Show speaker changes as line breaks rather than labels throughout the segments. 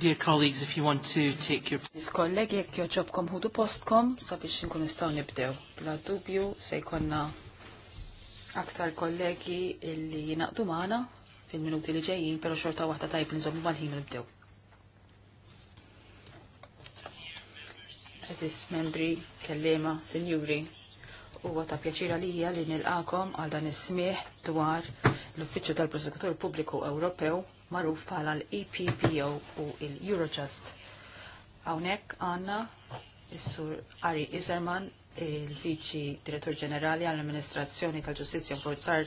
Dear colleagues, if you want to take your...
Kollegi, jekk joċobkom hudu postkom, sabiex nkun nistaw nibdew. Bla dubju, se jkollna aktar kollegi illi jinaqdu maħna fil-minuti li ġejjin, pero xorta waħda tajb nżommu mal-ħin nibdew. Aziz membri, kellema, senjuri, huwa ta' pjaċira lija li nilqakom għal dan is-smieħ dwar l-Uffiċċju tal-Prosekutur Pubbliku Ewropew maruf bħala l-EPPO u l-Eurojust. Hawnhekk għandna il sur Ari Iserman, il-Viċi Direttur Ġenerali għall-Amministrazzjoni tal-Ġustizzja Forzar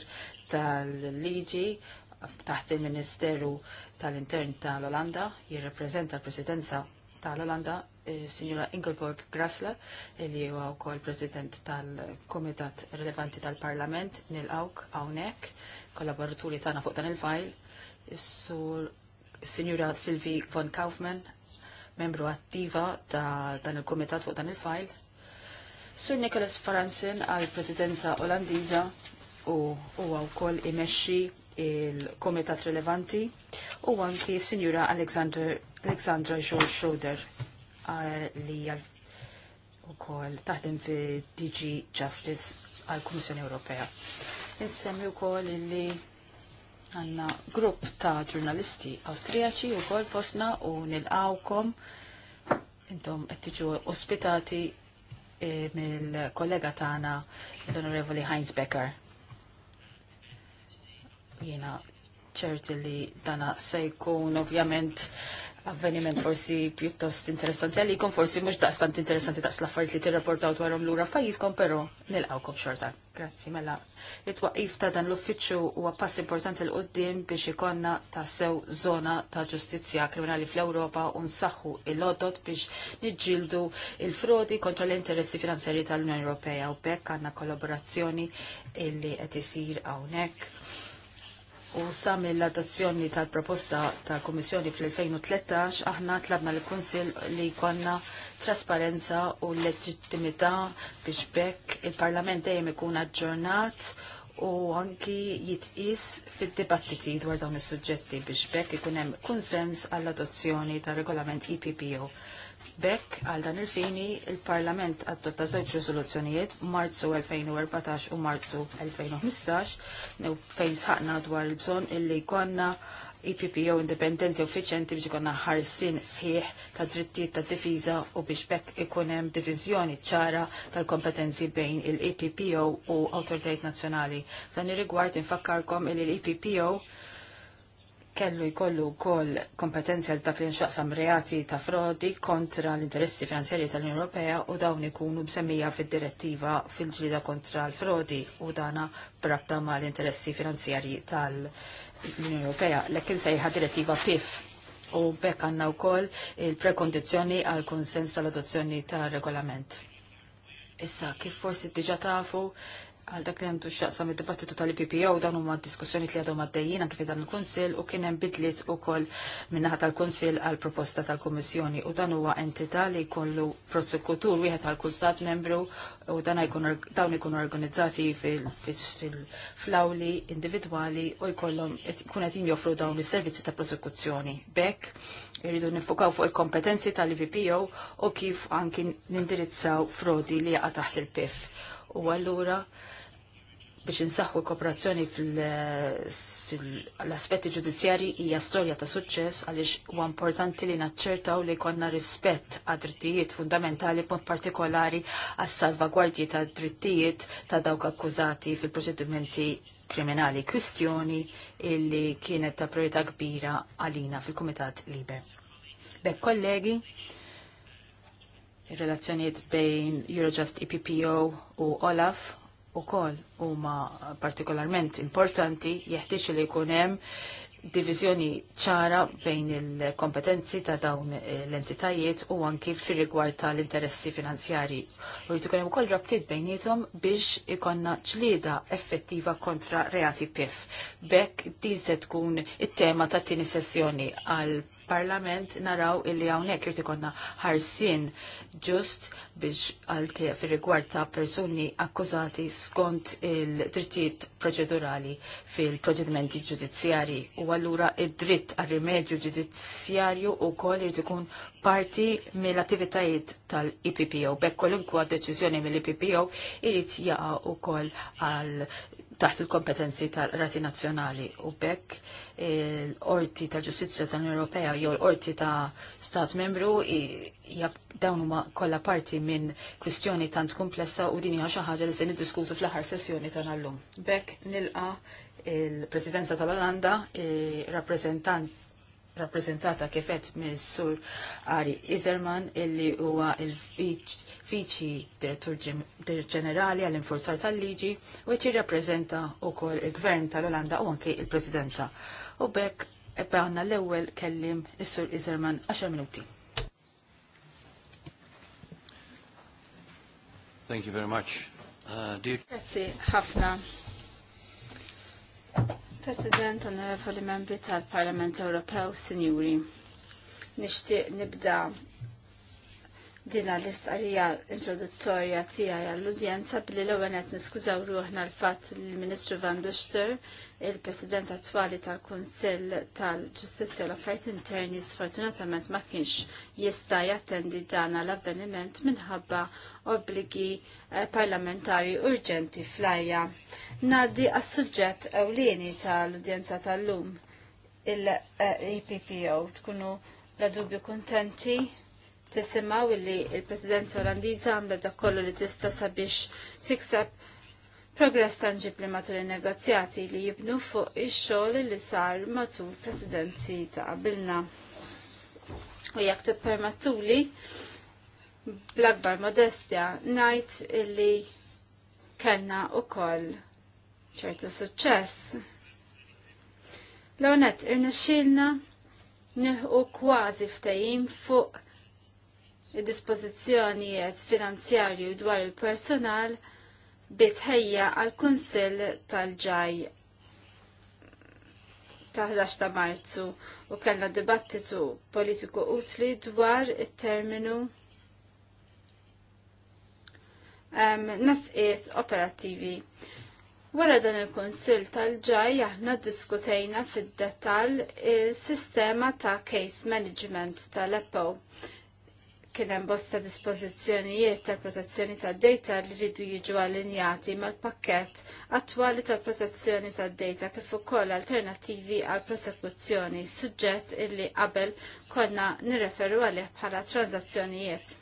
tal-Liġi taħt il-Ministeru tal-Intern tal-Olanda, jirrepreżenta l-Presidenza tal-Olanda, Signora Ingelborg Grasle, li huwa wkoll President tal-Komitat Relevanti tal-Parlament, Nil-Awk. hawnhekk, kollaboraturi tagħna fuq dan il-fajl, Is-sur Signora Silvi von Kaufman, membru attiva ta' dan il-komitat fuq dan il-fajl. Sur Nicholas Faransen għal presidenza Olandiża u huwa wkoll imexxi il-komitat rilevanti u anki Signora Alexander Alexandra George Schroeder li għal u kol taħdem fi DG Justice għal Komissjoni Ewropea. Nsemmi u kol li Għanna grupp ta' ġurnalisti Austriaċi u kol fosna u nil-għawkom. Intom għettiġu ospitati eh, mill-kollega tagħna l-Onorevoli Heinz Becker. Jena ċerti li dana se jkun ovvjament avveniment forsi pjuttost interessanti għalikom, forsi mux daqstant interessanti daqs laffariet li t-reportaw dwarom l-ura fajiskom, pero nil-għawkom xorta. Grazzi, mela. It-waqif ta' dan l-uffiċu huwa pass importanti l-qoddim biex ikonna ta' sew zona ta' ġustizja kriminali fl-Ewropa u nsaħħu il-lodot biex niġġildu il-frodi kontra l-interessi finanzjari tal-Unjoni Ewropea u bekk għandna kollaborazzjoni illi qed isir hawnhekk u sami l adozzjoni tal-proposta tal-Komissjoni fl-2013 aħna tlabna l-Kunsil li konna trasparenza u leġittimità biex bekk il-Parlament dejjem ikun aġġornat u anki jitqis fid-dibattiti dwar dawn is-suġġetti biex bekk ikun hemm konsens għall-adozzjoni tar regolament EPPO. Bekk għal dan il-fini il-Parlament adotta żewġ riżoluzzjonijiet Marzu 2014 u Marzu 2015 fejn sħaqna dwar il-bżonn illi konna IPPO e indipendenti uffiċenti biex ikonna ħarsin sħiħ ta' drittijiet ta' difiża u biex bekk ikun hemm diviżjoni ċara tal-kompetenzi bejn il-IPPO u awtoritajiet nazzjonali. F'dan ir-rigward infakkarkom il-IPPO il ippo kellu jkollu wkoll kompetenzi għal dak li nxaqsam reati ta' frodi kontra l-interessi finanzjarji tal-Unjoni Ewropea u dawn ikunu msemmija fid-direttiva fil-ġlida kontra l-frodi u dana brabta ma' l-interessi finanzjarji tal-Unjoni Ewropea. Lekin sejħa direttiva PIF u bekk għanna wkoll il-prekondizzjoni għal konsens tal-adozzjoni tar regolament. Issa, kif forsi diġa tafu, għal dak li għandu xaqsam id-dibattitu tal-IPPO dan huma diskussjoni li għadhom għaddejjin anke fi dan il-Kunsil u kien hemm bidliet ukoll minnaħa tal-Kunsil għal proposta tal-Kummissjoni u dan huwa entità li jkollu prosekutur wieħed għal kull stat membru u dan dawn ikunu organizzati fil-flawli individwali u jkollhom kun qed joffru dawn is-servizzi ta' prosekuzzjoni. Bekk irridu nifukaw fuq il-kompetenzi tal-IPPO u kif anki nindirizzaw frodi li jaqa' taħt il-PIF. U għallura, biex insaħħu kooperazzjoni fil-aspetti fil ġudizzjari hija storja ta' suċċess għaliex huwa importanti li naċċertaw li jkollna rispett għad drittijiet fundamentali b'mod partikolari għas salvagwardji ta' drittijiet ta' dawk akkużati fil-proċedimenti kriminali kwistjoni illi kienet ta' priorità kbira għalina fil-Kumitat Liber. Bek kollegi, il-relazzjoniet bejn Eurojust EPPO u Olaf u kol huma partikolarment importanti jeħtieġ li jkun hemm diviżjoni ċara bejn il-kompetenzi ta' dawn l-entitajiet u anki fir rigward tal-interessi finanzjari. U jrid ikun hemm ukoll rabtiet bejnietom biex ikonna ġlieda effettiva kontra reati PIF. Bekk din se tkun it-tema ta' tieni sessjoni għal Parlament naraw illi hawnhekk irid ikonna ħarsien ġust biex għalti fir rigward ta' persuni akkużati skont il-drittijiet proċedurali fil-proċedimenti ġudizzjari u allura id-dritt għal rimedju ġudizzjarju u kol irid ikun parti mill-attivitajiet tal-IPPO. Bekk kolunkwa deċiżjoni mill-IPPO irid jaqa' ukoll għal taħt il-kompetenzi tal-Rati Nazzjonali u bekk l-Orti ta' Ġustizzja tal-Unjoni Ewropea jew l-Orti ta' Stat Membru dawn huma kollha parti minn kwistjoni tant komplessa u din hija xi ħaġa li se niddiskutu fl-aħħar sessjoni ta' nallum. Bekk nilqa' il-Presidenza tal-Olanda, il rappresentata kifet minn sur Ari Izerman illi huwa il fiċi Direttur Ġenerali għall-Infurzar tal-Liġi u rappresenta u wkoll il-Gvern tal-Olanda u anke il-Presidenza. U bekk ebba għandna l-ewwel kellim is-sur Izerman 10 minuti. Thank you very much. Uh, dear... Grazie ħafna. President, onorevoli membri tal-Parlament Ewropew, Sinjuri, nixtieq nibda dina l-istqarija introduttorja tiegħi għall-udjenza billi l-ewwel qed niskużaw ruħna l-fatt li l-Ministru Van Duster, il-President attwali tal-Kunsill tal-Ġustizzja l affarijiet Interni sfortunatament ma kienx jista' jattendi dana l-avveniment minħabba obbligi eh, parlamentari urġenti flajja. Nadi għas-suġġett ewlieni tal-udjenza tal-lum il-EPPO eh, e tkunu la dubju kontenti tisimaw li il-Presidenza Olandiza għamlet da kollu li tista sabiex tikseb progress tangibli matul il-negozjati li jibnu fuq ix-xogħol li sar matul presidenzi ta' qabilna. U jekk tippermettuli bl-akbar modestja ngħid li kellna koll ċertu suċċess. L-onet irnexxilna nilħu kważi ftajim fuq il-dispozizjonijiet finanzjarju dwar il-personal bitħejja għal kunsill tal-ġaj ta' 11 ta' marzu u kellna dibattitu politiku utli dwar il-terminu um, nafqiet operativi. Wara dan il kunsill tal-ġaj aħna diskutejna fid-detal il-sistema ta' case management tal-EPO kien hemm bosta dispożizzjonijiet tal-protezzjoni tad-data li rridu jiġu allinjati mal-pakkett attwali tal-protezzjoni tad-data kif ukoll alternattivi għal prosekuzzjoni suġġett illi qabel konna nirreferu għalih bħala tranzazzjonijiet.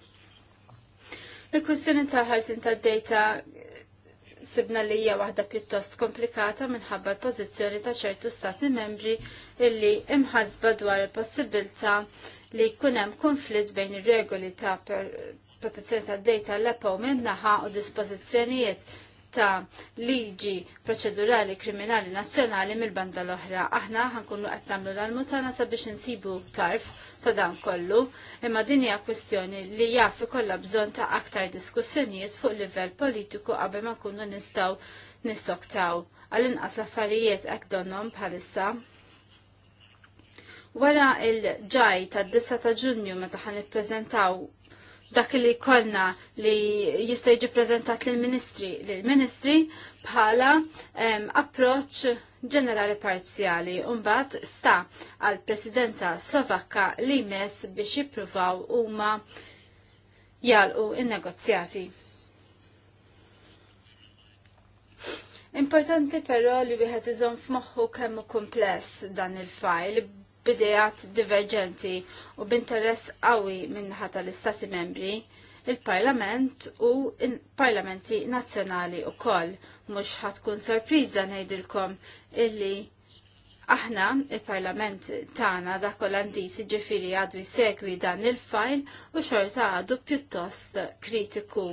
Il-kwistjoni tal-ħarsin tad-data sibna li hija waħda pjuttost komplikata minħabba l-pożizzjoni ta' ċertu stati membri illi imħazba dwar il-possibilta li jkun hemm konflitt bejn ir-regoli ta' protezzjoni ta' data l-EPO minn naħa u dispożizzjonijiet ta' liġi proċedurali kriminali nazzjonali mill-banda l-oħra. Aħna ħankunu qed nagħmlu l ta' sabiex insibu tarf ta' dan kollu, imma din hija kwestjoni li jaf kollha bżonn ta' aktar diskussjonijiet fuq livell politiku qabel ma nkunu nistgħu nissoktaw. Għal-inqas l-affarijiet hekk donhom bħalissa Wara il-ġaj ta' 9 ta' ġunju meta ħan ippreżentaw dak li kolna li jista' jiġi preżentat lill-Ministri lill-Ministri bħala approċċ ġenerali parzjali mbagħad sta għal presidenza slovakka li mess biex jippruvaw huma jalqu in-negozjati. Importanti però li wieħed iżomm f'moħħu kemm kumpless dan il-fajl bidejat diverġenti u b'interess qawwi minnaħa tal-Istati membri, il-Parlament u il-Parlamenti nazzjonali u koll. Mux ħatkun sorpriza nejdilkom illi aħna, il-Parlament tana da kolandisi ġifiri għadu jisegwi dan il-fajl u xorta għadu pjuttost kritiku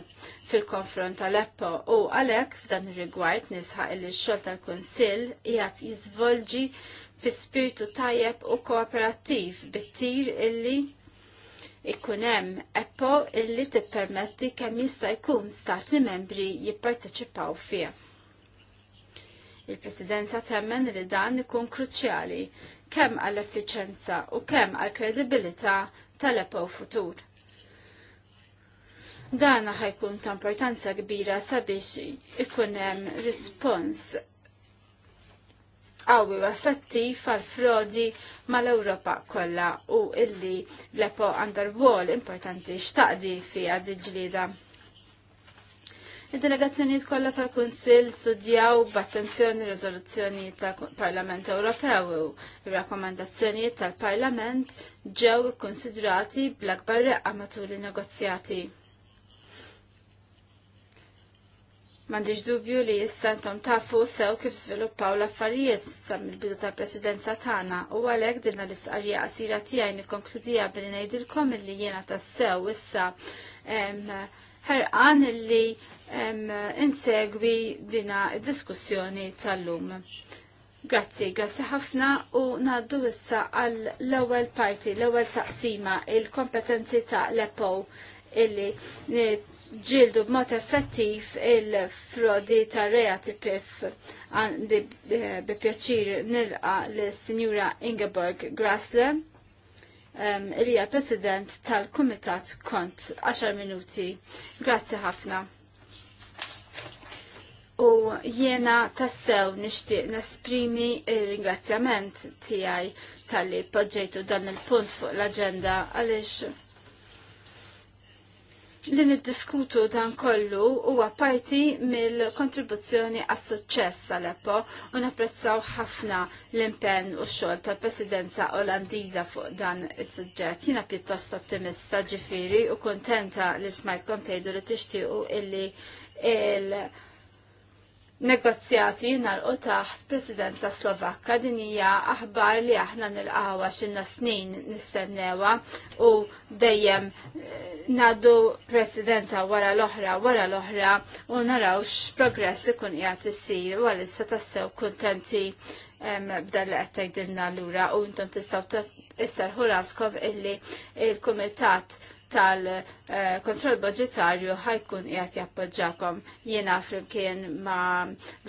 fil-konfront tal-Eppo u għalek f'dan il-rigward nisħa il-xol tal-Konsil jgħat jizvolġi fi spiritu tajjeb u kooperattiv bittir illi ikunem eppo illi tippermetti kemm jista' jkun stati membri jipparteċipaw fija. Il-Presidenza temmen li dan ikun kruċjali kemm għall-effiċenza u kemm għall-kredibilità tal epo futur. Dan ħajkun ta' importanza kbira sabiex ikun hemm rispons qawwi u fal frodi mal-Ewropa kollha u illi Lepo għandar underwall importanti xtaqdi fiha ġlida. Il-delegazzjoniet kollha tal-Kunsill studjaw b'attenzjoni r riżoluzzjoni tal-Parlament Ewropew u r-rakkomandazzjonijiet tal-Parlament ġew konsidrati bl-akbar reqqa matul in-negozjati. Mandiġ dubju li jissantom tafu sew kif sviluppaw l-affarijiet sam il-bidu ta' presidenza tagħna u għalhekk dinna l-isqarja qasira tiegħi nikkonkludija billi ngħidilkom illi jiena tas-sew issa ħerqan li insegwi dina diskussjoni tal-lum. Grazzi, grazzi ħafna u naddu issa għall l-ewwel parti, l-ewwel taqsima, il-kompetenzi ta' l-EPO illi eh, ġildu b'mod effettiv il-frodi ta' reati tipif għandi bi-pjaċir nilqa l-Sinjura Ingeborg Grasle il hija President tal-Kumitat Kont 10 minuti. Grazzi ħafna. U jiena tassew nixtieq nesprimi il-ringrazzjament tiegħi tal-li poġġejtu dan il-punt fuq l-aġenda għaliex li niddiskutu dan kollu huwa parti mill-kontribuzzjoni għas suċċess tal eppo u napprezzaw ħafna l-impenn u x-xogħol tal-Presidenza Olandiża fuq dan is-suġġett. Jiena pjuttost ottimista ġifieri u kontenta li smajtkom tgħidu li tixtiequ illi il- negozjati nalqu taħt President ta' Slovakka din hija aħbar li aħna nilqawa xinna snin nistennewa u dejjem eh, nadu presidenza wara l-oħra wara l-oħra u naraw x'progress ikun qiegħed issir u għalissa tassew kuntenti b'dan li qed tgħidilna lura u intom tistgħu tisserħu raskom illi il-kumitat il kumitat tal-kontroll budgetarju ħajkun jgħat jappoġġakom jena flimkien ma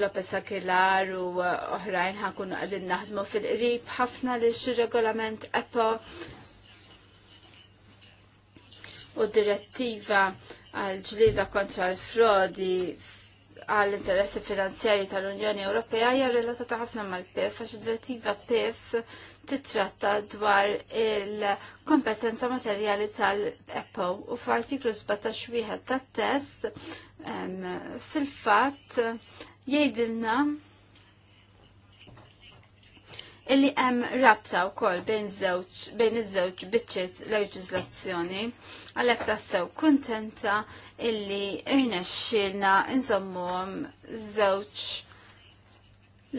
Lopez Aguilar u oħrajn ħakun għadin naħdmu fil-qrib ħafna li regolament EPO u direttiva għal ġlida kontra l-frodi għall-interessi finanzjari tal-Unjoni Ewropea hija relatata ħafna mal-PIF għax id-direttiva PIF titratta dwar il-kompetenza materjali tal-EPO u f'artiklu 17 wieħed tat-test fil-fatt jgħidilna illi hemm rabta wkoll bejn żewġ bejn iż-żewġ biċċiet leġiżlazzjoni għalhekk tassew kuntenta illi irnexxielna inżommuhom żewġ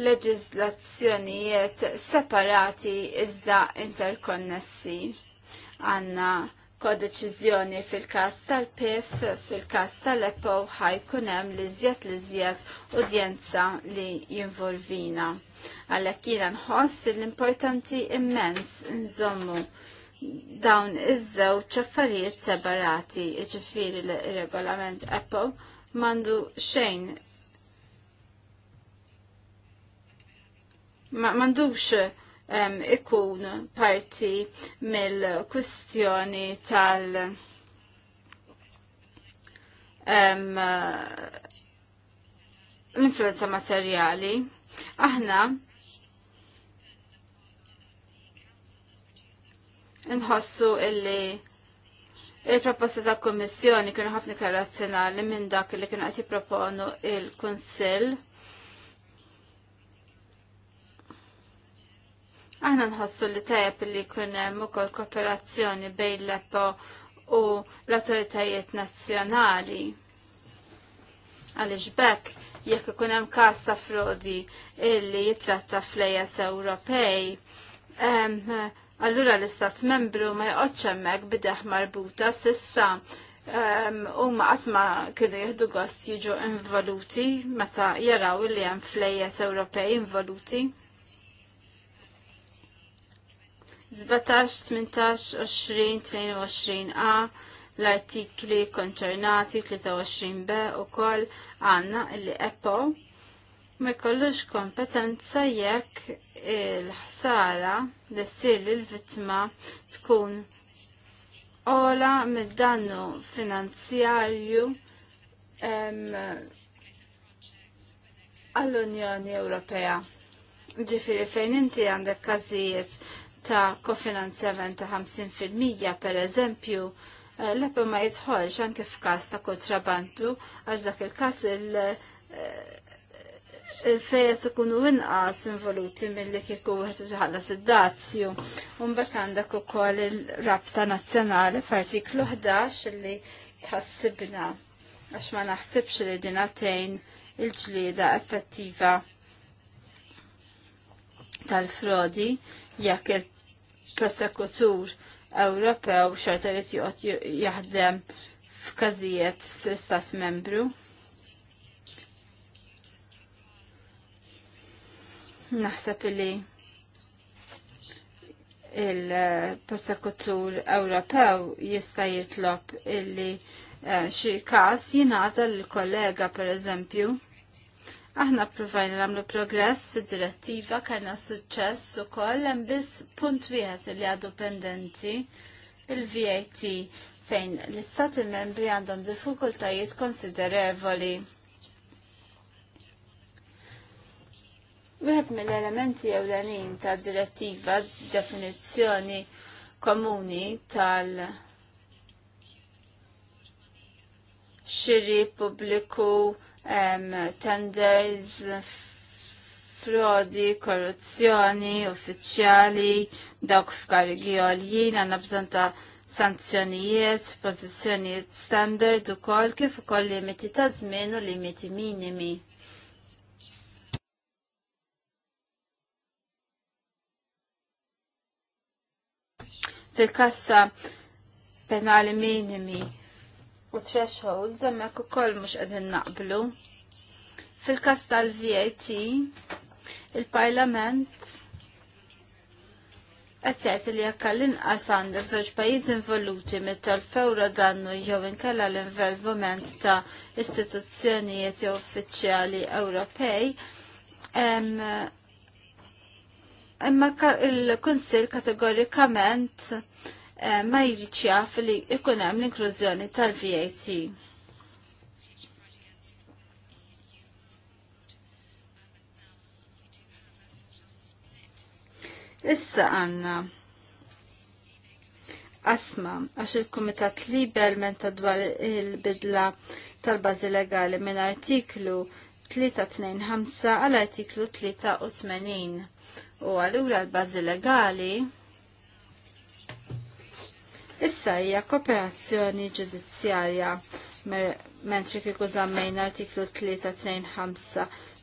leġiżlazzjonijiet separati iżda interkonnessi għandna kodeċizjoni fil-kas tal-PIF, fil-kas tal-EPO ħajkun hemm li żjed li żjed udjenza li jinvolvina. Għalhekk jiena nħoss l-importanti immens nżommu dawn iż-żewġ affarijiet separati, jiġifieri l-regolament EPO mandu xejn ma mandux ikun parti mill-kustjoni tal- l-influenza materjali. Aħna nħossu illi il-proposta ta' kommissjoni kienu ħafna karazzjonali minn dak li kienu għati proponu il-Konsil Aħna nħossu li tajab li kunem mukol kooperazzjoni bejn l-EPO u l-autoritajiet nazzjonali. Għalix bekk jekk ikun hemm każ ta' frodi illi jitratta flejas Ewropej, allura l-istat membru ma joqgħodx hemmhekk bideħ marbuta sissa u ma għatma kienu jihdu gost jiġu involuti meta jaraw li hemm flejjes Ewropej involuti. 17, 18, 20, 22a, l-artikli konċernati 23b u koll għanna illi EPO ma jkollux kompetenza jekk il-ħsara li sir lill-vittma tkun ola mid-dannu finanzjarju għall-Unjoni Ewropea. Ġifiri fejn inti għandek każijiet ta' kofinanzjament ta' 50% per eżempju eh, l-ebba ma jitħolx anke f'kas ta' kontrabandu għal dak il-kas il- eh, il-fejes ikunu inqas involuti mill-li kiku għet ġaħallas id-dazzju. Unbat għandak u kol il-rabta nazjonali f'artiklu 11 li tħassibna għax ma naħsibx li dinatejn il-ġlida effettiva tal-frodi jekk il-prosekutur Ewropew xorta li joqgħod jaħdem f'każijiet fl-istat membru. Naħseb li il-prosekutur Ewropew jista' jitlob illi eh, xi każ jingħata l-kollega pereżempju Aħna provajna namlu progress fid direttiva kellna suċċess ukoll hemm biss punt wieħed li għadu pendenti il-VAT fejn l-istati membri għandhom diffikultajiet konsiderevoli. Wieħed mill-elementi ewlenin tad direttiva definizzjoni komuni tal- xiri pubbliku tenders, frodi, korruzzjoni, uffiċjali, dawk f'karigi għoljien għanna bżon ta' sanzjonijiet, pozizjonijiet standard u kol kif ukoll limiti ta' żmien u limiti minimi. fil-kassa penali minimi u thresholds hemmhekk ukoll mhux qegħdin naqblu. Fil-każ tal-VAT, il-Parlament Għazzjat li jekka l-inqas għandek żewġ pajjiż involuti mit-tal-fewra dannu jew inkella l-involviment ta' istituzzjonijiet jew uffiċjali Ewropej, imma il-Kunsill kategorikament Eh, ma jridx jaf li ikun hemm l-inklużjoni tal-VAT. Issa għanna asma għax il-Kumitat Libel ta' dwar il-bidla tal-bazi legali minn artiklu 325 għal artiklu 83 u għallura l-bazi legali Issa hija kooperazzjoni ġudizzjarja mentri kieku żammejn artiklu 325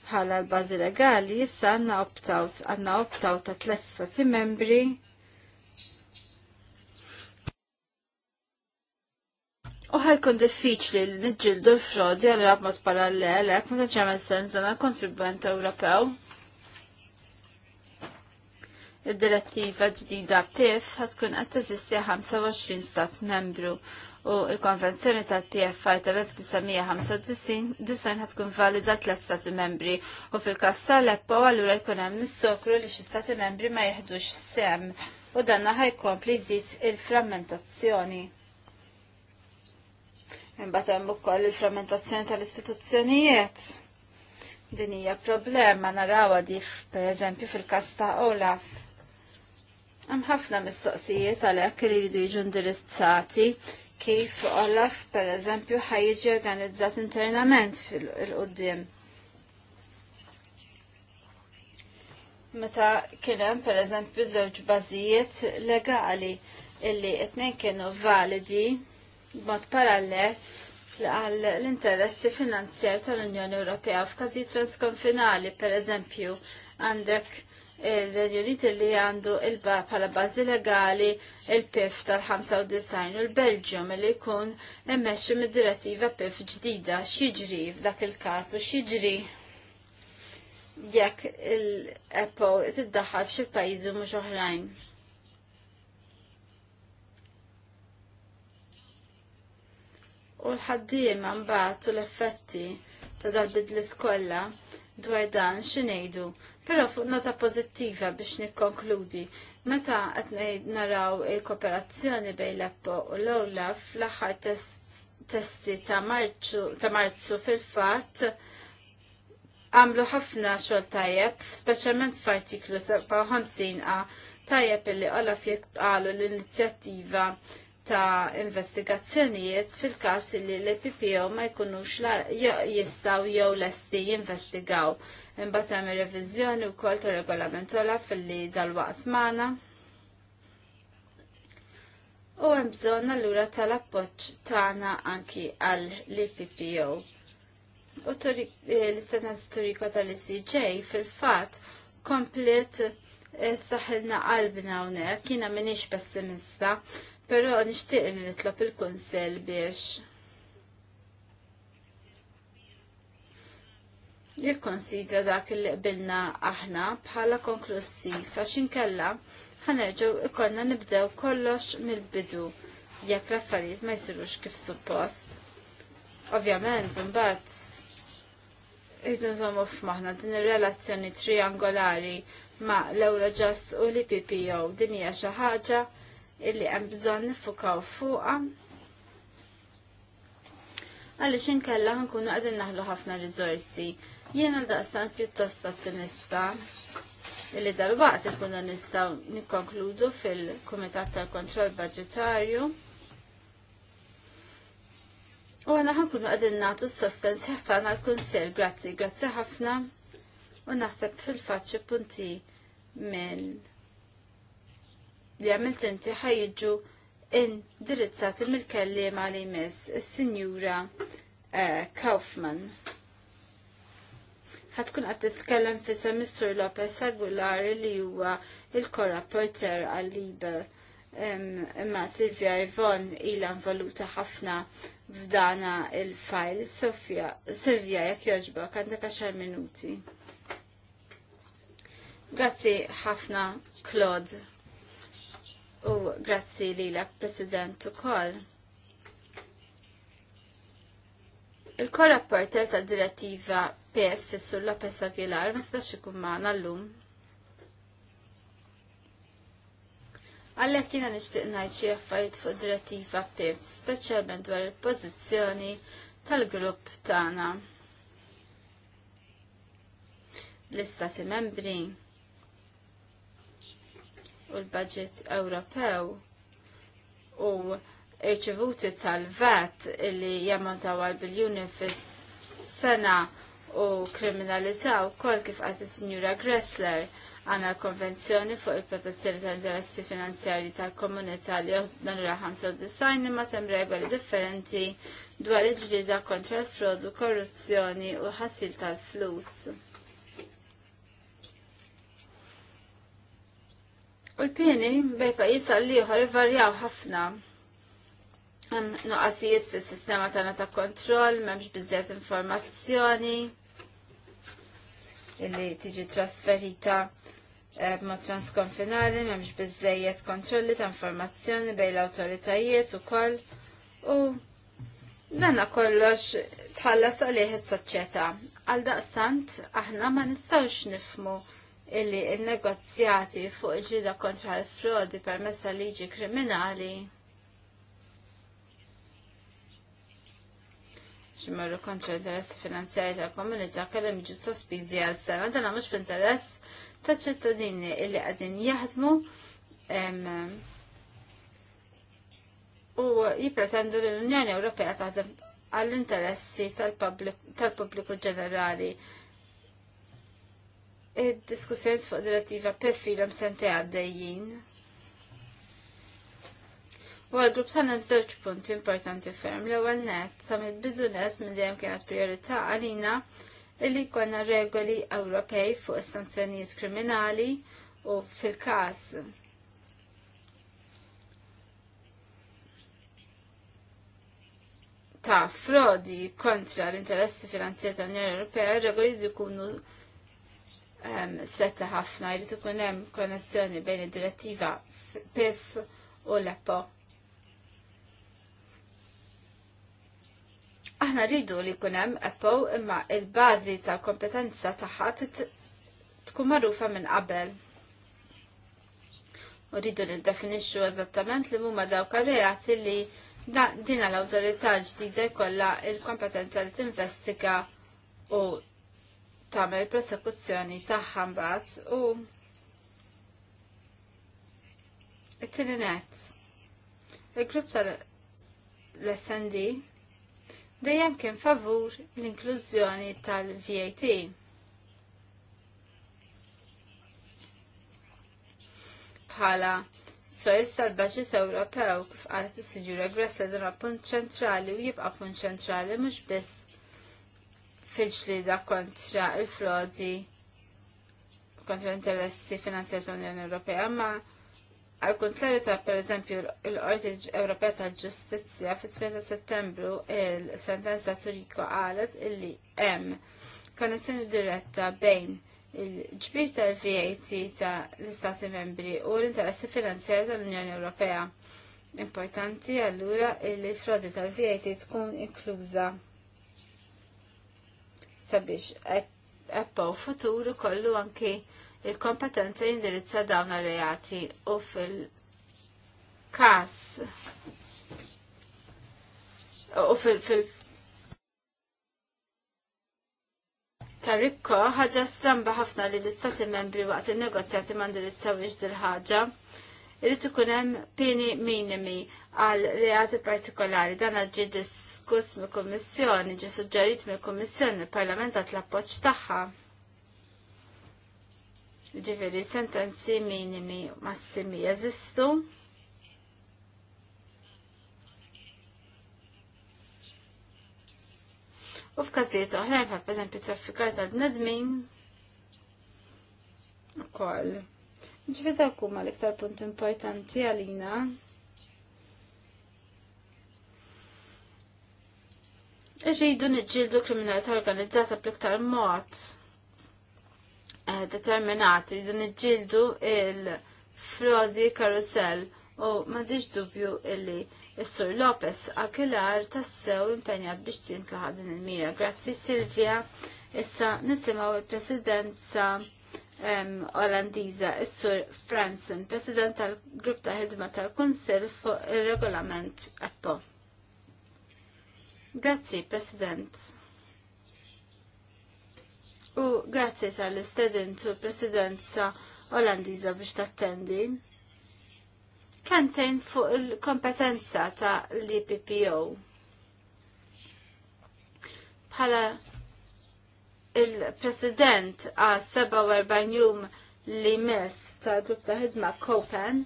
bħala l-bażi legali, issa għandna optawt għandna optawt ta' tliet stati membri U kun diffiċli li nġildu l-frodi għal rabmot parallel, għek ma taċċemel sens dan għal kontribwent Ewropew. Id-direttiva ġdida PIF ħatkun qed teżisti 25 stat membru u l-konvenzjoni tal-PFI tal-1995 ħatkun valida tliet stati membri u fil-każ tal-Eppo allura jkun hemm nissokru li xi stati membri ma jeħdux sem u danna ħajkompli jżid il-frammentazzjoni. Imbagħad hemm ukoll il-frammentazzjoni tal-istituzzjonijiet din hija problema narawha di pereżempju fil-każ ta' Olaf. Hemm ħafna mistoqsijiet għalhekk li jridu jiġu indirizzati kif Olaf pereżempju ħajjiġi organizzat internament fil-qudiem. Meta kien hemm pereżempju żewġ bażijiet legali illi t-tnejn kienu validi b'mod parallel għal l-interessi finanzjar tal-Unjoni Ewropea f'każi transkonfinali, per eżempju, għandek il-Renjunit li għandu il bħala pala bazi legali il-PIF tal-95 u l-Belġium li jkun emmexxi mid-direttiva PIF ġdida xiġri f'dak il-każ u jekk il-Apple tiddaħħal f'xi pajjiżi mhux oħrajn. U l-ħaddiema mbagħad u l-effetti ta' dal-bidlis kollha dwar dan x'ngħidu Però fuq nota pozittiva biex nikkonkludi, meta qed naraw il-kooperazzjoni bejn l-Eppo u l-Ola fl-aħħar testi ta' Marzu fil-fatt għamlu ħafna xogħol tajjeb, speċjalment f'artiklu 57a tajjeb illi Olaf jekk qalu l-inizjattiva ta' investigazzjonijiet fil-kas li l-PPO ma jkunux jistaw jew lesti jinvestigaw. Imbagħad hemm ir-reviżjoni wkoll ta' regolament ola fil-li dal-waqt magħna. U hemm bżonn allura tal-appoġġ tagħna anki għal l-PPO. U eh, l-istanz turiko tal-ICJ fil-fatt komplet eh, saħilna qalbna hawnhekk, jiena m'iniex pessimista Però nixtieq li nitlob il-Kunsell biex jikkonsidra dak li qbilna aħna bħala konklussi fa x'inkella ħanerġu ikonna nibdew kollox mill-bidu jekk l-affarijiet ma jsirux kif suppost. Ovvjament, mbagħad irridu nżommu f'maħna din ir-relazzjoni triangolari ma' l ġast u l-PPO din hija xi ħaġa illi hemm bżonn nifukaw fuqha għaliex inkella nkunu qegħdin naħlu ħafna riżorsi. Jiena daqstant pjuttost ottimista illi dal-waqt ikunu nistgħu nikkonkludu fil-Kumitat tal-Kontroll Budġetarju. U għana ħankunu għadin natu s-sostens ħeħtana l-Kunsel, grazzi, grazzi ħafna. U naħseb fil-faċċi punti minn li għamilt inti ħajġu indirizzati mill-kellim għal jmiss is-Sinjura eh, Kaufman. Ħatkun qed titkellem fisem Mr. Lopez Aguilar li huwa il-korrapporter għal libel imma Silvia Ivon ila involuta ħafna f'dana il-fajl. Sofia, Silvia, jekk joġba, għandek għaxar minuti. Grazzi ħafna, Claude. U grazzi li l President u koll. Il-korrapporter ta' direttiva PF sulla Pesa Aguilar ma stax ikun magħna llum. Għallek jiena nixtieq ngħid xi affarijiet fuq direttiva PF, speċjalment dwar il-pożizzjoni tal-grupp tagħna l-istati membri u l-budget Ewropew u irċivuti tal-vet li jammontaw għal biljuni fis-sena u kriminalità u kol kif għati il-Sinjura Gressler għana konvenzjoni fuq il-protezzjoni tal-interessi finanzjari tal-komunità li joħdanura design imma sem regoli differenti dwar il-ġlida kontra l-frodu, korruzzjoni u ħassil tal-flus. U l-pieni bej pajjiż għal ieħor ivarjaw ħafna. Hemm nuqqasijiet fis-sistema tagħna ta' kontroll, m'hemmx biżżejjed informazzjoni illi tiġi trasferita eh, ma transkonfinali, m'hemmx biżżejjed kontrolli ta' informazzjoni bejn l-awtoritajiet ukoll u danna kollox tħallas għalih is-soċjetà. Għal daqstant aħna ma nistgħux nifmu illi il-negozjati fuq ġida kontra l-frodi permezz tal-liġi kriminali ċimmarru kontra l-interess finanzjari tal-komunità kellem ġu sospizi għal sena dana mhux fl-interess ta' ċittadini illi qegħdin jaħdmu u jipretendu li l-Unjoni Ewropea taħdem għall-interessi tal-pubbliku ġenerali il diskussjoni fuq direttiva perfilhom sente għaddejjin. U għal-grupp tagħna b'żewġ punti importanti ferm. L-ewwel net sa mill-bidu net minn dejjem kienet priorita għalina illi jkollna regoli Ewropej fuq is-sanzjonijiet kriminali u fil-każ ta' frodi kontra l-interessi finanzjari tal-Unjoni Ewropea regoli li jkunu setta ħafna jrid ikun hemm konnessjoni bejn id-direttiva PIF u l-EPO. Aħna rridu li jkun hemm EPO imma il-bażi ta' kompetenza tagħha tkun magħrufa minn qabel. U rridu niddefinixxu eżattament li huma dawk reati li din l-awtorità ġdida jkollha il-kompetenza li tinvestiga u tagħmel prosekuzzjoni ta' mbagħad u it-tieni Il-grupp tal-SND dejjem kien favur l-inklużjoni tal-VAT. Bħala sors tal-Baġit Ewropew kif qalet is-Sinjura Gressel dan punt ċentrali u jibqa' punt ċentrali mhux biss fil-ġlida kontra il-frodi kontra l-interessi finanzjari tal-Unjoni Ewropea, ma għal kontrarju ta' per eżempju l-Qorti Ewropea ta' Ġustizzja fit-8 settembru il-sentenza Turiko qalet illi hemm konnessjoni diretta bejn il-ġbir tal-VAT ta' l-Istati membri u l-interessi finanzjari tal-Unjoni Ewropea. Importanti allura il-frodi tal-VAT tkun inkluża sabiex u futuru kollu anki il-kompetenza jindirizza dawn reati u fil-kas u fil- fil- Tarikko ħaġa stramba ħafna li l-istati membri waqt il-negozjati mandirizza iġ dil-ħaġa irrid ikun hemm pieni minimi għal reati partikolari dan ġi dis diskuss mill kummissjoni ġi suġġerit mill kummissjoni il-Parlament għat l-appoġġ tagħha. Ġifieri sentenzi minimi massimi jeżistu. U f'każijiet oħrajn bħal pereżempju traffikar ta' bnedmin ukoll. Ġifieri dak huma l-iktar punt importanti għalina Irridu niġġieldu kriminalità organizzata bliktar mod eh, determinati, irridu nġildu il frozi karusell u diġ dubju illi Is-Sur Lopez Aguilar tassew impenjat biex tintlaħa din il-mira. Grazzi Silvia. Issa nisimaw il-presidenza um, olandiza, is-Sur Fransen, president tal-grupp ta' ħidma tal-Kunsil fuq il-regolament Apple. Grazzi, President. U grazzi tal-istedent u presidenza Olandiza biex tattendi. Kantejn fuq il-kompetenza ta' l-IPPO. Bħala il-president għal 47 jum li mis ta' grupp ta' ħidma Kopen,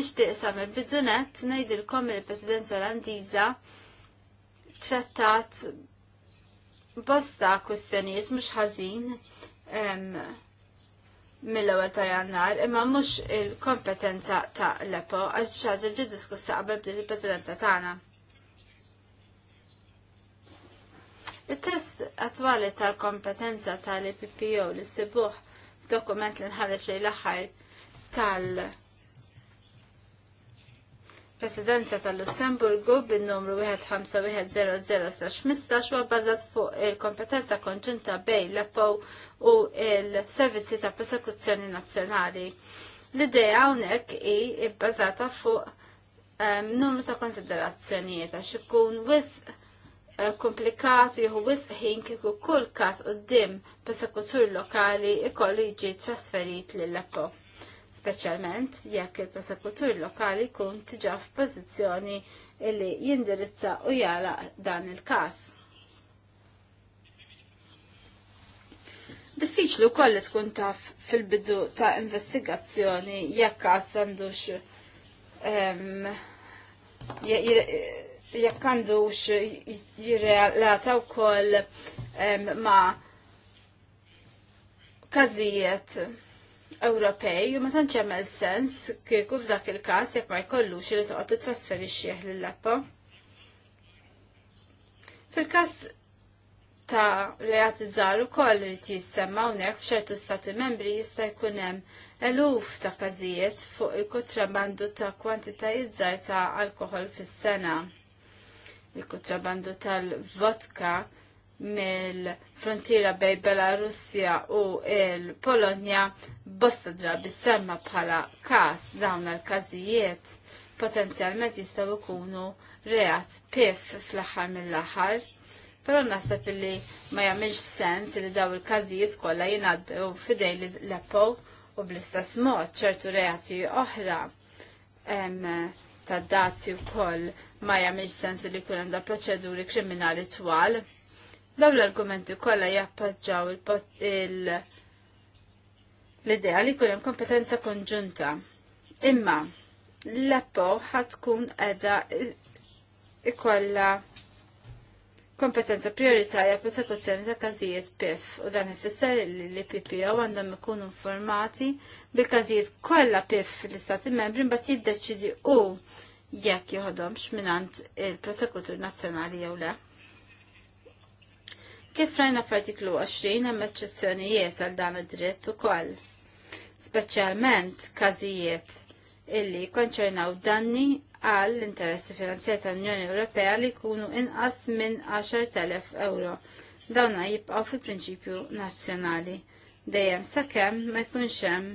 nishtiq samir bidunet nejdilkom il-presidenza Olandiza trattat bosta kustjonijiet mhux ħażin mill-ewwel ta' Jannar, imma mhux il-kompetenza ta' l-EPO għax ċaġa ġi diskussa qabel din il-Presidenza tagħna. Il-test attwali tal-kompetenza tal-IPPO li sibuħ f'dokument li lejn l-aħħar tal-, -PPO, presidenza tal-Lussemburgu bin-numru 15100-15 u bbażat fuq il-kompetenza konġunta bejn l-EPO u il-Servizzi ta' Prosekuzzjoni Nazzjonali. L-idea hawnhekk hi bbażata fuq ehm, numru ta' konsiderazzjonijiet għax ikun wisq eh, komplikat jieħu wisq ħin kieku kull każ qudiem prosekutur lokali ikollu jiġi trasferit lill-EPO speċjalment jekk il-prosekutur lokali kun tiġa f'pożizzjoni illi jindirizza u jala dan il-każ. Diffiċli wkoll tkun taf fil-bidu ta' investigazzjoni jekk għas għandux
jekk
għandux jirrelata wkoll ma' każijiet Ewropej u ma tantx hemm sens kieku f'dak il-każ jekk ma jkollux li toqgħod titrasferixxi lill-Leppo. Fil-każ ta' reati żgħar ukoll irid jissemma hawnhekk f'ċertu stati membri jista' jkun hemm eluf ta' każijiet fuq il kutrabandu ta' kwantitajiet żgħar ta' alkoħol fis-sena. il kutrabandu tal-vodka mill-frontiera bej Belarusja u il-Polonja bosta drabi semma bħala kas dawn l-kazijiet potenzjalment jistaw ikunu reat pif fl-axar mill-axar. Pero nasab li ma jamilx sens li daw il-kazijiet kolla u fidej li l appow u bl-istess mod ċertu reati oħra ta' dati u koll ma jamilx sens li kunem da' proċeduri kriminali twal Dawn l-argumenti kollha jappoġġaw l-idea li jkun hemm kompetenza konġunta. Imma l-Appo ħatkun qiegħda ikolla kompetenza prioritarja fl ta' każijiet PIF u dan ifisser li l-PPO għandhom ikunu informati bil-każijiet kollha PIF l-Istati membri mbagħad jiddeċidi u jekk joħodhomx mingħand il-Prosekutur Nazzjonali jew le. Kif rajna f'artiklu 20 hemm eċċezzjonijiet għal dan id-dritt ukoll. Speċjalment każijiet illi konċernaw danni għall interessi finanzjari tal-Unjoni Ewropea li jkunu inqas minn 10,000 euro. Dawna jibqgħu fil-prinċipju nazzjonali dejjem sakemm ma jkunx hemm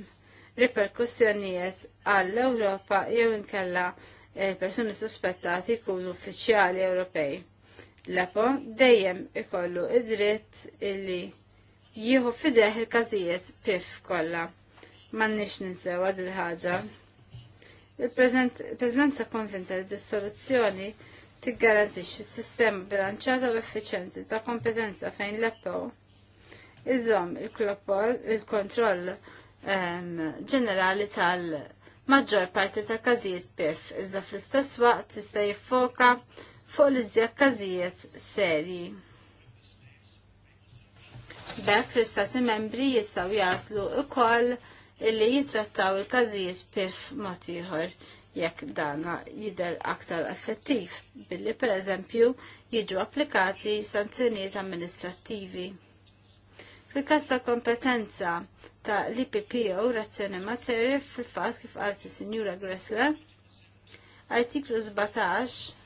riperkussjonijiet għall-Ewropa jew inkella persuni suspettati jkunu uffiċjali Ewropej l dejjem ikollu id-dritt illi jieħu fideħ il-każijiet pif kollha. M'għandniex għad il ħaġa. il preżenza konvinta li dis-soluzzjoni tiggarantixxi sistema bilanċata u effiċjenti ta' kompetenza fejn Lepo iżom il-kontroll ehm, ġenerali tal- maġġor parti tal każijiet PIF iżda fl-istess waqt tista' jiffoka fuq l izzjakkażijiet każijiet serji. Bekk l-istati membri jistgħu jaslu koll illi jitrattaw il-każijiet pif mod ieħor jekk dana jidher aktar effettiv billi pereżempju jiġu applikati sanzjonijiet amministrattivi. Fil-każ ta' kompetenza ta' l-IPPO razzjoni materi fil-fatt kif għalti Sinjura Gressler, artiklu 17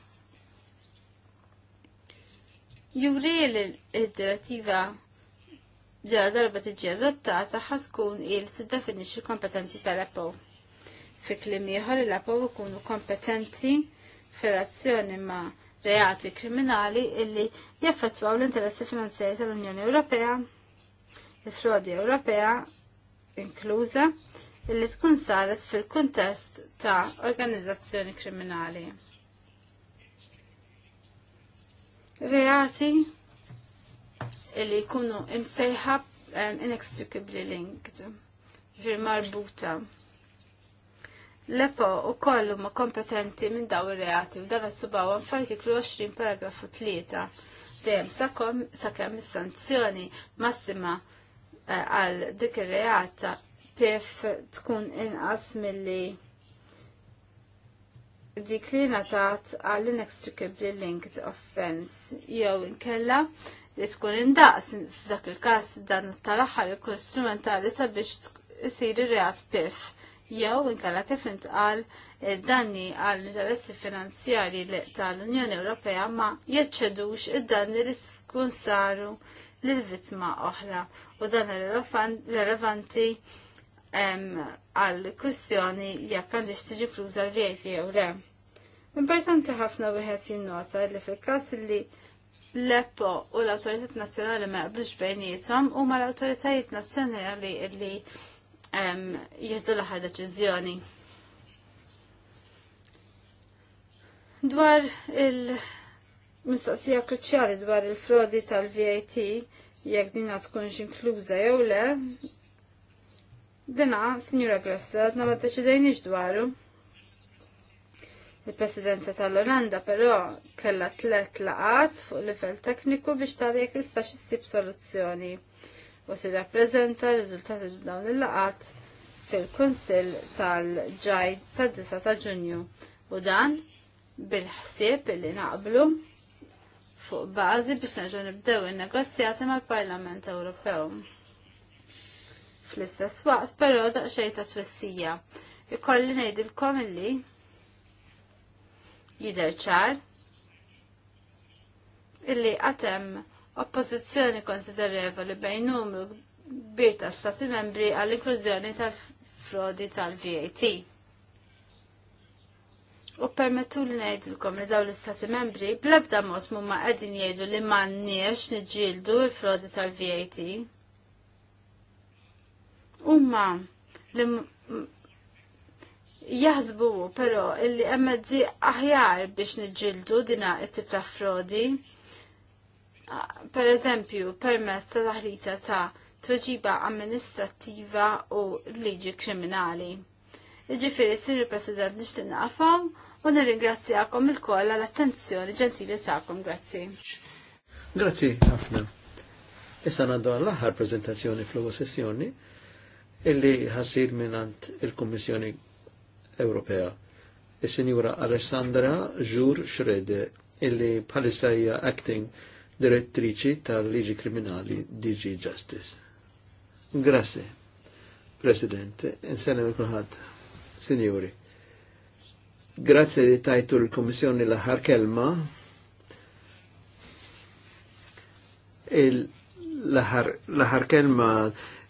juri li id-direttiva ġara darba tiġi adottata ħatkun il tiddefinixxi kompetenzi tal-EPO. Fi klim ieħor il-EPO ikunu kompetenti fil-azzjoni ma' reati kriminali illi jaffettwaw l-interessi finanzjari tal-Unjoni Ewropea, il-frodi Ewropea inkluża, illi tkun saret fil-kuntest ta' organizzazzjoni kriminali. reati li jkunu imsejħab um, inextricably linked, ġir marbuta. Lepo u kollu ma kompetenti minn daw ir-reati f'dan assubaw f'artiklu 20 paragrafu 3 Dem, sakemm is-sanzjoni massima eh, għal dik ir-reata pef tkun inqas milli dik li natat għall inextricably linked offense jew inkella li tkun indaqs f'dak il-każ dan tal-aħħar ikun strumentali sabiex isir ir-reat pif jew inkella kif intqal danni għall interessi finanzjari tal-Unjoni Ewropea ma jeċċedux id-danni li tkun saru lil vittma oħra u dan relevanti -relevan għal kwistjoni jekk għandix tiġi kluża l-VAT jew le. Importanti ħafna wieħed jinnota li fil-każ li l-EPPO u l-Awtoritet Nazzjonali ma jaqblux bejnietom u ma l-Awtoritajiet Nazzjonali li jieħdu l-aħħar deċiżjoni. Dwar il-mistoqsija kruċjali dwar il-frodi tal-VAT jekk din tkunx inkluża jew le, Dina, Signora Grossa, għadna ma taċidajniġ dwaru. Il-presidenza tal-Olanda però kella tlet laqat fuq livell tekniku biex tara jekk tistax issib soluzzjoni u si rappreżenta riżultati dawn il-laqat fil-Kunsill tal-ġaj tad-9 ta' Ġunju u dan bil-ħsieb li naqblu fuq bażi biex nerġgħu nibdew in-negozjati mal-Parlament Ewropew fl-istess waqt, però daqxej ta' twissija. Ikolli ngħidilkom illi jidher ċar illi għatem oppożizzjoni konsiderevoli bejn numru kbir ta' stati membri għall-inklużjoni ta' frodi tal-VAT. U permettu li ngħidilkom li dawn l-istati membri bl-ebda mod mumma qegħdin jgħidu li m'għandniex niġġieldu l-frodi tal-VAT. Umma li jaħsbu però illi emmezzi aħjar biex nġildu dina it-tip ta' frodi. Per eżempju, permezz ta' taħlita ta' tweġiba amministrattiva u liġi kriminali. Iġifiri, Sirri President, nishtin naqfaw u nirringrazzjakom il-koll għall-attenzjoni ġentili ta'kom, grazzi.
Grazzi, ħafna. Issa għandu għall-aħħar prezentazzjoni fl-sessjoni illi ħassir minant il-Kommissjoni Ewropea. il sinjura Alessandra Jur Schrede, illi bħalissa hija acting direttriċi tal-Liġi Kriminali DG Justice. Grazie, President, insenem kulħadd, Sinjuri. Grazie li tajtu l-Kommissjoni l-aħħar kelma. l-aħħar kelma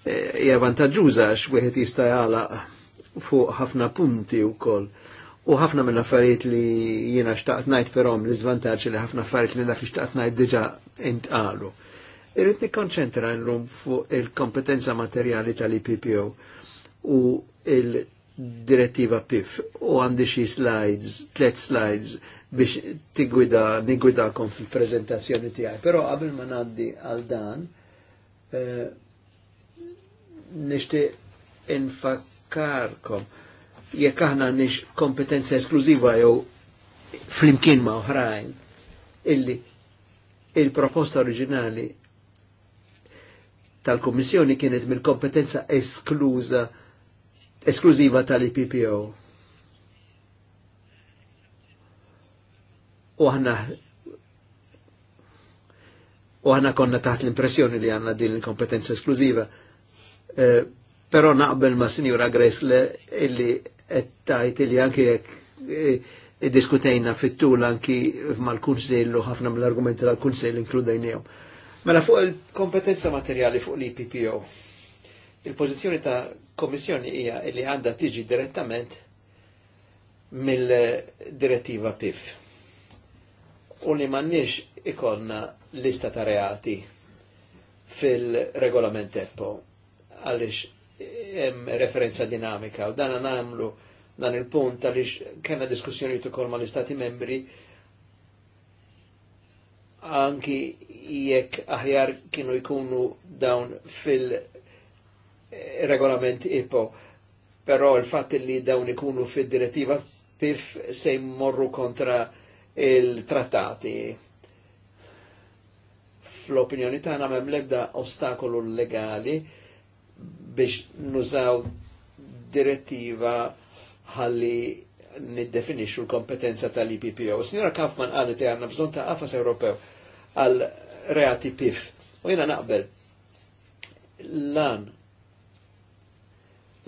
hija vantaġġuża wieħed jista' jagħlaq fuq ħafna punti wkoll. U ħafna minn affarijiet li jiena xtaqt ngħid perhom li żvantaġġ li ħafna affarijiet li dak li xtaqt ngħid diġà intqalu. Irrid nikkonċentra llum fuq il-kompetenza materjali tal-IPPO u il-direttiva PIF u għandi xi slides, tliet slides biex tigwida, nigwidakom fil-prezentazzjoni tiegħi. Però qabel ma ngħaddi għal dan, eh, nixtieq infakarkom. jekk aħna nix kompetenza esklużiva jew flimkien ma' oħrajn illi il-proposta oriġinali tal-Kommissjoni kienet mill-kompetenza eskluża esklużiva tal-IPPO. U aħna u aħna konna taħt l-impressjoni li għanna din il-kompetenza esklużiva pero eh, Però naqbel ma' Sinjura Gressle illi ettajt illi anki jek eh, diskutejna fit-tul anki mal-Kunsill u ħafna mill-argumenti tal-Kunsill inkludejnijom. Mela fuq il-kompetenza materjali fuq l-IPPO, il-pozizjoni ta' Komissjoni hija illi għandha tiġi direttament mill-direttiva PIF. U li m'għandniex ikonna lista ta' reati fil-regolament EPPO għaliex hemm referenza dinamika u dan għanamlu dan il-punt għalix kena diskussjoni ukoll l istati membri anki jekk aħjar kienu jkunu dawn fil-regolament eh, IPO, però il-fatt li dawn ikunu fil-direttiva pif se morru kontra il-trattati fl-opinjoni tagħna m'hemm l-ebda ostakolu legali biex nużaw direttiva ħalli niddefinixu l-kompetenza tal-IPPO. Signora Kaufman għalli li għanna bżon ta' għafas Ewropew għal reati PIF. U jena naqbel lan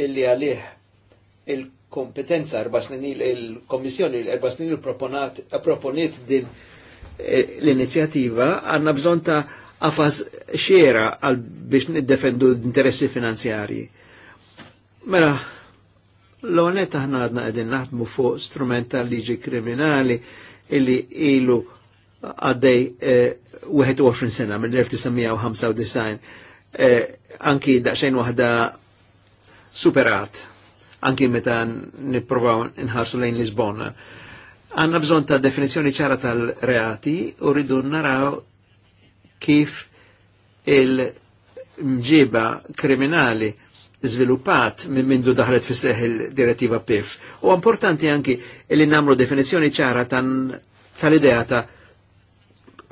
illi għalih il-kompetenza erba snin il-Komissjoni erba snin il-proponiet din eh, l-inizjativa għanna bżon ta' għafas xiera għal biex niddefendu l interessi finanzjari. Mela, l-onet aħna għadna għedin naħdmu fuq strument tal-liġi kriminali illi ilu għaddej 21 eh, sena mill-1995 eh, anki daqxajn wahda superat anki meta niprofaw nħarsu lejn Lisbona. Għanna bżon ta' definizjoni ċara tal-reati u rridu naraw kif il-mġiba kriminali zviluppat minn mindu daħlet fis il-direttiva PIF. U importanti anki li namlu definizjoni ċara tal-idea ta'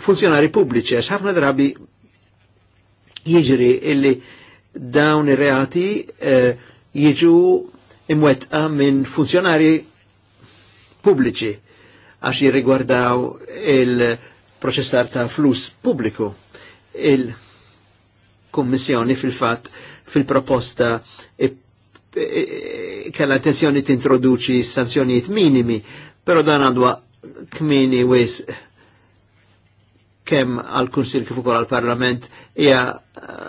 funzjonari pubbliċi, għax ħafna drabi jiġri illi dawn ir-reati eh, jiġu imwetqa minn funzjonari pubbliċi għax jirrigwardaw il-proċessar ta' flus pubbliku il-Kummissjoni fil-fatt fil-proposta e, e, e, kella t tintroduċi sanzjonijiet minimi, pero dan għandwa kmini wis kemm għal kunsil kif ukoll għal parlament hija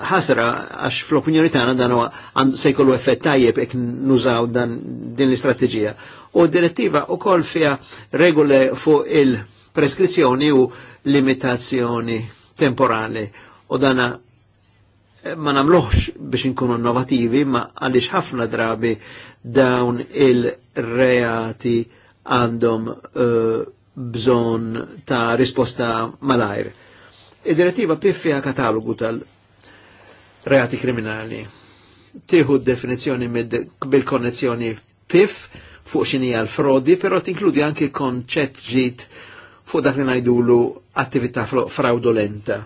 ħasra għax fl-opinjoni tagħna dan huwa se jkollu effett tajjeb jekk nużaw dan din l-istrateġija. U direttiva ukoll fiha regole fuq il-preskrizzjoni u limitazzjoni temporani u dana eh, ma namluħx biex nkunu innovativi, ma għalix ħafna drabi dawn il-reati għandhom uh, bżon ta' risposta malajr. Id-direttiva piffija katalogu tal-reati kriminali. Tiħu definizjoni bil-konnezzjoni piff fuq xinija l-frodi, pero tinkludi anki konċett ġit fuq dak li ngħidulu attività fraudolenta.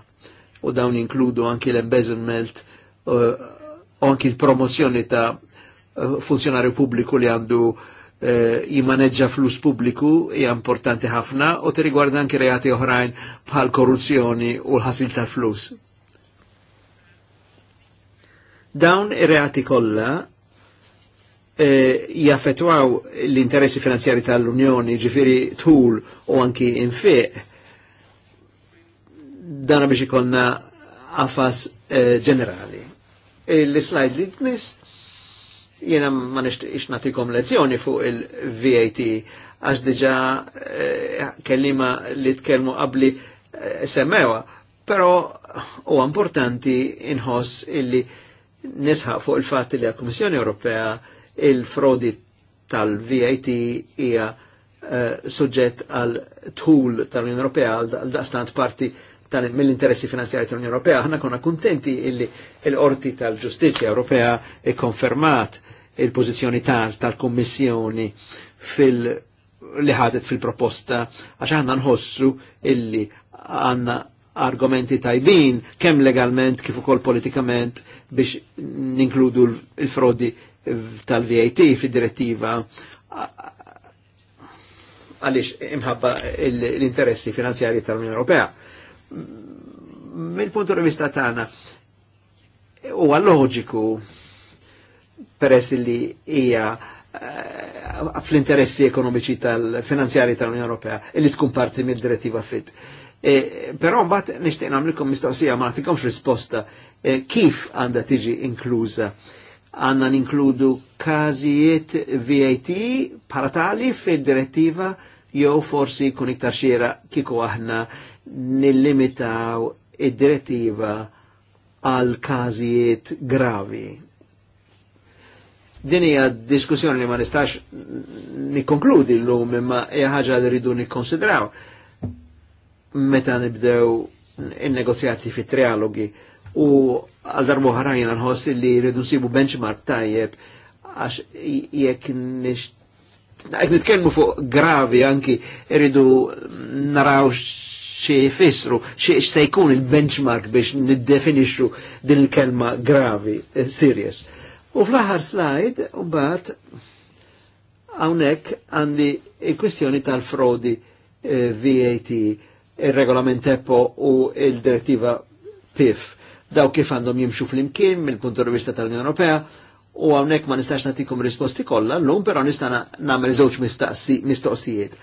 U dawn inkludu anki l-embezzlement u eh, anki l-promozzjoni ta' eh, funzjonarju pubbliku li għandu eh, jimaneġġa flus pubbliku hija importanti ħafna u tirigwarda anki reati oħrajn bħal korruzzjoni u l-ħasil tal-flus. Dawn ir-reati kollha Eh, jaffetwaw l-interessi finanzjari tal-Unjoni, ġifiri tul u anki infiq. Dana biex ikonna għafas eh, ġenerali. E l-slide li tmiss, jena ma nix natikom lezzjoni fuq il-VAT, għax diġa eh, kellima li tkellmu qabli semmewa, pero u importanti inħoss illi nisħaq fuq il-fat li l-Komissjoni Ewropea il-frodi tal vit hija eh, suġġett għal tul tal-Unjoni Ewropea għal daqstant parti mill-interessi finanzjari tal-Unjoni Ewropea. Aħna konna kuntenti illi l-Orti tal-Ġustizzja Ewropea ikkonfermat il-pożizzjoni tal-Kummissjoni fil- li ħadet fil-proposta għax għanna nħossu illi għanna argumenti tajbin kemm legalment kif ukoll politikament biex ninkludu l-frodi tal-VAT fil direttiva għaliex imħabba l-interessi finanzjari tal-Unjoni Ewropea. Mill-punt di vista tagħna huwa loġiku peress li hija eh, fl-interessi ekonomiċi tal-finanzjari tal-Unjoni Ewropea li tkun parti mill-direttiva fit. E, però mbagħad nixtieq nagħmlilkom mistoqsija ma nagħtikomx risposta eh, kif għandha tiġi inkluża għanna ninkludu kazijiet VAT paratali fil-direttiva jew forsi kun iktar xiera kiku aħna nillimitaw id-direttiva għal kazijiet gravi. Din hija diskussjoni li ma nistax nikkonkludi l-lum imma hija ħaġa li rridu nikkonsidraw meta nibdew in-negozjati fit-trialogi u għal darbu ħarajna nħoss li rridu nsibu benchmark tajjeb għax jekk nix Għek nitkelmu fuq gravi anki rridu naraw xie fissru, xie se jkun il-benchmark biex niddefinixru din il-kelma gravi, eh, serious. U fl-aħħar slide, bat, hawnhekk għandi il-kwistjoni tal-frodi eh, VAT, il-regolament epo u il-direttiva PIF daw kif għandhom jimxu fl-imkien mill-punt vista tal-Unjoni Ewropea u għawnek ma nistax nagħtikom risposti kollha l-lum, pero nista' nagħmel żewġ mistoqsijiet.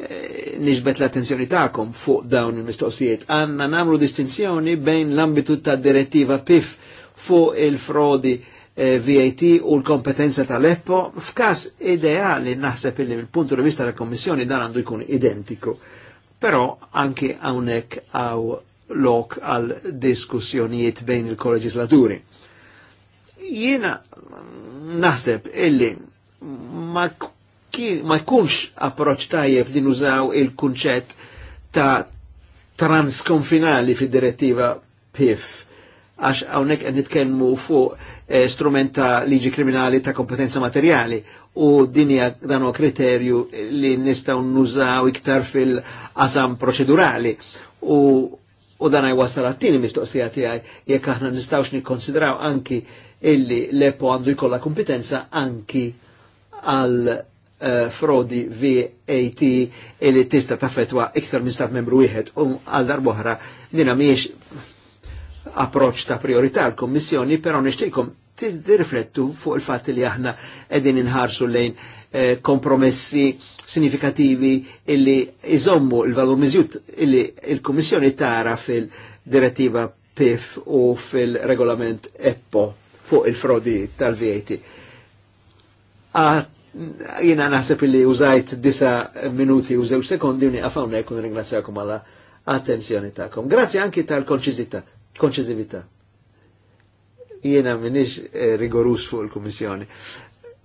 Eh, Nixbet l-attenzjoni tagħkom fuq dawn il-mistoqsijiet. Għandna namlu distinzjoni bejn l-ambitu ta' direttiva PIF fuq il-frodi eh, VAT u l-kompetenza tal-EPPO. F'każ ideali naħseb illi mill-punt vista tal-Kommissjoni dan għandu jkun identiku. Però anki hawnhekk għaw lok għal diskussjonijiet bejn il-koreġislaturi. Jiena naħseb illi ma, ma jkunx approċ tajjeb li nużaw il-kunċett ta' transkonfinali fid-direttiva PIF għax għawnek għan nitkelmu fuq eh, strument ta' liġi kriminali ta' kompetenza materiali u dinja danu kriterju li nistaw nużaw iktar fil-qasam proċedurali u U dan għaj wasal għattini mistoqsija tijaj, jek aħna nistawx nikkonsidraw anki illi l-EPO għandu jkolla kompetenza anki għal uh, frodi VAT illi tista taffetwa iktar minn stat membru wieħed u um, għal darboħra dina miex approċ ta' priorità l-Kommissjoni, pero nishtikom tirriflettu fuq il-fat li aħna edin inħarsu lejn Eh, kompromessi sinifikativi illi iżommu il-valur mizjut illi il kommissjoni tara fil-direttiva PIF u fil-regolament EPPO fuq il-frodi tal-VAT. Jina naħseb illi użajt disa minuti u zew sekondi u niqafawna jkun ringrazzjakum għala attenzjoni ta'kom. Grazie anki tal-konċizivita. Jena minix eh, rigorus fuq il-Kommissjoni.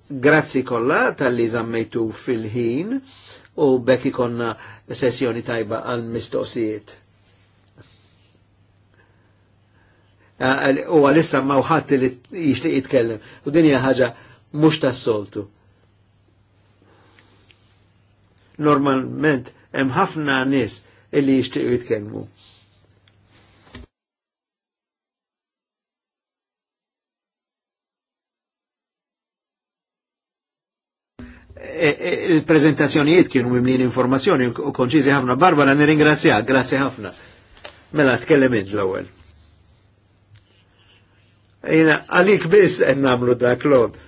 Grazzi kollha tal-li zammejtu fil-ħin u bekk ikonna sessjoni tajba għal mistoqsijiet. U għalissa ma uħat li jishtiq jitkellem. U dinja ħaġa mux tas-soltu. Normalment, hemm ħafna nis illi jixtiequ jitkellmu. E, e, il-prezentazzjonijiet kienu mimlin informazzjoni u konċizi ħafna. Barbara, nirringrazzja, grazie ħafna. Mela, tkellem id l-ewel. Ejna, għalik biss qed namlu da, Klod.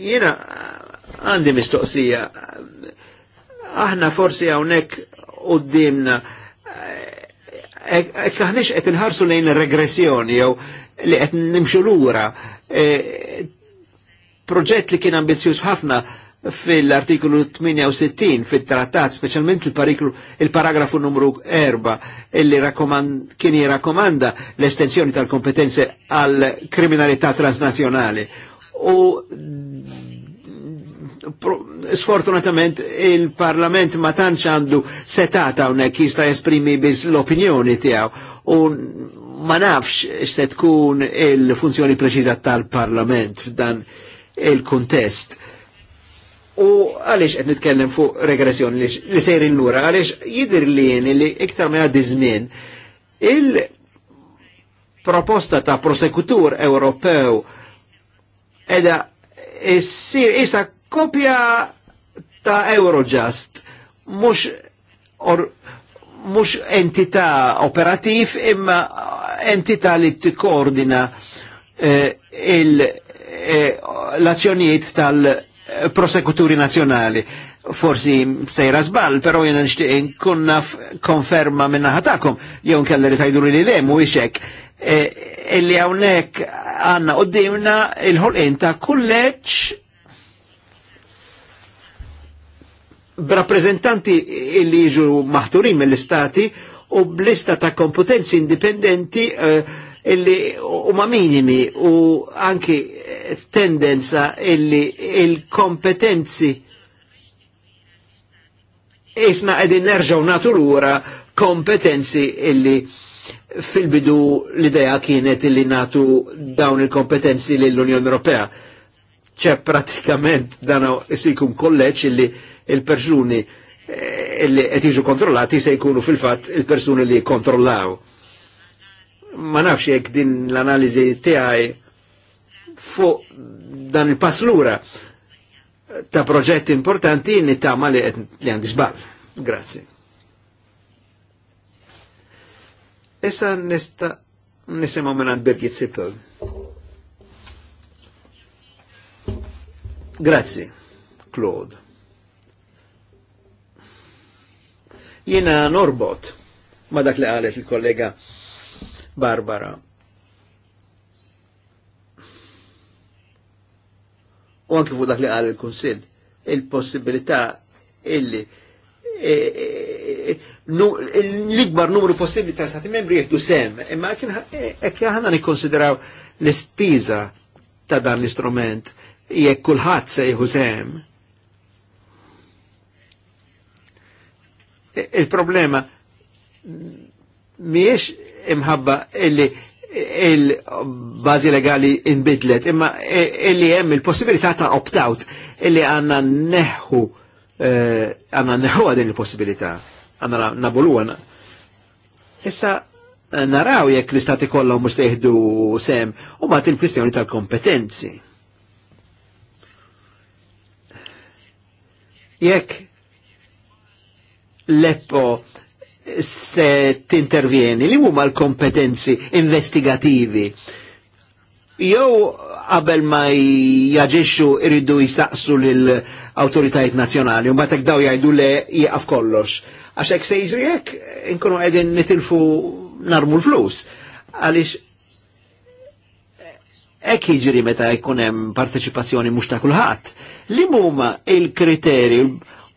Jena, għandi mistoqsija. Aħna forsi għawnek hawnhekk dimna. Ek aħniex qed inħarsu lejn regressjoni jew li qed nimxu lura. E, proġett li kien ambizzjuż ħafna fil artiklu 68 fil-trattat, specialment il-paragrafu numru 4, illi kien jirakomanda l-estensjoni tal-kompetenze għal kriminalità transnazjonali. U sfortunatament il-Parlament ma tantx għandu setata hawnhekk jista' jesprimi biss l-opinjoni tiegħu u ma nafx se tkun il-funzjoni preċiża tal-Parlament f'dan il-kuntest. U għaliex qed nitkellem fuq regressjoni li sejri l lura għaliex jidher li li iktar ma għaddi żmien il-proposta ta' prosekutur Ewropew edha issir isa kopja ta' Eurojust, mux, or, mux entità operativ, imma entità li t-koordina eh, eh, l-azzjonijiet tal-prosekuturi nazjonali. Forsi sejra zbal, pero jena nishtiq kunna konferma minna ħatakom, jew li tajdu li le, mu ixek. Eh, illi għawnek għanna qoddimna il-ħolqin ta' kulleċ b'rappreżentanti li jiġu maħturin mill-istati u blista ta' kompetenzi indipendenti eh, illi huma minimi u anki tendenza illi il-kompetenzi jisna qegħdin nerġgħu nagħtu lura kompetenzi illi fil-bidu l-idea kienet illi natu dawn il-kompetenzi lill-Unjoni Ewropea. ċe pratikament dan jkun kolleġġ illi il-persuni eh, li qed jiġu kontrollati se jkunu fil-fatt il-persuni li kontrollaw. Ma nafx jekk din l-analiżi tiegħi fuq dan il-pass lura ta' proġetti importanti nittama li għandi żball. Grazzi. Issa nista nisimaw minnant Birgit Sippel. Grazie, Claude. Jina norbot ma dak li għalet il-kollega Barbara. U anki fuq dak li għalet il konsil il-possibilità illi e, e, e, l-ikbar numru possibli ta' stati membri jihdu sem, imma kien ħana nikonsideraw l spiza ta' dan l-istrument jekk kulħadd se jieħu sem il-problema miex imħabba illi il-bazi legali inbidlet, imma illi hemm il-possibilità ta' opt-out illi għanna neħu eh, għanna neħu għadin il-possibilità, għanna nabulu għanna. Issa eh, naraw jekk l-istati kollha mhux sem u um il-kwistjoni tal-kompetenzi. Jekk l-EPPO se tintervjeni, li huma l-kompetenzi investigativi. Jew qabel ma jaġixxu iridu jistaqsu lil awtoritajiet nazzjonali u mbagħad daw jgħidu le jieqaf kollox. Għax hekk se jiġri hekk inkunu qegħdin nitilfu narmu l-flus. Għaliex hekk jiġri meta jkun hemm parteċipazzjoni mhux ta' kulħadd. Li huma il-kriterji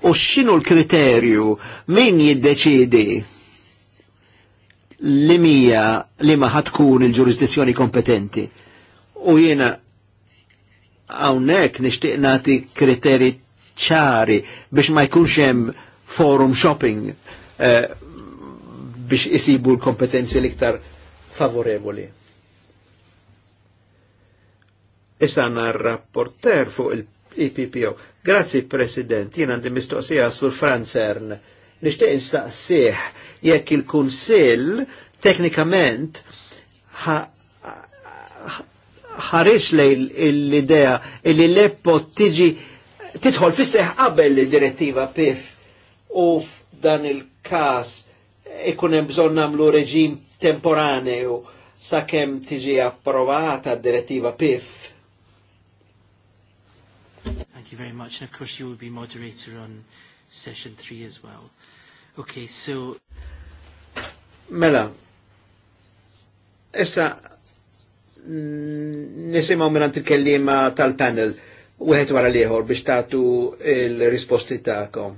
u x'inhu l-kriterju min jiddeċidi li mija li ma ħatkun il-ġurisdizzjoni kompetenti. U jiena hawnhekk nixtieq nagħti kriteri ċari biex ma jkunx hemm forum shopping eh, biex isibu l-kompetenzi liktar favorevoli. Issa għanna rapporter fuq il-PPO. Grazzi, President, jien għandi mistoqsija sur Franzern. Nishtiq nistaqsih jekk il-Kunsill teknikament ħares lej l-idea li l-eppo tiġi titħol fisseħ qabel direttiva PIF u f'dan il-kas ikun hemm bżonn nagħmlu reġim temporaneju sakemm tiġi approvata d-direttiva PIF you very much. And of course, you will be moderator on session three as well. Okay, so... Mela, issa nisimaw minnant il-kellima tal-panel u wara liħor biex tatu il-risposti ta'kom.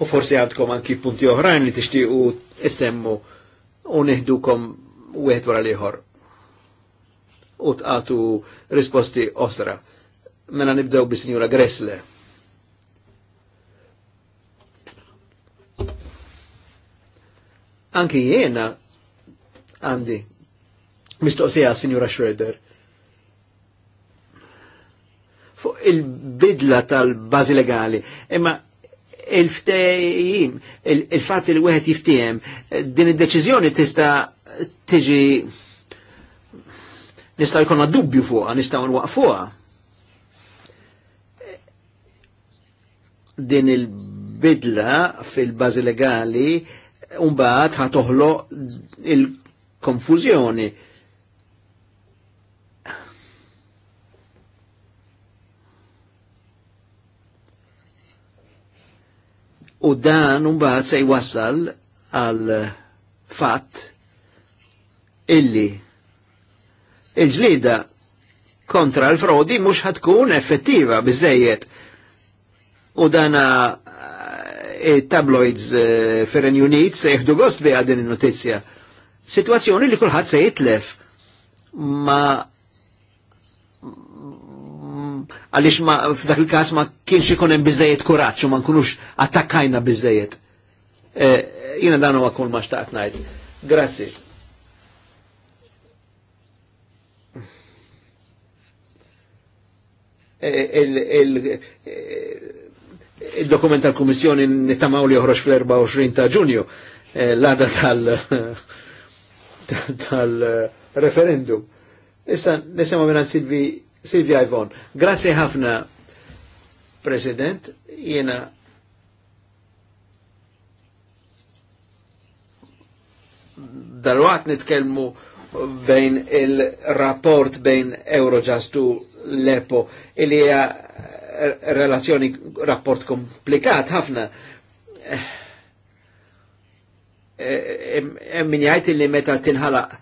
U forsi għandkom anki punti oħrajn li tixtiqu issemmu u neħdukom u għet wara liħor u tqatu risposti osra. Mela nibdew bi Sinjura Gressle. Anki jiena għandi mistoqsija Sinjura Schroeder. Fuq il-bidla tal-bazi legali, imma il-ftejim, il-fat il wieħed jiftijem, din id-deċizjoni tista' tiġi nista' jkollna dubju nistaw nwaq nwaqfuha. din il-bidla fil-bazi legali umbaħt ħatoħlo il-konfuzjoni. U dan umbaħt se jwassal għal fatt illi il-ġlida kontra l-frodi mux ħatkun effettiva bizzejiet u dana eh, eh, tabloids eh, Feren Unit se jihdu gost bi din il-notizja. Situazzjoni li kulħadd se jitlef ma għaliex ma f'dak il-każ ma kienx ikun hemm biżejjed kuraġġ u ma nkunux attakkajna biżejjed. Jiena dan huwa kull ma xtaqt ngħid. Grazzi. il il-dokument tal-Kummissjoni nittamaw li uħroċ fl-24 ta' ġunju, eh, l-għada tal-referendum. Issa nisema minn Silvi Silvia Ivon. Grazie ħafna, President, jena dal għat nitkelmu bejn il-rapport bejn Eurojust u l-EPO, il hija relazzjoni rapport komplikat ħafna. Eh, eh, Emmin jajt li meta tinħalaq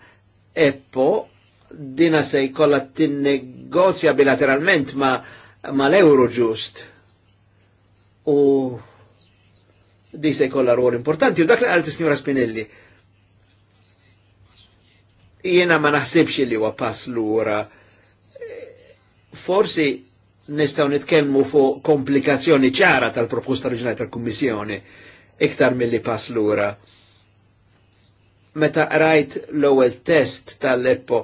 Eppo dina se jkollha tinnegozja bilateralment ma mal-euro ġust. U di se jkolla ruol importanti u dak li għalti is Spinelli. Jiena ma naħsibx li huwa pass lura. Forsi nistaw nitkellmu fuq komplikazzjoni ċara tal-proposta oriġinali tal-Kummissjoni iktar mill-li pass lura. Meta rajt l-ewwel test tal-Eppo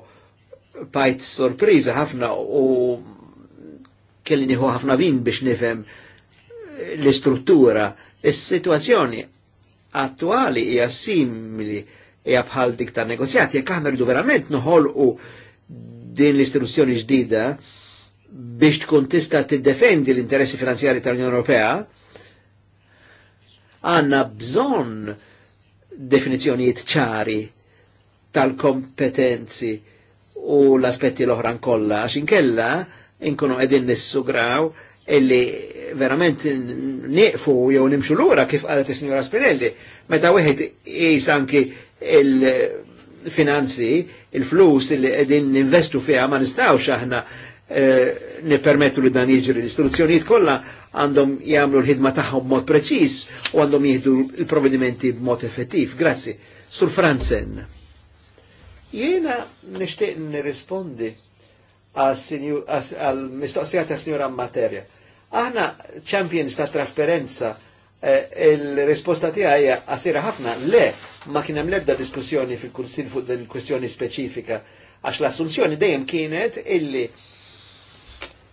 pajt sorpriża ħafna u kelli nieħu ħafna vin biex nifhem l-istruttura. Is-sitwazzjoni attuali hija simili hija bħal dik tan-negozjati jekk aħna rridu verament noħolqu din l-istruzzjoni ġdida biex tkun tista' tiddefendi l-interessi finanzjari tal-Unjoni Ewropea, għandna bżonn definizzjonijiet ċari tal-kompetenzi u l-aspetti l oħra kollha għax inkella inkunu qegħdin nissugraw illi verament nieqfu jew nimxu lura kif qalet is-Sinjora Spinelli meta wieħed qis anki il-finanzi, il-flus illi qegħdin ninvestu fiha ma nistgħux aħna ne eh, nipermettu li dan jiġri. l istruzzjoniet kollha għandhom jagħmlu l-ħidma taħħom mod preċiż u għandhom jieħdu l-provvedimenti b'mod effettiv. Grazzi. Sur Franzen. Jiena nishtiq nirrispondi għal-mistoqsija ta' Signora Materja. Aħna champions ta' trasparenza eh, il-risposta tija hija għasira ħafna le ma kien hemm l-ebda diskussjoni fil-kunsil fuq dil il-kwestjoni speċifika għax l-assunzjoni dejjem kienet illi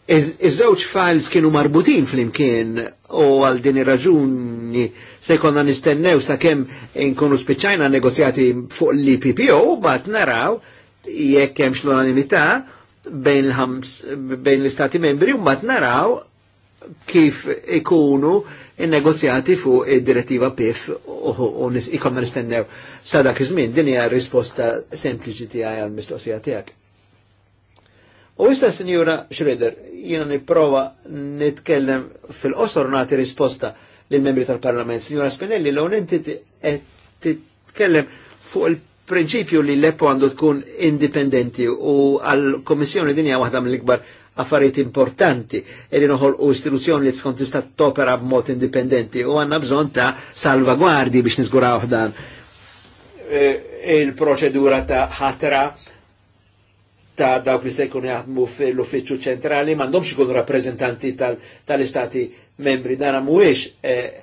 Iż-żewġ files kienu marbutin fl-imkien u għal din ir-raġuni se jkollna nistennew sakemm inkunu spiċċajna negozjati fuq l-IPPO bat naraw jekk hemm l-unanimità bejn l-istati membri u bat naraw kif ikunu il-negozjati fuq id-direttiva PIF u ikonna nistennew sadak iż-żmien. Din hija risposta sempliċi tiegħi għall-mistoqsija tiegħek. U issa, Sinjura Schroeder, jiena nipprova nitkellem fil-qosor nagħti risposta lill membri tal-Parlament. Sinjura Spinelli, l inti e titkellem fuq il-prinċipju li l-EPO għandu tkun indipendenti u għal-Komissjoni dinja waħda mill-ikbar affarijiet importanti e li noħol u istituzzjoni li tkun tista' topera b'mod indipendenti u għanna bżonn ta' salvagwardi biex nizguraw dan e, il-proċedura ta' ħatra ta' dawk li se jkunu jaħdmu fil-uffiċċju ċentrali m'għandhomx ikunu rappreżentanti tal-istati tal membri. Dan mhuwiex eh,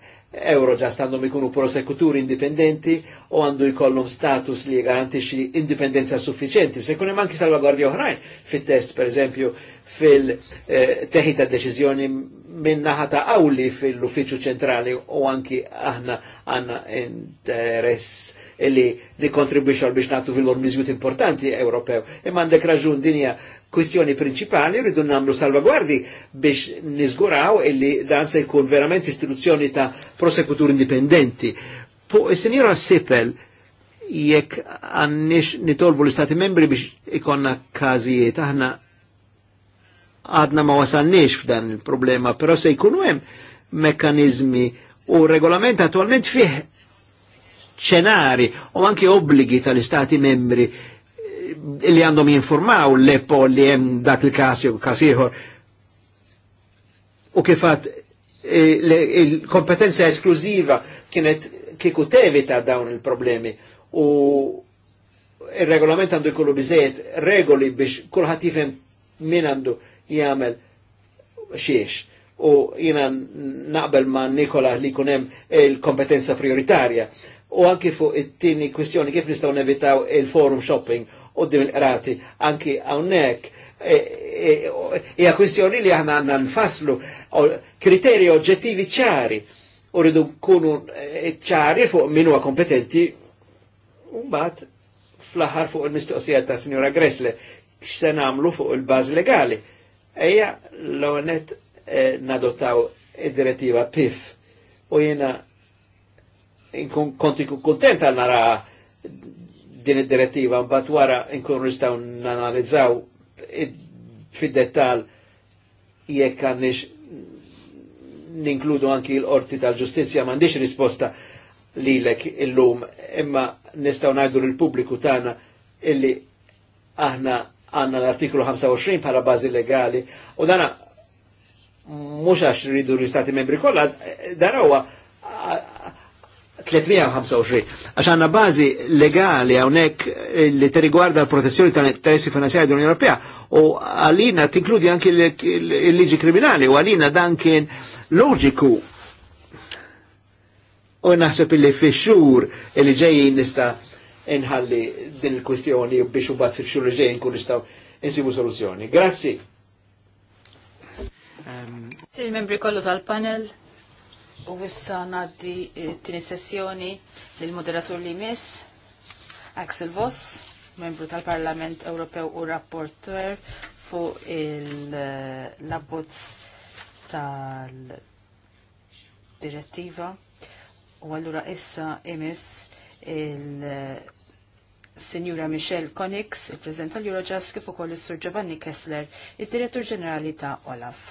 Eurojust għandhom ikunu prosekuturi indipendenti u għandu jkollhom status li garantixxi indipendenza suffiċenti. Se jkun hemm anki salvagwardja oħrajn fit-test, per eżempju, fil-teħi eh, ta' deċiżjoni minna ħata għawli fil-uffiċu ċentrali u anki aħna għanna interess li nikontribwixu biex natu fil ormizmut importanti Ewropew. Imma għandek raġun dinja kwistjoni principali rridu namlu salvaguardi biex nizguraw illi dan se jkun verament istituzzjoni ta' prosekutur indipendenti. Po, il-senjora Sipel, jekk għannix nitolbu l-istati membri biex ikonna kazijiet, aħna għadna ma wasalniex f'dan il-problema, però se jkunu hemm mekkanizmi u regolament attualment fih ċenari u anke obbligi tal-istati membri eh, li għandhom jinformaw l-EPO li hemm dak il-kas jew kas ieħor. U kifat eh, il-kompetenza esklużiva kienet kieku tevita dawn il-problemi u il-regolament għandu jkollu biżejjed regoli biex kulħadd jifhem min għandu jagħmel xiex. U jina naqbel ma' Nikola li kunem il-kompetenza prioritarja. U anki fuq it-tini kwistjoni kif nistgħu nevitaw il-forum shopping u dim il-qrati, anki hawnhekk e, e, e, hija kwistjoni li aħna għandna nfasslu kriterji oġġettivi ċari u rridu nkunu ċari fuq min huwa kompetenti u mbagħad fl-aħħar fuq il-mistoqsija ta' Signora Gressle x'se nagħmlu fuq il bażi legali Eja l-għonet eh, nadottaw nadotaw id-direttiva PIF u jena konti kontent għal nara din id-direttiva mbat wara inkun nistgħu nanalizzaw fid-dettall jekk għandix ninkludu anki l-orti tal-ġustizja m'għandix risposta lilek illum imma nistgħu ngħidu l pubbliku tana illi aħna għanna l-artiklu 25 bħala bazi legali u dana mux għax ridu l-istati membri kollha, dana huwa 325. Għax għanna bazi legali għonek eh, li t-rigwarda l-protezzjoni ta' interessi finanzjari dell-Unjoni Ewropea u għalina tinkludi anki l-liġi kriminali u għalina dan kien loġiku u naħseb illi il li ġejjin nista' inħalli din il-kwistjoni biex u bat fil-xur ġejn kun nistaw insibu soluzzjoni. Grazzi.
Ehm, Il-membri kollu tal-panel u wissa naddi tini sessjoni l-moderatur li mis Axel Voss, membru tal-Parlament Ewropew u rapporter fuq il-labbozz tal-direttiva. U għallura issa imis il-Sinjura Michelle Konix, il-President tal-Eurojust, kif ukoll is-Sur Giovanni Kessler, id-Direttur Ġenerali ta' Olaf.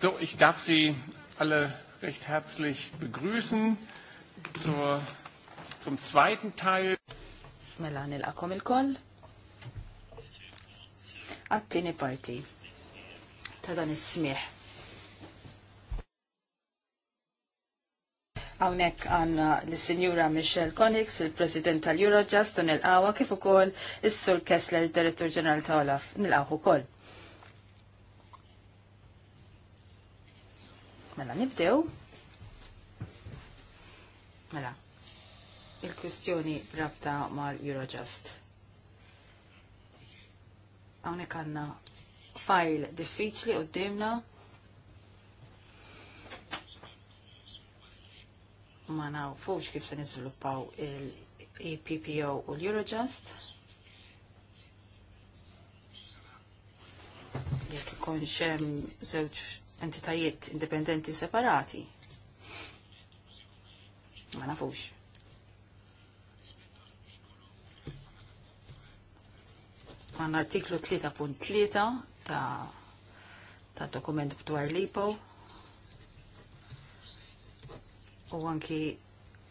So, ich darf Sie alle recht herzlich begrüßen zur, zum zweiten Teil. Mela nilqakom il-koll. Għattini parti ta' dan is-smieħ. Hawnhekk għandna lis Michelle Konix, il-President tal-Eurojust, u nil-għawa kif ukoll is-Sur Kessler, Direttur Ġenerali ta' Olaf, nil-għawu ukoll. nibdew. Mela, il-kwistjoni rabta mal-Eurojust. Għawnek għanna fajl diffiċli u d-dimna ma nawfux kif se niżviluppaw il-EPPO u l-Eurojust. Jek ikon xem zewċ entitajiet indipendenti separati. Ma nafux. Għan artiklu 3.3 ta' ta' dokument b'dwar Lipo. u anki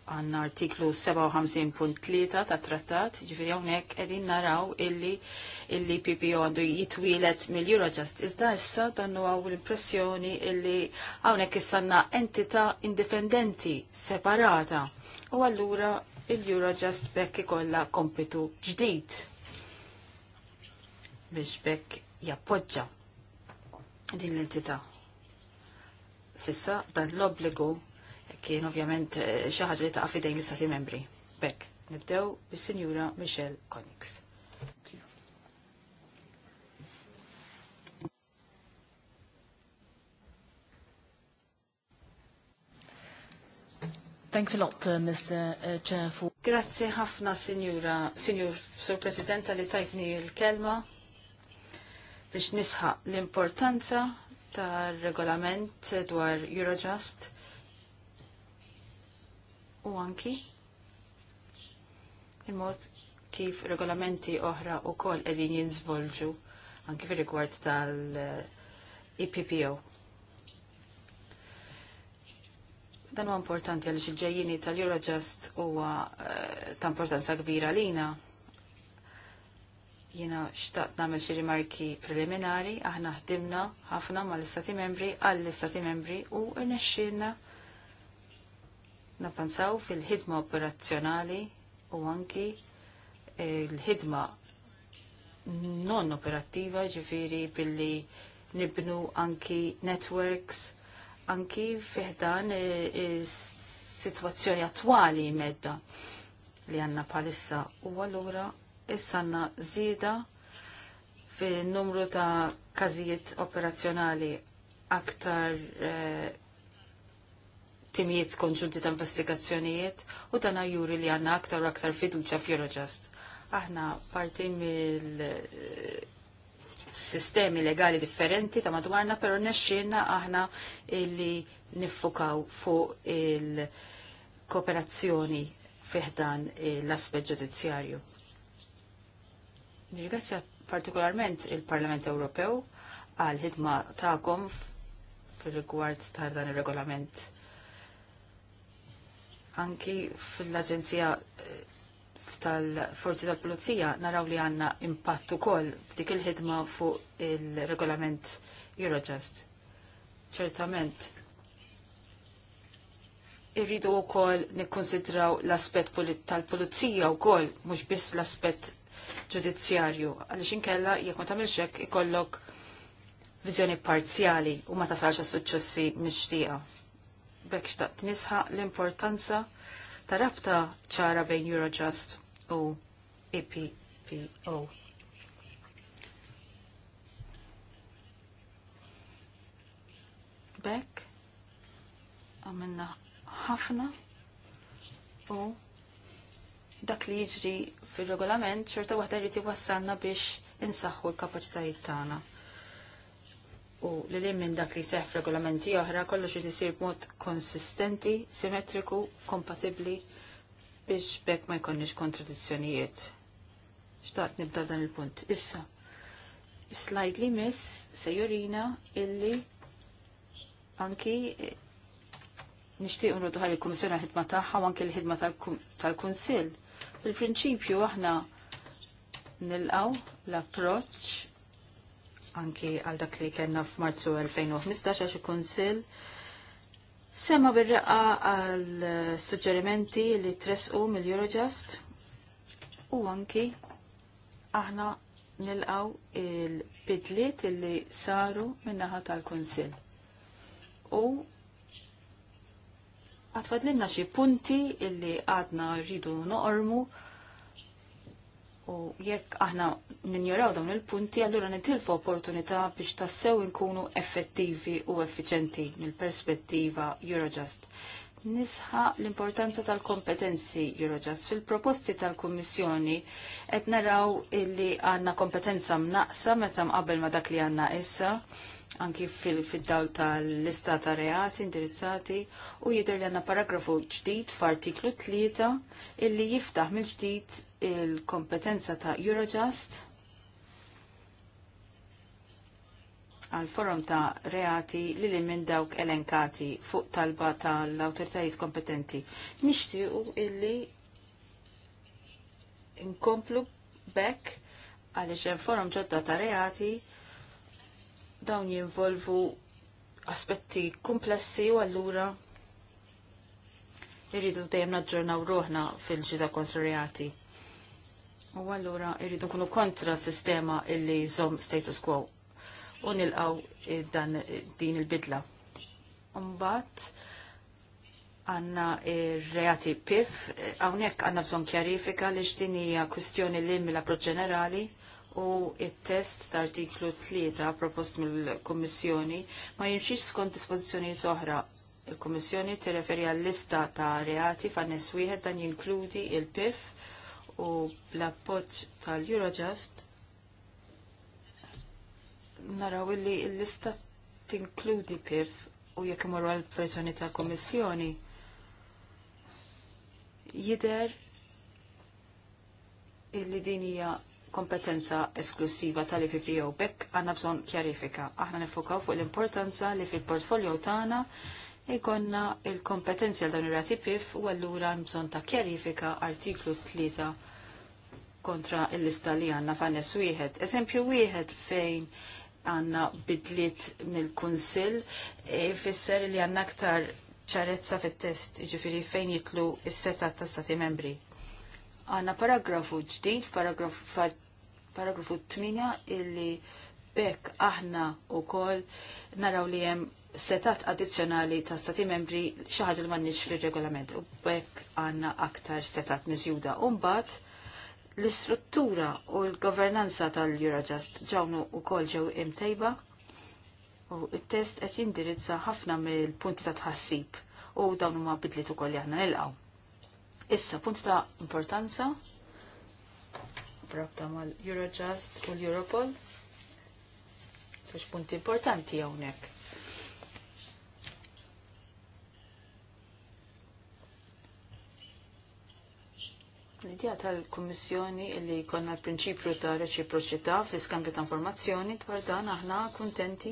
għanna artiklu 57.3 ta' trattat, ġifiri għonek edin naraw illi illi PPO għandu jitwilet mill-Eurojust. Iżda issa dannu għaw l-impressjoni illi għonek jissanna entita indipendenti, separata. U għallura il-Eurojust bekk ikolla kompitu ġdid biex bekk jappoġġa din l-entità. Sissa dan l-obbligu kien ovvjament eh, xi ħaġa li taqa' fidejn l-istati membri. Bekk, nibdew bis-Sinjura Michelle Konix. Thanks a lot, uh, Mr. Uh, Chair. For... Grazie ħafna, Signora, Signor Sur Presidenta, li tajtni l-kelma biex nisħaq l-importanza tal regolament dwar Eurojust u anki il-mod kif regolamenti oħra u kol edin jinżvolġu anki fil rigward tal-IPPO. Dan huwa importanti għal xilġejjini tal-Eurojust huwa eh, ta' importanza kbira lina jina xtaqt namel xi rimarki preliminari, aħna ħdimna ħafna mal istati membri għall istati membri u rnexxilna Navvanzaw fil-ħidma operazzjonali u anki eh, l-ħidma non operattiva ġifiri billi nibnu anki networks anki fiħdan eh, eh, situazzjoni attwali medda li għanna palissa u għallura issanna zida fil numru ta' kazijiet operazzjonali aktar eh, timijiet konġunti ta' investigazzjonijiet u dan juri li għanna aktar u aktar fiduċa f'Eurojust. Aħna parti mill eh, sistemi legali differenti ta' madwarna, pero nesċinna aħna illi niffukaw fuq il-kooperazzjoni fiħdan l-aspet ġudizzjarju. Nirgrazzja partikolarment il-Parlament Ewropew għal ħidma ta'kom fil-rigward ta' dan il-regolament anki fil-Aġenzija eh, tal-Forzi tal-Pulizija naraw li għanna impatt ukoll f'dik il-ħidma fuq il-regolament Eurojust. Ċertament, irridu wkoll nikkonsidraw l-aspett tal-pulizija wkoll mhux biss l-aspett ġudizzjarju għaliex inkella jekk ma tagħmilx ikollok viżjoni parzjali u ma tasalx għas-suċċessi mixtieqa bekk xtaqt nisħa l-importanza ta' rabta ċara bejn Eurojust u EPPO. Bekk għamilna ħafna u dak li jiġri fil-regolament ċerta waħda jrid wassalna biex insaħħu l-kapaċitajiet tagħna u li li minn dak li seħf regolamenti oħra kollox irid isir b'mod konsistenti, simmetriku, kompatibbli biex bekk ma jkollniex kontradizzjonijiet. Xtaqt nibda dan il-punt. Issa, slide li miss se jurina illi anki eh, nishtiq nrodu ħaj il-Kummissjoni ħidma tagħha u anke l-ħidma tal-Kunsill. Fil-prinċipju aħna nilqaw l-approċċ anki għal dak li kellna f'Marzu 2015 għax konsil. kunsill sema bir-raqqa għal suġġerimenti li tresqu mill-Eurojust u anki aħna nilqaw il-bidliet li saru minnaħa tal-Kunsill. U għatfadlinna xie punti illi għadna rridu noqormu U jekk aħna ninjoraw dawn il-punti, allura nitilfu opportunità biex tassew inkunu effettivi u effiċenti mill-perspettiva Eurojust. Nisħa l-importanza tal-kompetenzi Eurojust. Fil-proposti tal-Kummissjoni qed naraw illi għandna kompetenza mnaqsa meta mqabbel ma dak li għandna issa anki fil-dawl tal-lista ta' reati indirizzati u jidher li għandna paragrafu ġdid f'artiklu 3 illi jiftaħ mill-ġdid il-kompetenza ta' Eurojust għal forum ta' reati li li minn dawk elenkati fuq talba tal-autoritajiet kompetenti. u illi inkomplu bekk għaliex hemm forum ġodda ta' reati dawn jinvolvu aspetti komplessi u allura irridu dejjem naġġornaw ruħna fil-ġida kontra reati. U allura irridu nkunu kontra sistema illi jżomm status quo u nilqaw dan din il-bidla. Umbat għanna reati pif, għawnek għanna bżon kjarifika li ġdin hija kwistjoni li mill-approċ ġenerali u il-test ta' artiklu 3 propost mill-Kommissjoni ma jimxiex skont dispozizjoni oħra. Il-Kommissjoni tirreferi għall-lista ta' reati fan wieħed dan jinkludi il-PIF u l appoġġ tal-Eurojust naraw li l-lista tinkludi PIF u jekk imorru għal personi ta' komissjoni. jider illi din hija kompetenza esklusiva tal-IPPO bekk għandna bżonn kjarifika. Aħna nifokaw fuq l-importanza li fil-portfolio tagħna ikonna il kompetenzja dan ir-rati PIF u allura bżonn ta' kjarifika artiklu 3 kontra l-lista li għanna f'annes wieħed. Eżempju wieħed fejn għanna bidliet mill-Kunsill jfisser e, li għanna aktar ċarezza fit-test, ġifiri fejn jitlu s seta ta' stati membri. Għanna paragrafu ġdid, paragrafu, paragrafu 8, illi bekk aħna u kol naraw li jem setat addizzjonali ta' stati membri xi ħaġa li m'għandniex fir-regolament u bekk għanna aktar setat miżjuda. U mbagħad l-istruttura u l-governanza tal-Eurojust ġawnu wkoll ġew imtejba u t-test qed jindirizza ħafna mill-punti ta' tħassib u dawn huma bidliet ukoll li aħna nilqgħu. Issa, punt ta' importanza rabta mal-Eurojust u l-Europol. Fiex punti importanti hawnhekk. L-idea tal-Kommissjoni li konna l-prinċipju ta' reċiproċità fi skambju ta' informazzjoni dwar dan aħna kuntenti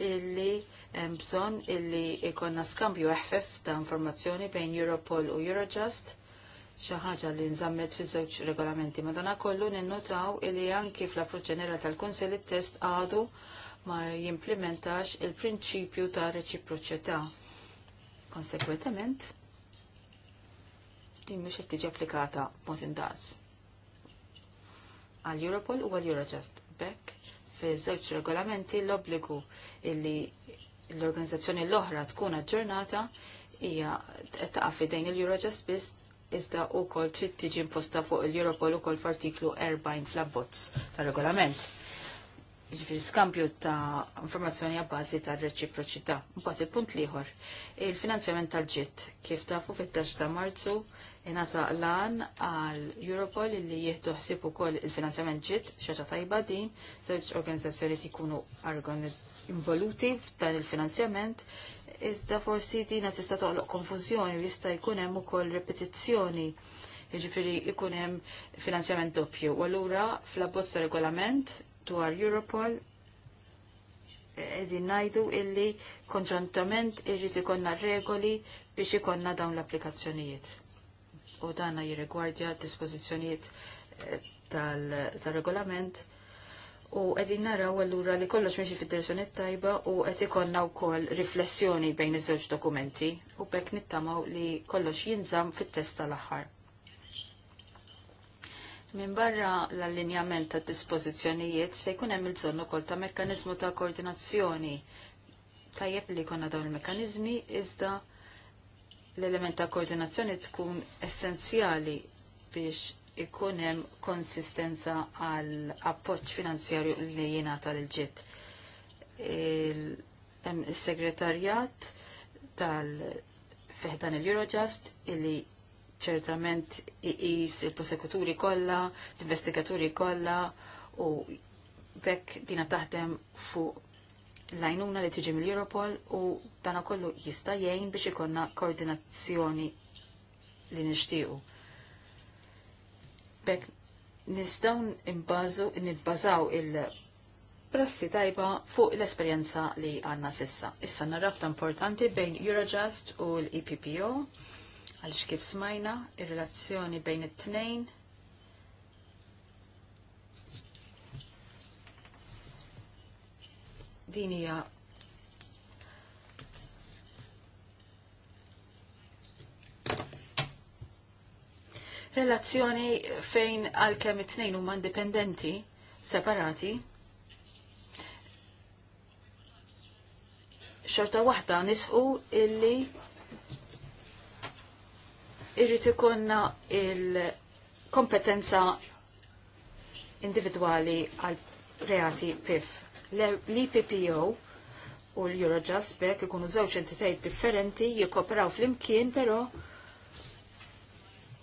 li bżon illi ikonna skambju eħfef ta' informazzjoni bejn Europol u Eurojust xi ħaġa li nżammet fi żewġ regolamenti. Madana kollu ninnotaw li anki fl-approċ ġenerali tal-Kunsel it-test għadu ma jimplementax il-prinċipju ta' reċiproċità. Konsekwentement, din mhux qed tiġi applikata mod indaqs. Għal Europol u għal Eurojust bekk fi żewġ regolamenti l-obbligu illi l-organizzazzjoni l-oħra tkun aġġornata hija qed taqa' fidejn il-Eurojust biss iżda wkoll trid tiġi imposta fuq il-Europol ukoll f'artiklu 40 fl-abbozz tar-regolament. Ġifir skambju ta' informazzjoni għabbażi ta' reċiproċità. Mbagħad il-punt liħor, il-finanzjament tal-ġitt kif tafu fit-10 ta' Marzu Inata lan għal Europol li jieħdu ħsib ukoll il-finanzjament ġit xaċa tajba din, żewġ organizzazzjoni ikunu involuti f'dan il-finanzjament, iżda forsi din qed tista' toqloq konfużjoni jista' jkun hemm ukoll repetizzjoni jiġifieri jkun hemm finanzjament doppju. U allura fl abbozza regolament dwar Europol edin najdu illi konġuntament irrid ikonna regoli biex ikonna dawn l-applikazzjonijiet u dana jirrigwardja dispożizzjonijiet eh, tal-regolament u għedin naraw għallura li kollox meċi fil-direzzjoni tajba u għed ikonna u koll riflessjoni bejn iż-żewġ dokumenti u bekk nittamaw li kollox jinżam fit-test tal-aħħar. Min barra l-allinjament ta' dispożizzjonijiet se jkun hemm il-bżonn ukoll ta' mekkaniżmu ta' koordinazzjoni tajjeb li konna dawn il-mekkaniżmi iżda l-element ta' koordinazzjoni tkun essenzjali biex ikun hemm konsistenza għal appoġġ finanzjarju li jingħata l ġiet Il-segretarjat tal-feħdan il-Eurojust illi ċertament iqis il-prosekuturi kollha, l-investigaturi kollha u bekk dina taħdem fuq l-għajnuna li tiġi mill-Europol u dan kollu jista' jgħin biex ikonna koordinazzjoni li nixtiequ. Bek nistgħu imbazu nibbażaw il-prassi tajba fuq l-esperjenza li għandna sissa. Issa narrabta importanti bejn Eurojust u l-EPPO għaliex kif smajna ir-relazzjoni bejn it-tnejn din hija relazzjoni fejn għalkemm it-tnejn huma indipendenti, separati, xorta waħda nisħu illi irrid ikonna il-kompetenza individwali għal reati PIF l-IPPO u l-Eurojust bekk ikunu żewġ entitajiet differenti jikkoperaw fl-imkien però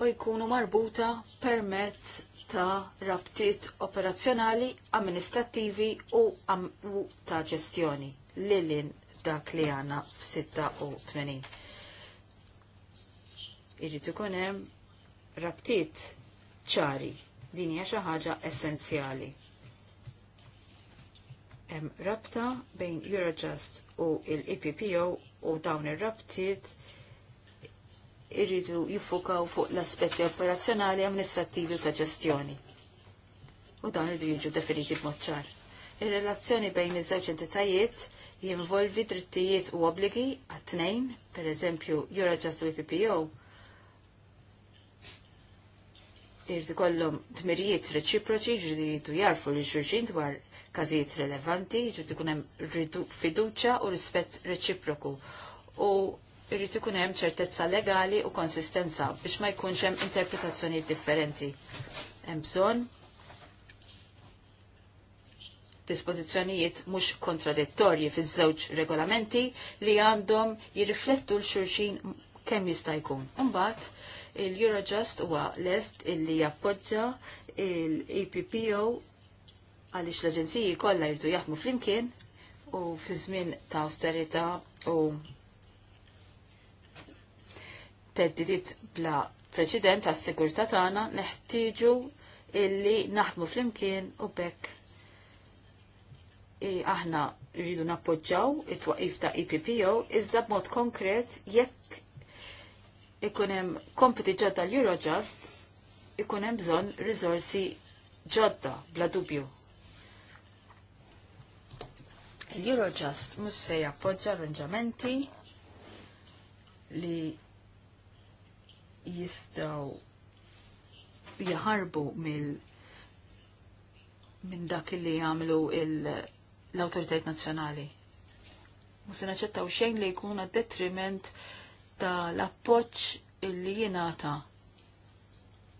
u jkunu marbuta permezz ta' rabtiet operazzjonali, amministrattivi u, am u ta' ġestjoni lilin dak li għanna f-86. Irrid ikun hemm rabtiet ċari. Din hija xi ħaġa essenzjali hemm rabta bejn Eurojust u l-EPPO u dawn ir-rabtiet irridu jiffukaw fuq l-aspetti operazzjonali, e amministrativi u ta' ġestjoni. U dawn irridu jiġu definiti b'mod ċar. Ir-relazzjoni bejn iż-żewġ entitajiet jinvolvi drittijiet u obbligi għat-tnejn, per eżempju Eurojust u EPPO, irridu kollhom dmirijiet reċiproċi, irridu jarfu l-ġurġin dwar każijiet rilevanti, ġiet ikun hemm fiduċja u rispett reċiproku. U irrid ikun hemm ċertezza legali u konsistenza biex ma jkunx hemm interpretazzjonijiet differenti. Hemm bżonn dispożizzjonijiet mhux kontradittorji fiż-żewġ regolamenti li għandhom jirriflettu l-xulxin kemm jista' jkun. Imbagħad il-Eurojust huwa lest illi jappoġġa l il eppo għaliex l-aġenziji kollha jibdu jaħdmu flimkien u fi żmien ta' austerità u teddidiet bla preċedent għas sigurtà tagħna neħtieġu illi naħdmu flimkien u bekk aħna rridu nappoġġaw it-twaqif ta' EPPO iżda b'mod konkret jekk ikun hemm kompiti ġodda l-Eurojust ikun hemm bżonn riżorsi ġodda bla dubju eurojust mhux se jappoġġa arranġamenti li jistgħu jaħarbu mill minn dak li jagħmlu l-awtoritajiet nazzjonali. Mus se naċċettaw xejn li jkun għad detriment tal-appoġġ illi jingħata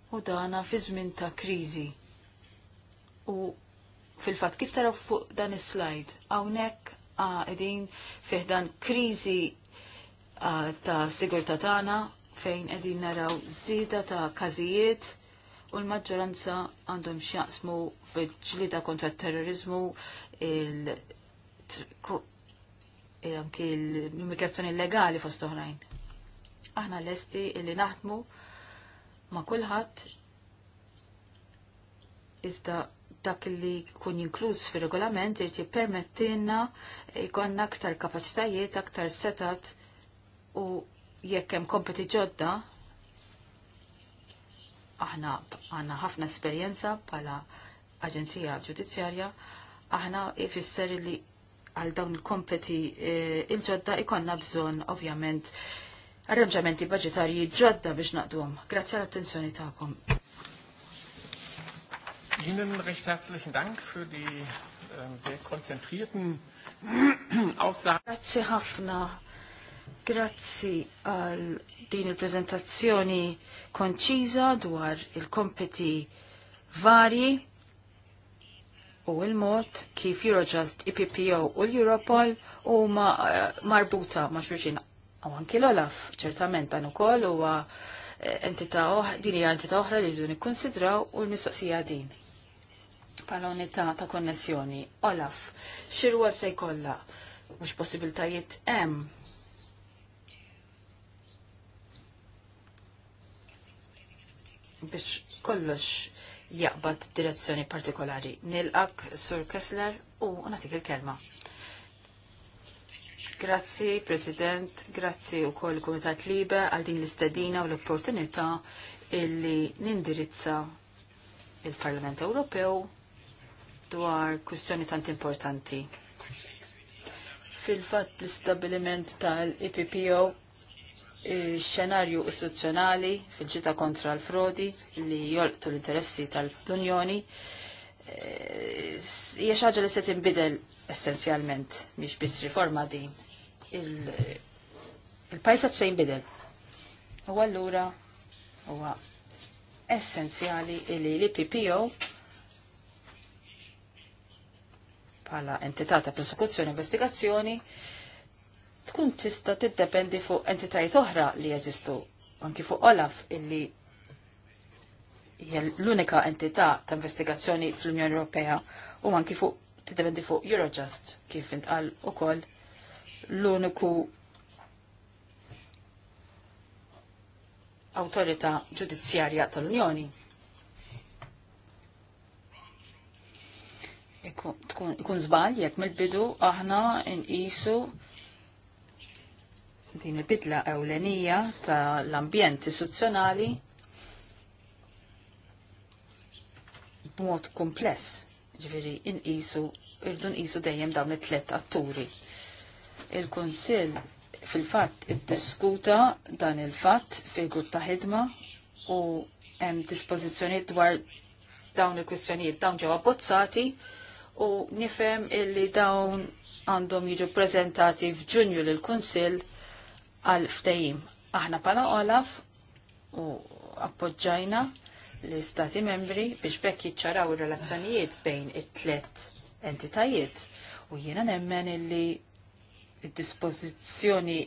u dana fi żmien ta' kriżi u Fil-fat, kif taraw fuq dan is-slide, għawnek ah, għedin fih dan kriżi ah, ta' sigurtà tagħna fejn qegħdin naraw żieda ta' każijiet u l-maġġoranza għandhom x'jaqsmu fil-ġlida kontra t-terrorizmu il eh, l-immigrazzjoni illegali fost oħrajn. Aħna lesti illi naħdmu ma' kulħadd iżda dak li kun jinkluż fir regolament irid jippermettilna jkollna aktar kapaċitajiet, aktar setat u jekk hemm kompeti ġodda aħna għandna ħafna esperjenza bħala aġenzija ġudizzjarja aħna ifisser li għal dawn il-kompeti e, il-ġodda ikonna bżonn ovvjament arranġamenti budgetarji ġodda biex naqduhom. Grazzi għall-attenzjoni tagħkom. Ihnen recht herzlichen Dank für die ähm, sehr konzentrierten Aussagen. Grazie ħafna. Grazzi għal din il-prezentazzjoni konċiża dwar il-kompeti varji u il-mod kif Eurojust, IPPO u l-Europol u ma, eh, marbuta ma xurxin u anki l-Olaf, ċertament dan ukoll huwa eh, entità din hija entità oħra li rridu nikkonsidraw u l-mistoqsija din pala unità ta' konnessjoni. Olaf, għal se jkollha mhux possibiltajiet hemm biex kollox jaqbad direzzjoni partikolari. Nilqak Sur Kessler u natik il-kelma. Grazzi, President, grazzi u koll Komitat Libe għal din l-istedina u l-opportunità illi nindirizza il-Parlament Ewropew dwar kwistjoni tant importanti. Fil-fatt l-istabiliment tal-IPPO xenarju istituzzjonali fil-ġita kontra l-frodi li jolqtu l-interessi tal-Unjoni eh, hija xi ħaġa li se tinbidel essenzjalment miex biss riforma din. Il-pajsaġġ se jinbidel. U allura huwa essenzjali li l ippo e bħala entità ta' prosekuzzjoni investigazzjoni tkun tista' tiddependi fuq entitajiet oħra li jeżistu anki fuq Olaf illi hija l-unika entità ta' investigazzjoni fl-Unjoni Ewropea u anki fuq tiddependi fuq Eurojust kif intqal ukoll l-uniku awtorità ġudizzjarja tal-Unjoni. ikun żball jekk mill-bidu aħna nqisu din il-bidla ewlenija tal-ambjent istituzzjonali b'mod kompless. Ġifieri nqisu irdu nqisu dejjem dawn it-tlet atturi. Il-Kunsill fil-fatt iddiskuta dan il-fatt fil-grupp ta' ħidma u hemm dispożizzjonijiet dwar dawn il-kwistjonijiet dawn ġew abbozzati u nifhem illi dawn għandhom jiġu prezentati f'Ġunju lill kunsill għal ftehim. Aħna pala Olaf u appoġġajna l-Istati membri biex bekk jiċċaraw ir-relazzjonijiet bejn it-tlet entitajiet u jiena nemmen illi id-dispożizzjoni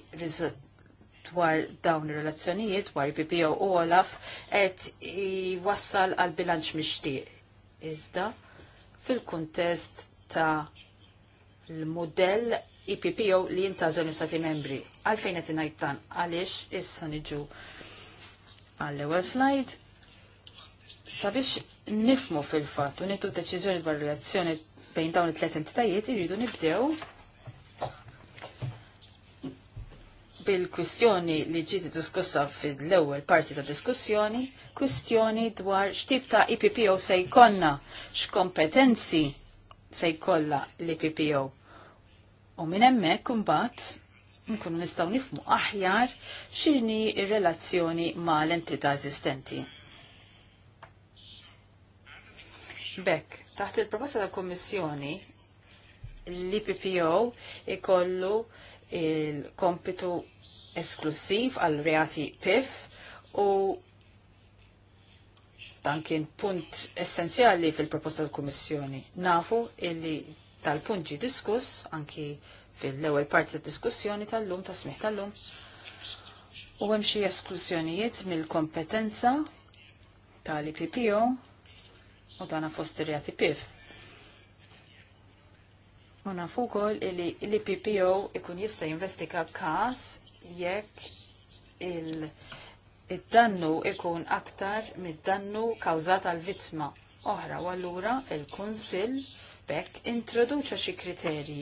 dwar dawn ir-relazzjonijiet dwar PPO u Olaf qed jwassal għal bilanċ mixtieq. Iżda fil-kuntest ta' l-modell IPPO e li jintażel l-Stati membri. Għalfejn qed ngħid għalix, għaliex issa niġu għall-ewwel slide. Sabiex nifmu fil-fatt u nitu deċiżjoni dwar relazzjoni bejn dawn it tlet entitajiet irridu nibdew bil-kwistjoni li ġiet diskussa fil-ewwel parti ta' diskussjoni kwistjoni dwar x'tip ta' IPPO se jkollna, x'kompetenzi se jkollha l-IPPO. U minn hemmhekk imbagħad nkunu nistgħu nifmu aħjar x'inhi r-relazzjoni mal-entità eżistenti. Bekk, taħt il-proposta tal kummissjoni l-IPPO ikollu il-kompitu esklusiv għal reati PIF u dan kien punt essenzjali fil-proposta tal-Kummissjoni. Nafu illi tal-punt ġi diskuss anki fil-ewwel parti tad-diskussjoni tal-lum ta' smiħ tal-lum. U hemm xi esklusjonijiet mill-kompetenza tal-IPPO u dan fost ir-reati PIF. U nafu wkoll li l-IPPO ikun jista' jinvestiga każ jekk il- id-dannu ikun aktar mid-dannu kawżat għal vittma oħra u allura il-Kunsill bekk introduċa xi kriterji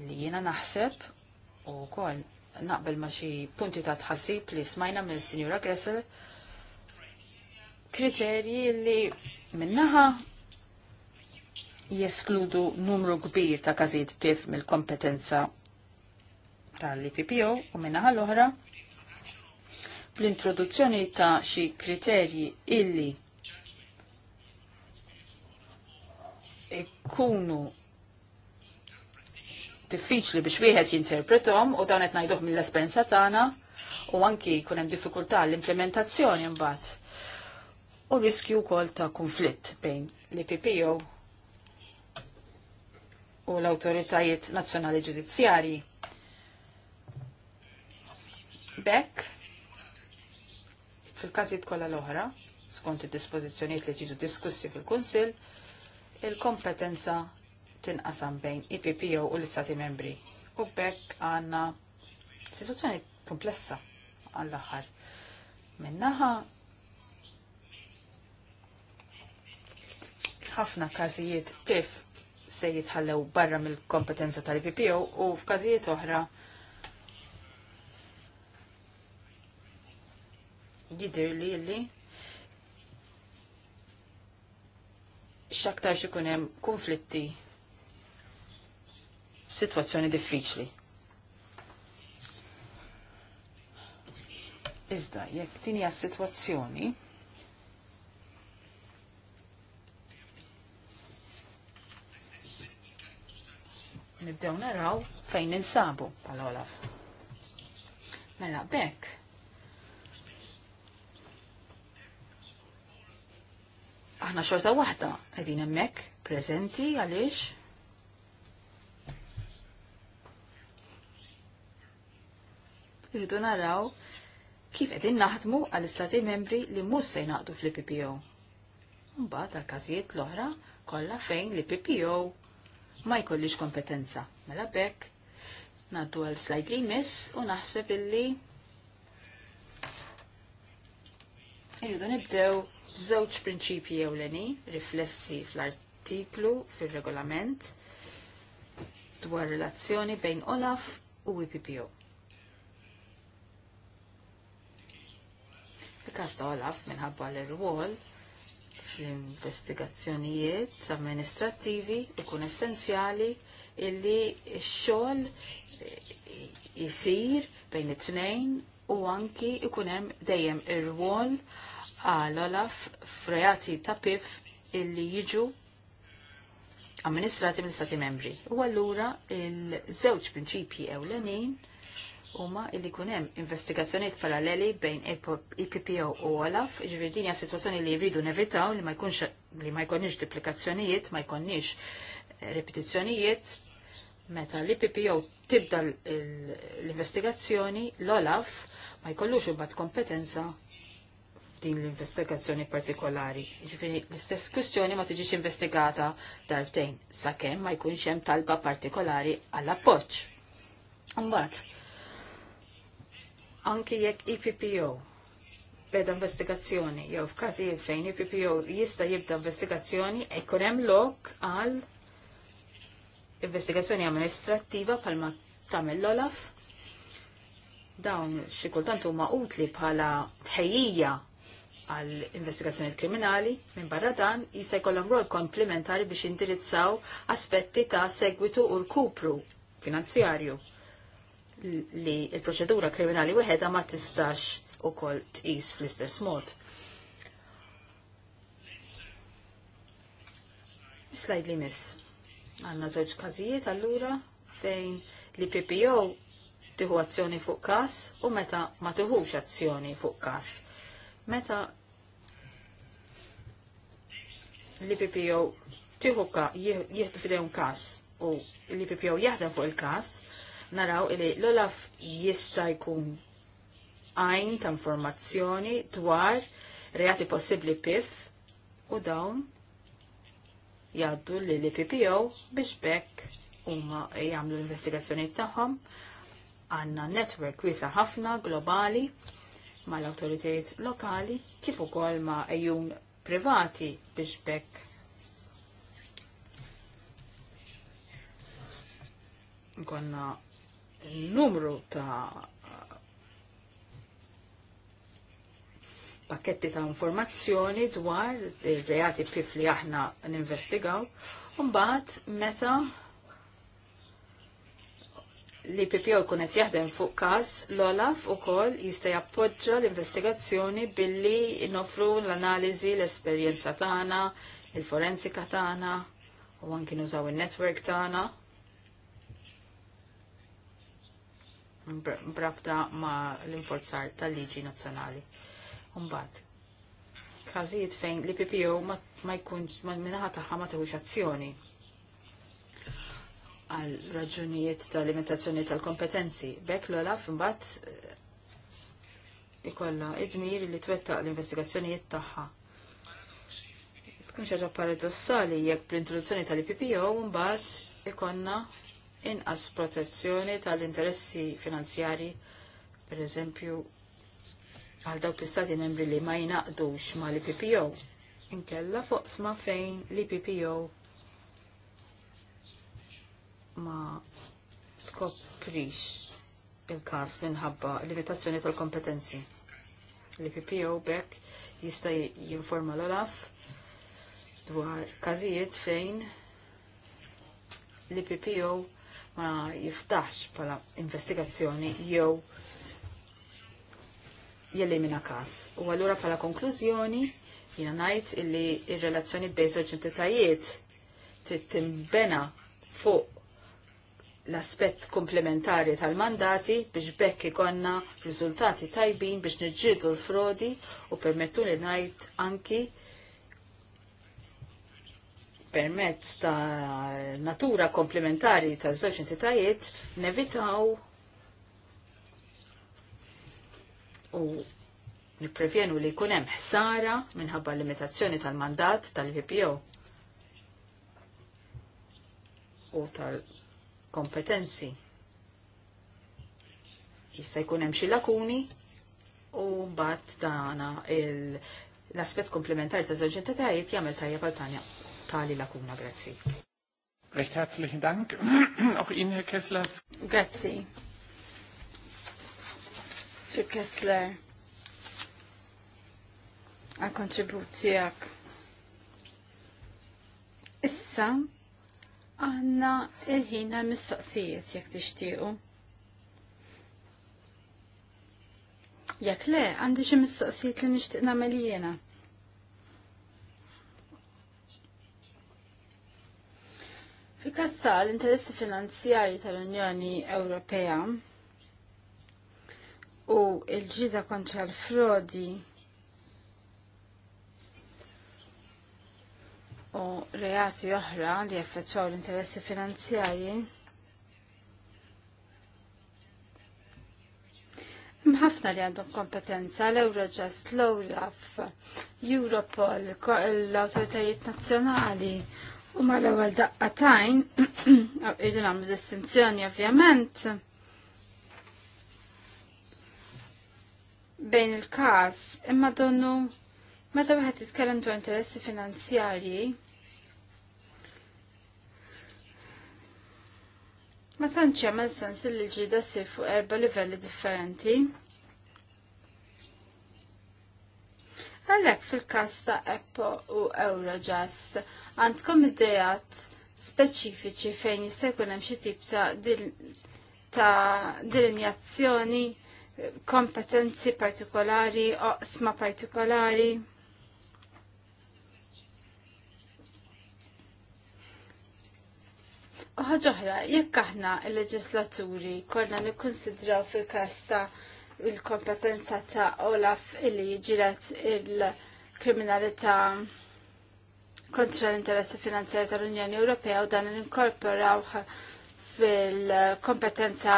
illi jiena naħseb u wkoll naqbel ma xi punti ta' tħassib li smajna minn Sinjura Gressel kriterji li minnaħa jeskludu numru kbir ta' każijiet pif mill-kompetenza tal-IPPO u minnaħa l-oħra bl-introduzzjoni ta' xi kriterji illi ikunu diffiċli biex wieħed jinterpretom u dan qed ngħiduh mill-esperjenza tagħna u anki jkun hemm diffikultà l-implementazzjoni mbagħad. U riskju wkoll ta' konflitt bejn l-PPO u l-awtoritajiet nazzjonali ġudizzjarji. Bekk fil-każijiet kollha l-oħra, skont id-dispożizzjonijiet li ġiġu diskussi fil-Kunsill, il-kompetenza tinqasam bejn IPPO u l-Istati membri. U bekk għandna situazzjoni komplessa għall-aħħar. Minnaħa ħafna każijiet kif se jitħallew barra mill-kompetenza tal-IPPO u f'każijiet oħra jidir li li xaktar xikunem konflitti situazzjoni diffiċli. Iżda, jekk tini għas situazzjoni, nibdew naraw fejn ninsabu, pal Olaf. Mela, bekk, aħna xorta waħda qegħdin hemmhekk prezenti għaliex. Rridu naraw kif qegħdin naħdmu għall istati membri li mhux se jnaqdu fl-PPO. Mbagħad tal każijiet l-oħra kollha fejn li PPO ma jkollix kompetenza. Mela bekk naddu għal slajd li jmiss u naħseb illi irridu nibdew żewġ prinċipji ewleni riflessi fl-artiklu fir-regolament dwar relazzjoni bejn Olaf u IPPO. il ta' Olaf minħabba l-rwol fl-investigazzjonijiet amministrativi ikun essenzjali illi x-xogħol jisir bejn it-tnejn u anki ikun hemm dejjem ir-rwol għal Olaf f'reati ta' PIF illi jiġu amministrati minn stati membri. U allura il-żewġ prinċipji ewlenin huma illi kun hemm investigazzjonijiet paralleli bejn IPPO e u Olaf, ġifieri din hija sitwazzjoni li jridu nevitaw li ma jkunx li ma jkunniex duplikazzjonijiet, ma jkunniex eh, repetizzjonijiet. Meta l-IPPO e tibda l-investigazzjoni, l-Olaf ma jkollux imbagħad kompetenza din l-investigazzjoni partikolari. Ġifiri, l-istess kwistjoni ma tiġiċ investigata darbtejn, sakemm ma jkunx hemm talba partikolari għall appoġġ Mbagħad, anki jekk IPPO e beda investigazzjoni, jew f'każijiet fejn IPPO e jista' jibda investigazzjoni, ikun hemm lok għal investigazzjoni amministrattiva palma tagħmel l-Olaf dawn xi kultant huma utli bħala tħejjija għall investigazzjoni kriminali, minn barra dan jista' jkollhom rol komplementari biex indirizzaw aspetti ta' segwitu u rkupru finanzjarju li il-proċedura kriminali wieħeda ma tistax ukoll tqis fl-istess mod. Slide li miss. Għanna żewġ każijiet allura fejn li PPO tieħu azzjoni fuq każ u meta ma tieħux azzjoni fuq każ. Meta l-IPPO tiħuka jieħdu fidejn kas u l-IPPO jaħdem fuq il-kas, naraw li l-Olaf jista' jkun għajn ta' informazzjoni dwar reati possibli PIF u dawn jaddu li l-PPO biex bekk huma jagħmlu l-investigazzjoni tagħhom għandna network wiesa' ħafna globali mal-awtoritajiet lokali kif ukoll ma' ejjun privati biex bekk konna numru ta' pakketti ta' informazzjoni dwar ir-reati kif li aħna ninvestigaw. Mbagħad meta li PPO kunet qed jaħdem fuq każ l-Olaf ukoll jista' jappoġġa l-investigazzjoni billi nofru l-analiżi l-esperjenza tagħna, il-forensika tagħna u anki nużaw in-netwerk tagħna. Brabta ma' l-inforzar tal-liġi nazzjonali. Umbat, każijiet fejn li PPO ma jkunx ma minnaħa tagħha ma teħux azzjoni għal raġunijiet ta' limitazzjoni tal-kompetenzi. Bekk l-olaf mbagħad eh, ikolla id-dmir li twettaq l-investigazzjonijiet tagħha. Tkun xaġa paradossali jekk bl-introduzzjoni tal-IPPO mbagħad ikonna inqas protezzjoni tal-interessi finanzjari, per eżempju, għal dawk l-istati membri li ma jnaqdux ma l-IPPO. Inkella foqsma fejn l-IPPO ma tkoprix il-kas minħabba limitazzjoni tal-kompetenzi. L-PPO bekk jista jinforma l-olaf dwar kazijiet fejn l-PPO ma jiftaħx pala investigazzjoni jew jellimina kas. U għallura pala konklużjoni jina najt illi il-relazzjoni bejn zoċ trid timbena fuq l-aspett komplementari tal-mandati biex bekk ikonna riżultati tajbin biex nġidu l-frodi u permettu li najt anki permezz ta' natura komplementari ta' żewġ entitajiet nevitaw u nipprevjenu li jkun hemm ħsara minħabba limitazzjoni tal-mandat tal-VPO u tal kompetenzi. Jista' jkun hemm xi lakuni u mbagħad dana l-aspett komplementari ta' żewġentitajiet jagħmel tajjeb għal tali lakuna, grazzi. Recht herzlichen Dank auch Ihnen, Herr Kessler. Grazie. Sir Kessler, a contributiak. Issa, Għanna il-ħin għal-mistoqsijiet jek tixtiequ. Jekk le, għandi xi mistoqsijiet li nixtieq nagħmel jiena. fil kasta l interessi finanzjarji tal-Unjoni Ewropea u l-ġida kontra l-frodi u reati oħra li jaffettwaw l-interessi finanzjarji. Mħafna li għandhom kompetenza l-Eurojust, l-Olaf, Europol, l-autoritajiet nazzjonali u ma l-ewwel daqqatajn, irdu nagħmlu distinzjoni ovvjament, bejn il-każ imma donnu meta wieħed jitkellem dwar interessi finanzjarji Ma tantx jagħmel sens li l-ġida sir fuq erba' livelli differenti. Għalhekk fil-każ ta' Eppo u Eurojust għandkom idejat speċifiċi fejn jista' jkun hemm xi tip ta' dil ta' delineazzjoni, kompetenzi partikolari, oqsma partikolari. U ħagħuħra, jekk aħna il-leġislaturi kollha nikkonsidraw fil-każ ta' il-kompetenza ta' Olaf illi ġilet il-kriminalità kontra l-interessi finanzjari tal-Unjoni Ewropea u dan inkorporaw fil-kompetenza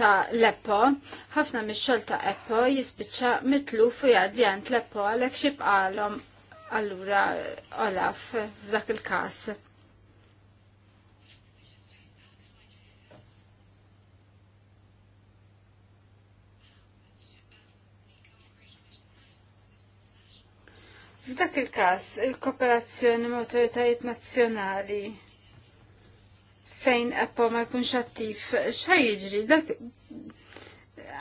ta' l ħafna mix-xogħol ta' EPPO jispiċċa mitluf u jadjant l-EPPO għalek xibqalom allura Olaf f'dak il-każ. F'dak il-każ il-kooperazzjoni ma' autoritajiet nazzjonali fejn appo ma jkunx attiv x'ħaj jiġri dak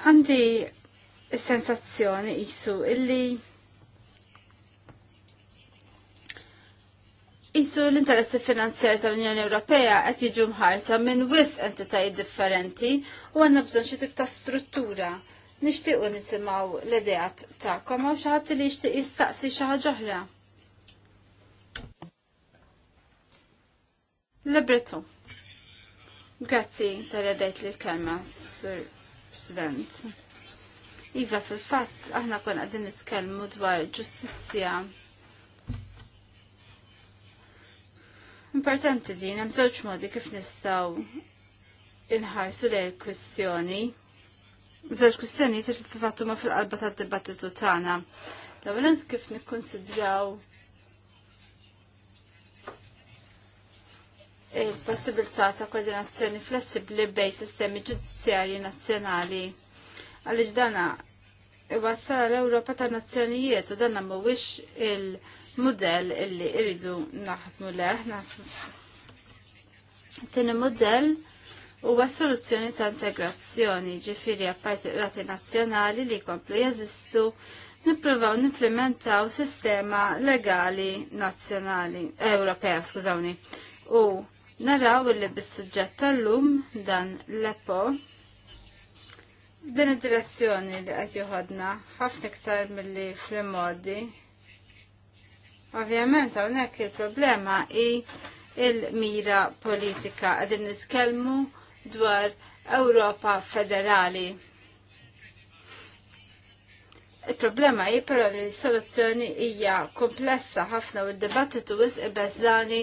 għandi sensazzjoni isu illi Isu l-interessi finanzjari tal-Unjoni Ewropea qed jiġu mħarsa minn wisq entitajiet differenti u għandna bżonn xi tip ta' struttura nixtiequ nisimgħu l-idejat tagħkom u xi ħadd li jixtieq jistaqsi xi ħaġa oħra. Libreto. Grazzi tal-idejt li l-kelma, Sur President. Iva, fil-fatt, aħna kon għadin nitkellmu dwar ġustizzja Importanti din, hemm żewġ modi kif nistgħu inħarsu lejn kwistjoni żewġ kwistjonijiet li fil-fatt fil-qalba tad-dibattitu tagħna. L-ewwel kif nikkonsidraw il-possibilità ta' koordinazzjoni flessibbli bej sistemi ġudizzjarji nazzjonali. Għaliex dana iwassal l-Ewropa ta' nazzjonijiet u danna mhuwiex il modell illi irridu naħdmu leħ. Tieni mudell huwa soluzzjoni ta' integrazzjoni, ġifiri apparti rati nazzjonali li komplu jeżistu nippruvaw nimplementaw sistema legali nazzjonali, eh, Ewropea, skużawni. U naraw li bis-suġġett tal-lum dan l-EPO din id-direzzjoni li qed joħodna ħafna iktar milli fl-modi. Ovvjament hawnhekk il-problema hi il-mira politika qegħdin nitkellmu dwar Ewropa federali. Il-problema hi però li s-soluzzjoni hija komplessa ħafna u d-dibattitu wis ibeżani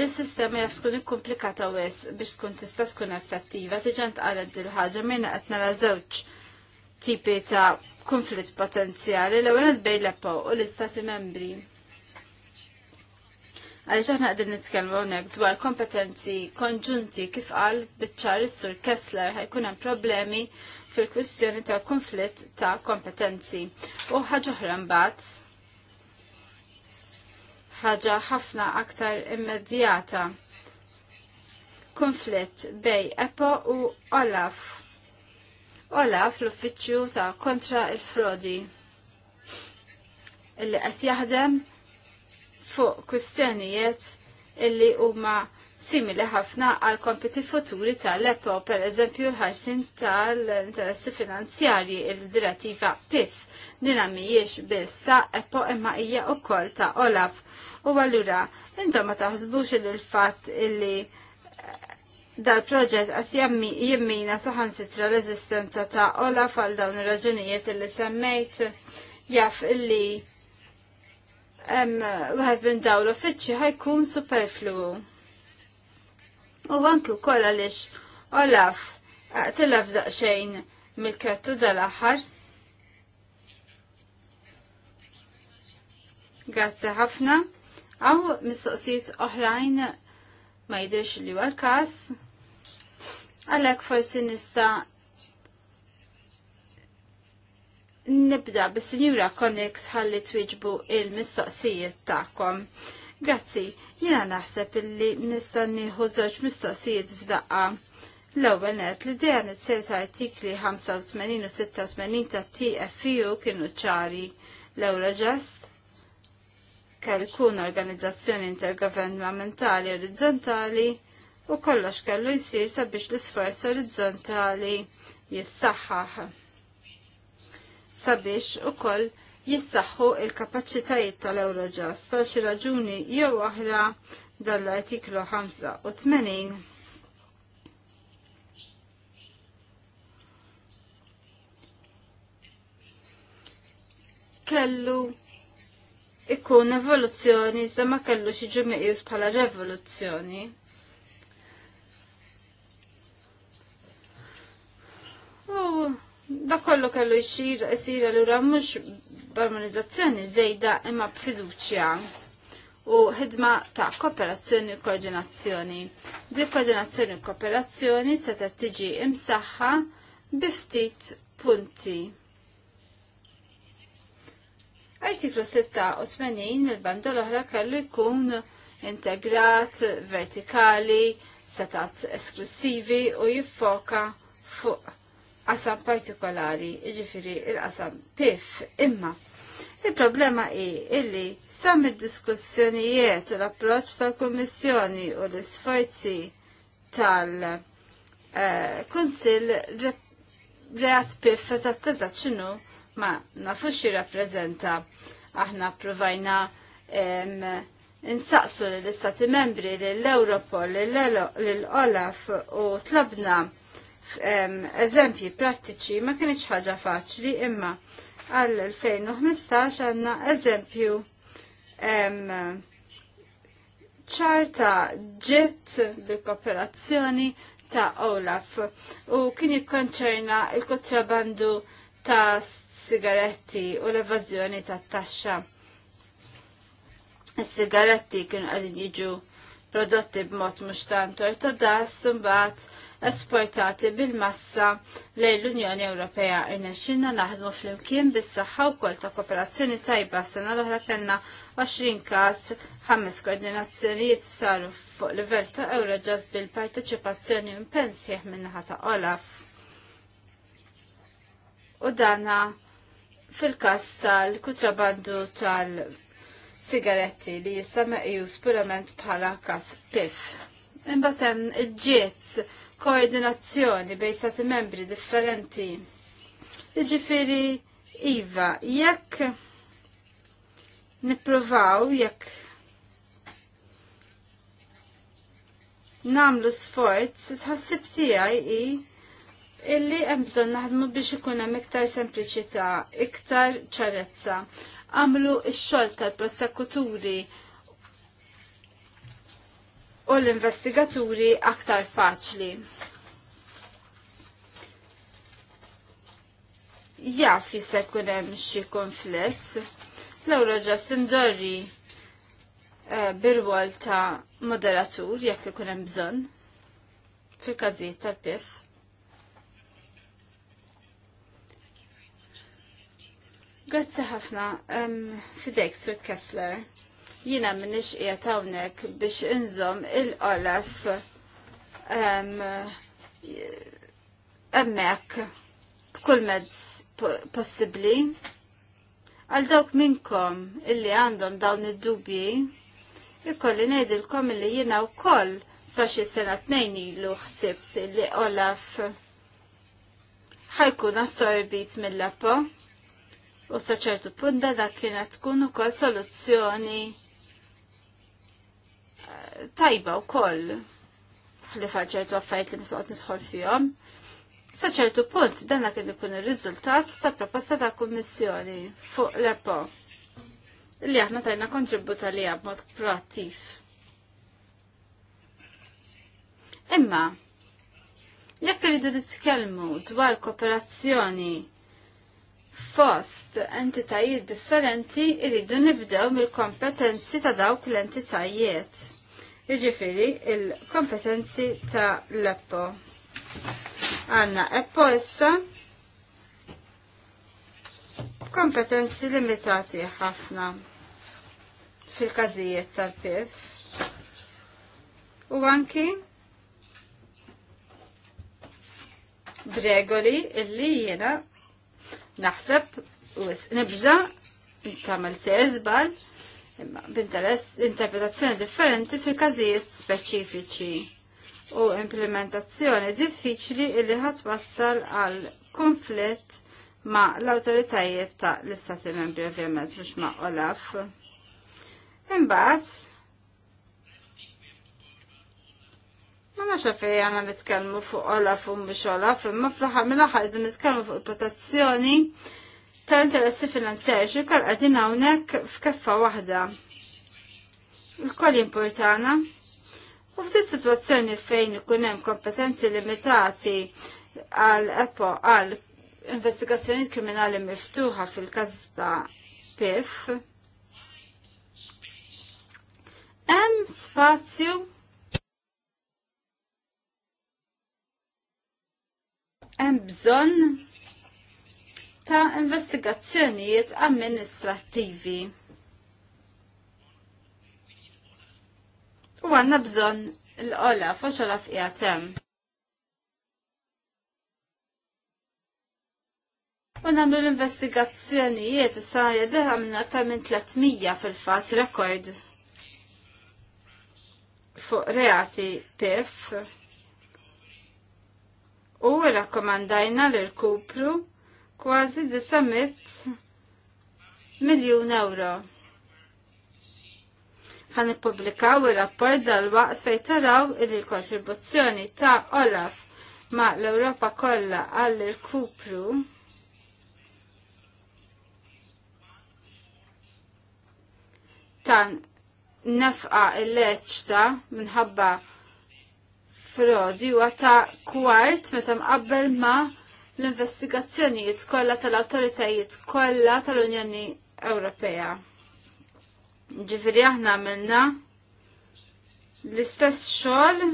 li s-sistema jaf tkun ikkomplikata wisq biex tkun tista' tkun effettiva. Diġà ntqalet din ħaġa minna qed nara żewġ tipi ta' konflitt potenzjali l-ewwel bejn l u l-Istati Membri. Għaliex aħna qegħdin nitkellmu hawnhekk dwar kompetenzi konġunti kif qal biċċar is-sur Kessler ħajkun hemm problemi fil-kwistjoni ta' konflitt ta' kompetenzi. U ħaġa oħra mbagħad ħaġa ħafna aktar immedjata. Konflitt bej Epo u Olaf. Olaf l-uffiċċju ta' kontra il-frodi illi qed jaħdem fuq kustjonijiet illi huma simili ħafna għal kompiti futuri tal-EPO, per eżempju l-ħajsin tal-interessi finanzjarji il-direttiva PIF. Nina miex biss ta' EPO imma hija ukoll ta' Olaf. U allura intom ma taħsbux il-fatt illi eh, dal-proġett għat jimmina saħan sitra l-eżistenza ta' Olaf għal dawn ir-raġunijiet illi semmejt jaff illi wieħed minn dawn l-uffiċċji ħajkun superflu. U anki wkoll għaliex Olaf eh, tilaf daqsxejn mill-krattu dal-aħħar. Grazzi ħafna. Aw mistoqsijiet oħrajn ma jidrix li huwa l-każ. Għalhekk forsi nista' nibda bis-Sinjura Connex ħalli twiġbu il-mistoqsijiet tagħkom. Grazzi, jiena naħseb illi nista' nieħu żewġ mistoqsijiet f'daqqa. L-ewwel net li dejja nitzejt artikli 85 u 86 ta' TFU kienu ċari l ġest kell kun organizzazzjoni intergovernamentali orizzontali u kollox kellu jsir sabiex l-isforz orizzontali jissaħħaħ sabiex ukoll jissaħħu il-kapaċitajiet tal-Eurojust tal xi raġuni jew oħra dal-artiklu 85 kellu ikun evoluzzjoni, iżda ma kellu xi ġumijus bħala revoluzzjoni. U Da kollu kellu jxir jisir l-ura mux b'armonizzazzjoni zejda imma b'fiduċja u ħidma ta' kooperazzjoni u koordinazzjoni. Di koordinazzjoni u kooperazzjoni se tiġi imsaħħa biftit punti. Artiklu 86 mill bandu l-oħra kellu jkun integrat, vertikali, setat esklusivi u jiffoka fuq qasam partikolari, jiġifieri il-qasam pif, imma il-problema hi illi sam id-diskussjonijiet u l-approċċ tal-Kummissjoni u l-isforzi tal-Kunsill eh, reat pif fazat tazat x'inhu ma nafux jirrapprezenta aħna provajna insaqsu l-istati membri l-Europol, l-Olaf u tlabna eżempji prattiċi ma kienx ħaġa faċli imma għal 2015 għanna eżempju ċarta ġitt bil-kooperazzjoni ta' Olaf u kien jikkonċerna il-kontrabandu ta' sigaretti u l-evażjoni ta' taxxa. Is-sigaretti kienu għadin jiġu prodotti b'mod mhux tant ortodass imbagħad esportati bil-massa lejn l-Unjoni Ewropea. Irnexxinna naħdmu fl-imkien bis-saħħa wkoll ta' kooperazzjoni tajba sena l kellna 20 każ ħames koordinazzjonijiet saru fuq livell ta' Eurojust bil-parteċipazzjoni impensieħ min-naħa ta' Olaf. U dana fil-każ tal-kutrabandu tal sigaretti li jista' meqjus purament bħala kas pif. Imbagħad il-ġiet koordinazzjoni bej stati membri differenti. Iġifiri, Iva, jekk niprovaw, jekk namlu sforz, tħassib tijaj i illi hemm bżonn naħdmu biex ikun hemm iktar sempliċità, iktar ċarezza. Għamlu x-xogħol tal-prosekuturi u l-investigaturi aktar faċli. Jaf fi jkun hemm xi konflitt. l għura ġast imdorri eh, birwol ta' moderatur jekk ikun hemm bżonn fil-każijiet tal-pif. Grazzi ħafna, um, fidek, Sur Kessler. Jina minnix jatawnek hawnhekk biex inżom il olaf hemmhekk b'kull mezz possibbli. Għal dawk minnkom illi għandhom dawn id-dubji, ikolli ngħidilkom illi jiena wkoll sa xi sena tnejn ilu ħsibt illi Olaf ħajkun assorbit mill-lapo u saċertu punta dak kienet tkun ukoll soluzzjoni tajba u koll li faċertu għaffajt li nisqot nisħol fjom. Saċertu punt, danna kien ikun il-rizultat ta' proposta ta' kommissjoni fuq l-EPO li aħna tajna kontributa li b'mod proattiv. Imma, jekk rridu nitkellmu dwar kooperazzjoni fost entitajiet differenti, irridu nibdew mill-kompetenzi ta' dawk l-entitajiet. Jiġifieri il-kompetenzi ta' l-EPPO. Għanna EPPO issa kompetenzi limitati ħafna fil-każijiet tal-PIF. U anki b'regoli illi jiena naħseb u nibża tamel se żbal imma b'interpretazzjoni differenti fil-każijiet speċifiċi u implementazzjoni diffiċli illi ħatwassal għal konflitt ma l-autoritajiet ta' l-istati membri ovvjament mhux ma' Olaf. Imbagħad Ma naxa fej għana nitkellmu fuq Olaf u mhux Olaf, imma fl-aħħar mill-aħħar nitkellmu fuq il-protezzjoni ta' interessi finanzjarji kal qegħdin hawnhekk f'keffa waħda. Il-koll importana. U f'din situazzjoni fejn ikun hemm kompetenzi limitati għal epo għal investigazzjoni kriminali miftuħa fil-każ ta' PIF, hemm spazju hemm bżonn ta' investigazzjonijiet amministrativi. U għanna bżon l-ola, faċola f'ijatem. U namlu l-investigazzjonijiet, issa jadeħa minn aktar minn 300 fil-fat rekord fuq reati PIF u rakkomandajna l-irkupru kważi 900 miljun euro. Għan ippubblikaw ir-rapport dal-waqt fej taraw il-kontribuzzjoni ta' Olaf ma' l-Ewropa kollha għall-irkupru tan nefqa il-leċta minħabba frodi u ta' kwart meta qabbel ma' l-investigazzjonijiet kollha tal-awtoritajiet kollha tal-Unjoni Ewropea. Ġifieri aħna għamilna l-istess xogħol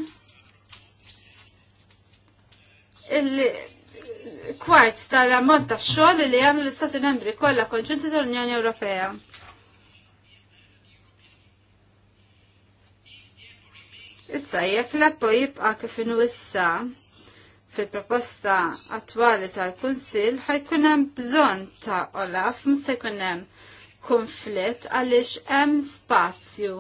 illi kwart tal-ammont ta' xogħol li għamlu l-Istati Membri kollha konġunti tal-Unjoni Ewropea. Issa jekk l-appo jibqa' kif issa, fil-proposta attwali tal-Kunsil ħajkun hemm bżonn ta' Olaf mhux se jkun hemm konflitt għaliex hemm spazju.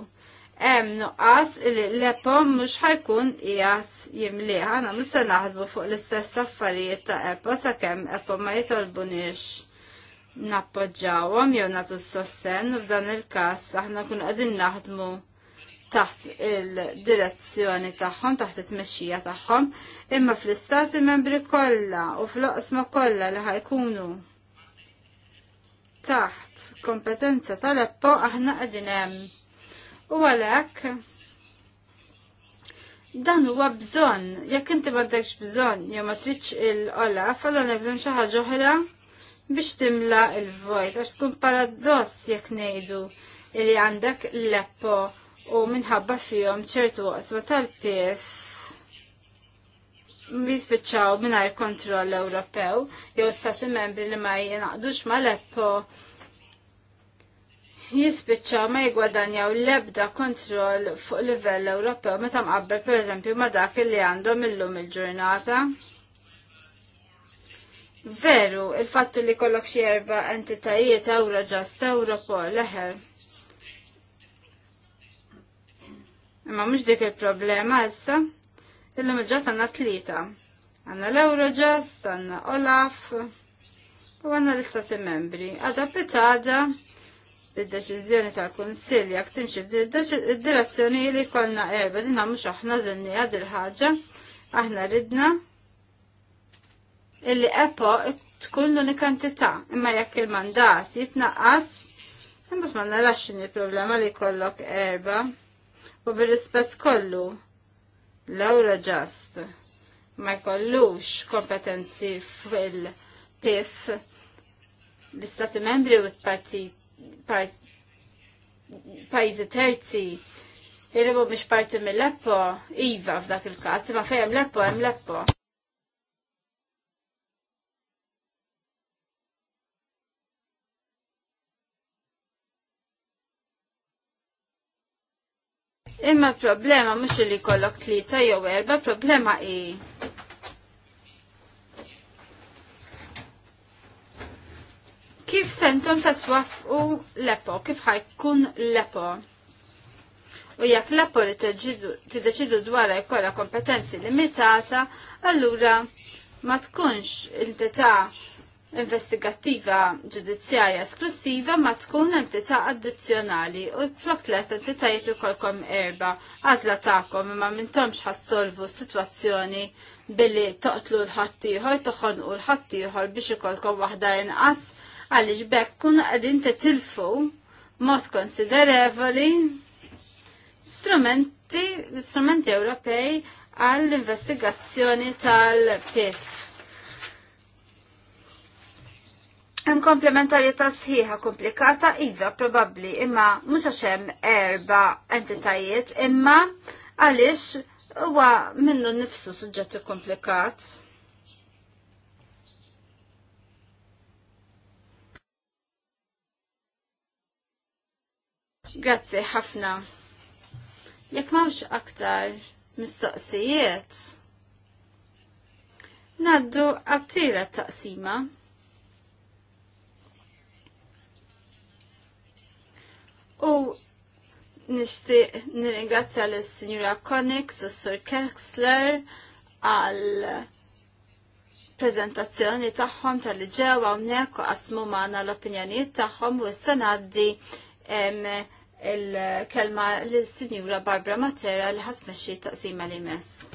Hemm nuqqas li l-epom mhux ħajkun qiegħed jimliħ. Aħna mhux se naħdmu fuq l-istess affarijiet ta' epo sakemm epo ma jitolbunix nappoġġawhom jew nagħtu s-sostenn u f'dan il-każ aħna kun qegħdin naħdmu taħt il-direzzjoni tagħhom, taħt it-tmexxija tagħhom, imma fl-istati membri kollha u fl-oqsma kollha li ħajkunu taħt kompetenza tal-eppo aħna qegħdin hemm. U għalhekk dan huwa bżonn, jekk inti m'għandekx bżonn jew ma tridx il-qolaf, allura għandek bżonn xi ħaġa oħra biex timla il-vojt, għax tkun paradoss jekk ngħidu li għandek l-eppo u minħabba fihom ċertu għasba tal-pif jispiċċaw mingħajr kontroll Ewropew jew stati membri li ma jenaqdux ma leppo jispiċċaw ma jgwadanjaw l-ebda kontroll fuq livell Ewropew meta mqabbel pereżempju ma dak li għandhom illum il-ġurnata. Veru, il-fattu li kollok xi erba' entitajiet Eurojust, Europol, leħer. Imma mux dik il-problema issa, illum il-ġat għandna tlieta. Għandna l-Eurojust, għandna Olaf, u għandna l-Istati Membri. Għadha pitada bid-deċiżjoni tal-Kunsill jekk id direzzjoni li konna erba din mux aħna żinni għad il-ħaġa, aħna ridna illi epo tkun l unikantita imma jekk il-mandat jitnaqqas, imma ma narax il-problema li kollok erba' u bir-rispett kollu l Just ma jkollux kompetenzi fil-PIF l-istati membri u pajzi terzi il-libu biex parti mill-leppo, iva f'dak il-kas, ma fejem leppo, jem leppo. Imma problema mux li kollok tlita jew erba, problema i. Kif sentom se twafqu lepo, kif ħajkun lepo? U jekk lepo li tiddeċidu dwarra jkolla kompetenzi limitata, allura ma tkunx entità investigattiva ġudizzjarja esklusiva ma tkun entità addizzjonali u flok tlet entitajiet ukollkom erba għażla tagħkom imma mintomx ħassolvu situazzjoni billi toqtlu l-ħaddieħor toħonqu l-ħaddieħor biex ikolkom waħda inqas għaliex bekk kun qegħdin titilfu mod konsiderevoli strumenti, strumenti Ewropej għall-investigazzjoni tal-PIF Hemm komplementarjetà sħiħa komplikata iva probabbli imma mhux għax hemm erba entitajiet imma għaliex huwa minnu nifsu suġġetti komplikat. Grazzi ħafna. Jekk m'hawnx aktar mistoqsijiet, naddu għattira taqsima. U nishti nirringrazzja l sinjura Konix u Sur Kessler għal prezentazzjoni tagħhom tal ġew hawnhekk u għasmu magħna l-opinjonijiet tagħhom u s sanaddi il-kelma l-Sinjura Barbara Matera li ħadd taqsima li mess.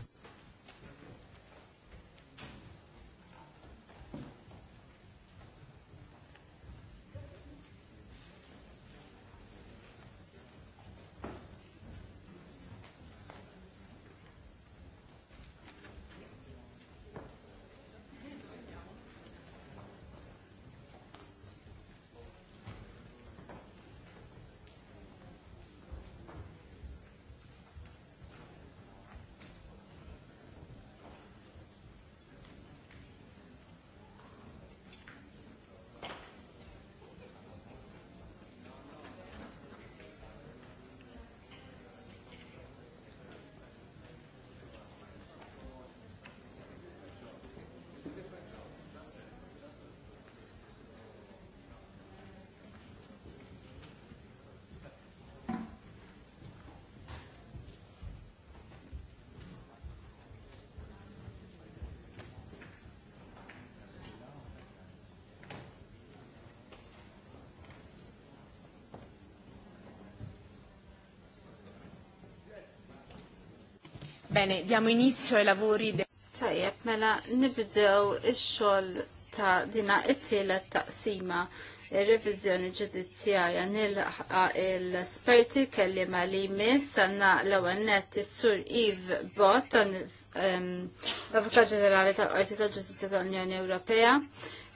Bene, diamo inizio ai lavori. De... Tajjeb, mela nibdew ix-xogħol ta' dina it-tielet taqsima ir-reviżjoni ġudizzjarja nilħa l-esperti kelli ma li miss sanna l-ewwel nett is-sur Eve Bott l-Avukat Ġenerali tal-Qorti tal-Ġustizzja tal-Unjoni Ewropea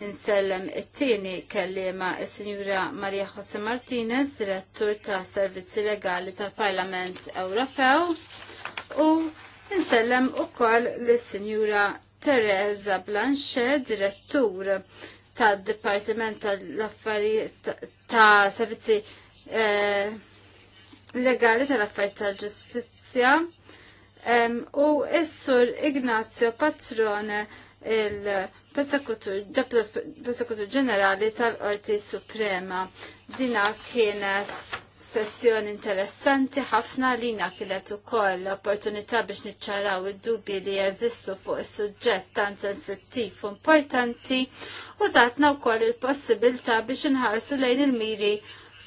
insellem it-tieni ma s sinjura Maria Jose Martinez, direttur ta' Servizzi Legali tal-Parlament Ewropew u nsellem ukoll lis-Sinjura Teresa Blanchet, direttur tad-Dipartiment tal-Affarijiet ta' Servizzi eh, Legali tal-Affarijiet tal-Ġustizzja u s-sur Ignazio Patrone il-Persekutur Ġenerali tal-Qorti Suprema. Dina kienet sessjoni interessanti ħafna li kienet ukoll l-opportunità biex niċċaraw id-dubji li jeżistu fuq is-suġġett tan sensittiv u importanti u tatna wkoll il-possibilità biex inħarsu lejn il-miri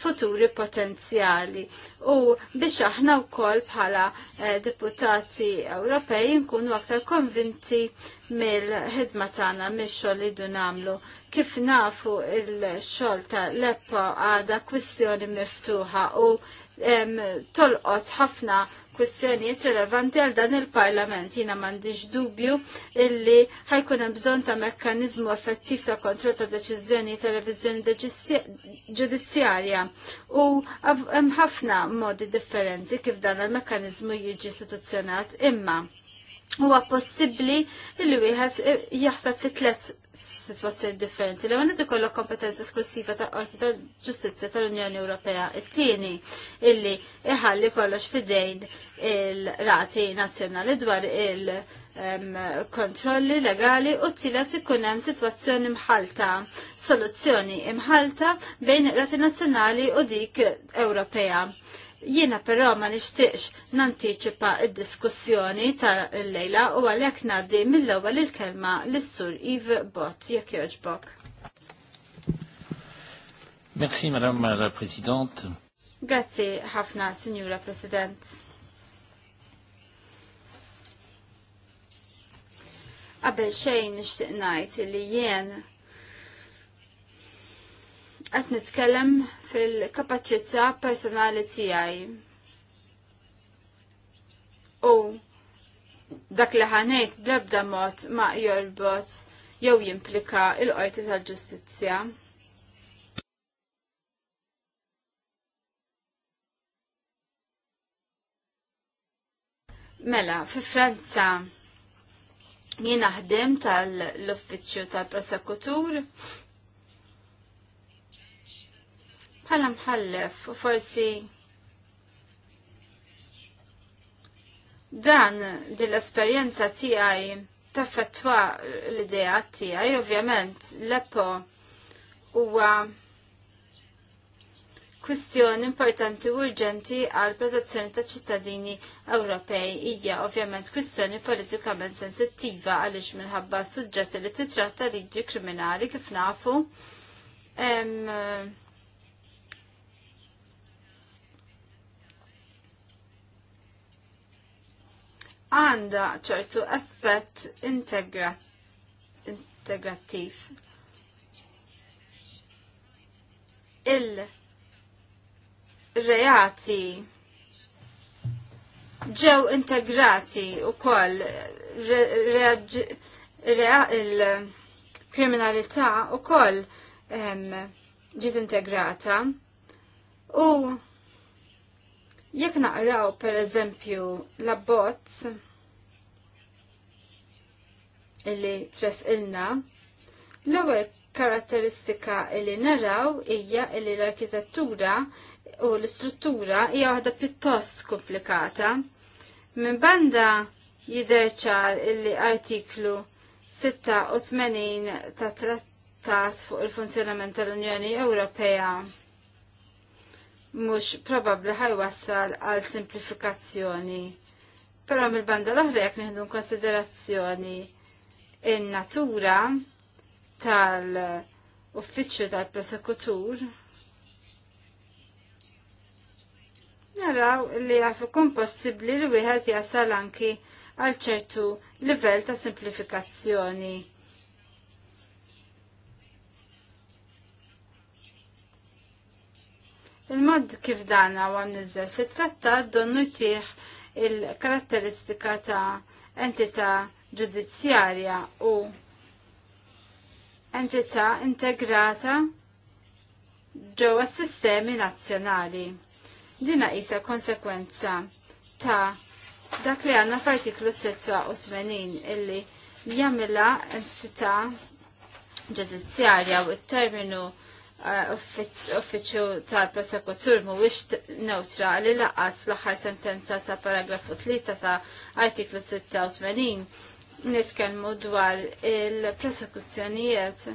futuri potenzjali u biex aħna wkoll bħala eh, deputati Ewropej nkunu aktar konvinti mill-ħidma tagħna mix-xogħol li dun nagħmlu. Kif nafu il-xogħol ta' leppa għada kwistjoni miftuħa u tolqot ħafna kwistjonijiet rilevanti għal dan il-Parlament. Jina m'għandix dubju illi ħajkun hemm bżonn ta' mekkaniżmu effettiv ta' kontrol ta' deċiżjoni televiżjoni ġudizzjarja u hemm ħafna modi differenti kif dan il-mekkaniżmu jiġi istituzzjonat imma huwa possibbli li wieħed jaħseb fi tliet situazzjoni differenti. L-għan kollok ikollok kompetenza esklusiva ta' qorti ta' ġustizja tal-Unjoni Ewropea. It-tieni illi iħalli kollox fidejn il-rati nazzjonali dwar il-kontrolli legali u t-tilet ikun hemm situazzjoni mħalta, soluzzjoni mħalta bejn rati nazzjonali u dik Ewropea. Jiena però ma nixtieqx nantiċipa id-diskussjoni ta' l-lejla u għalhekk ngħaddi mill-ewwel il-kelma lis-sur Yves Bott jekk jogħġbok. Merci Madame la Présidente. Grazie ħafna Signora President. Qabel xejn nixtieq ngħid li jien qed nitkellem fil-kapaċità personali tiegħi. U dak li ħanejt bl-ebda mod ma jorbot jew jimplika il-qorti tal-ġustizzja. Mela, fi Franza jiena ħdim tal-uffiċċju tal-prosekutur, tal prosekutur bħala mħallef forsi dan dil-esperjenza tiegħi taffettwa l-idea tiegħi ovvjament l-epo huwa kwistjoni importanti u urġenti għal protezzjoni ta' ċittadini Ewropej hija ovvjament kwistjoni politikament sensittiva għaliex minħabba suġġetti li titratta liġi kriminali kif nafu. għanda ċertu effett integrativ. integrattiv. Il-reati ġew integrati u koll il-kriminalità u koll ġiet integrata u Jekk naqraw per eżempju l-abbozz illi tres ilna, l-ewwel karatteristika illi naraw hija illi l-arkitettura u l-istruttura hija waħda pjuttost komplikata. Minn banda jiderċar illi artiklu 86 ta' trattat fuq il-funzjonament tal-Unjoni Ewropea mux probabli ħajwassal għal simplifikazzjoni. Pero mill-banda l-oħra jek konsiderazzjoni in-natura tal-uffiċċju tal-prosekutur naraw li għaf ikun possibbli li wieħed jasal anki għal ċertu livell ta' simplifikazzjoni. Il-mod kif dan għam nizzel fit-trattat donnu jtieħ il-karatteristika ta' entità ġudizzjarja u entità integrata ġewwa s-sistemi nazzjonali. Dina isa konsekwenza ta' dak li għanna f'artiklu 86 illi jammila entità ġudizzjarja u t-terminu Eh, uffiċċju tal-prosekutur mhuwiex neutrali laqas l-aħħar sentenza ta' paragrafu 3 ta' artiklu 86 nitkellmu dwar il-prosekuzzjonijiet.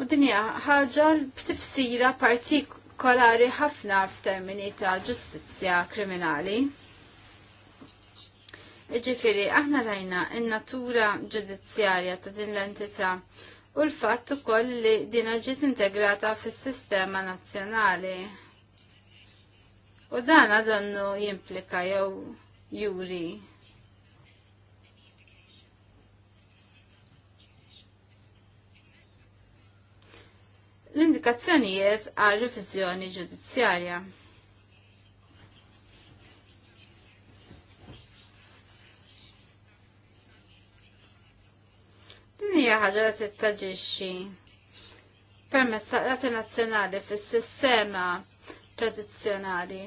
U dinja ħaġa b'tifsira partikolari ħafna f'termini ta' ġustizzja kriminali. Iġifiri, aħna rajna in-natura ġudizzjarja ta' din l-entità u l-fatt ukoll li din ġiet integrata fis-sistema nazzjonali. U dan għadannu jimplika jew juri. L-indikazzjonijiet għal riviżjoni ġudizzjarja. Din hija ħaġa li tittaġixxi permezz ta' rati nazzjonali fis-sistema tradizzjonali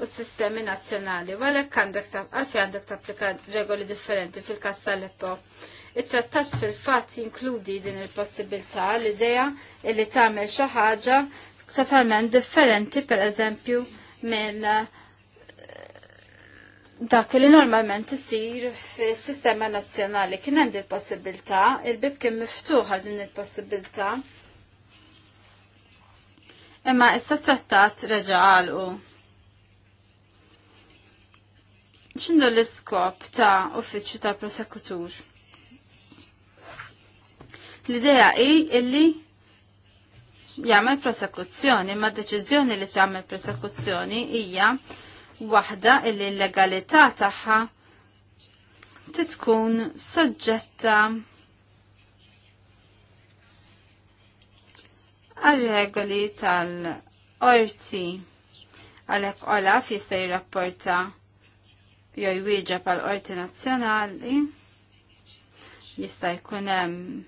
u s-sistemi nazzjonali, u għalek għandek għalfi għandek tapplika regoli differenti fil-kas tal-Eppo. Il-trattat fil-fat jinkludi din il-possibilità l-ideja li tagħmel xi ħaġa totalment differenti per eżempju mill dak li normalment isir fis-sistema nazzjonali kien hemm il possibilità il-bib kien miftuħa din il-possibilità. Imma issa trattat reġa' għalqu. X'inhu l-iskop ta' uffiċċju tal-prosekutur? L-idea hi illi jagħmel prosekuzzjoni, ma' deċiżjoni li tagħmel prosekuzzjoni hija waħda illi l-legalità tagħha titkun soġġetta għal-regoli tal-orti għalek Olaf jista' jirrapporta jew jwieġa pal-Qorti Nazzjonali jista' jkun hemm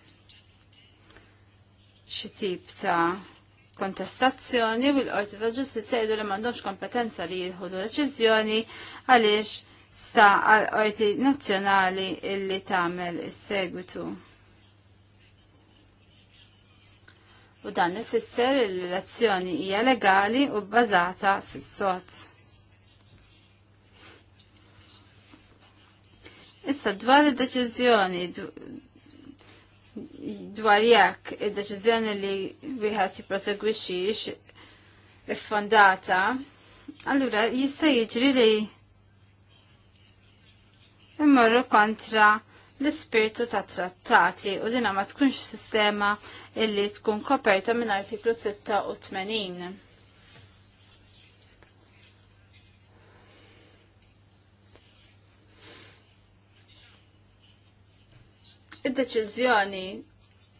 xi tip ta' kontestazzjoni u l-Qorti ta' Ġustizzja jgħidu li m'għandhomx kompetenza li jieħdu deċiżjoni għaliex sta għal qorti Nazzjonali illi tagħmel is-segwitu. U dan ifisser li l-azzjoni hija legali u bbażata fis-sod. Issa dwar id-deċiżjoni dwar jekk id-deċiżjoni li wieħed jipprosegwixxix iffondata, allura jista' jiġri li immorru kontra l-ispirtu ta' trattati u dinha ma tkunx sistema illi tkun koperta minn artiklu 86. Id-deċiżjoni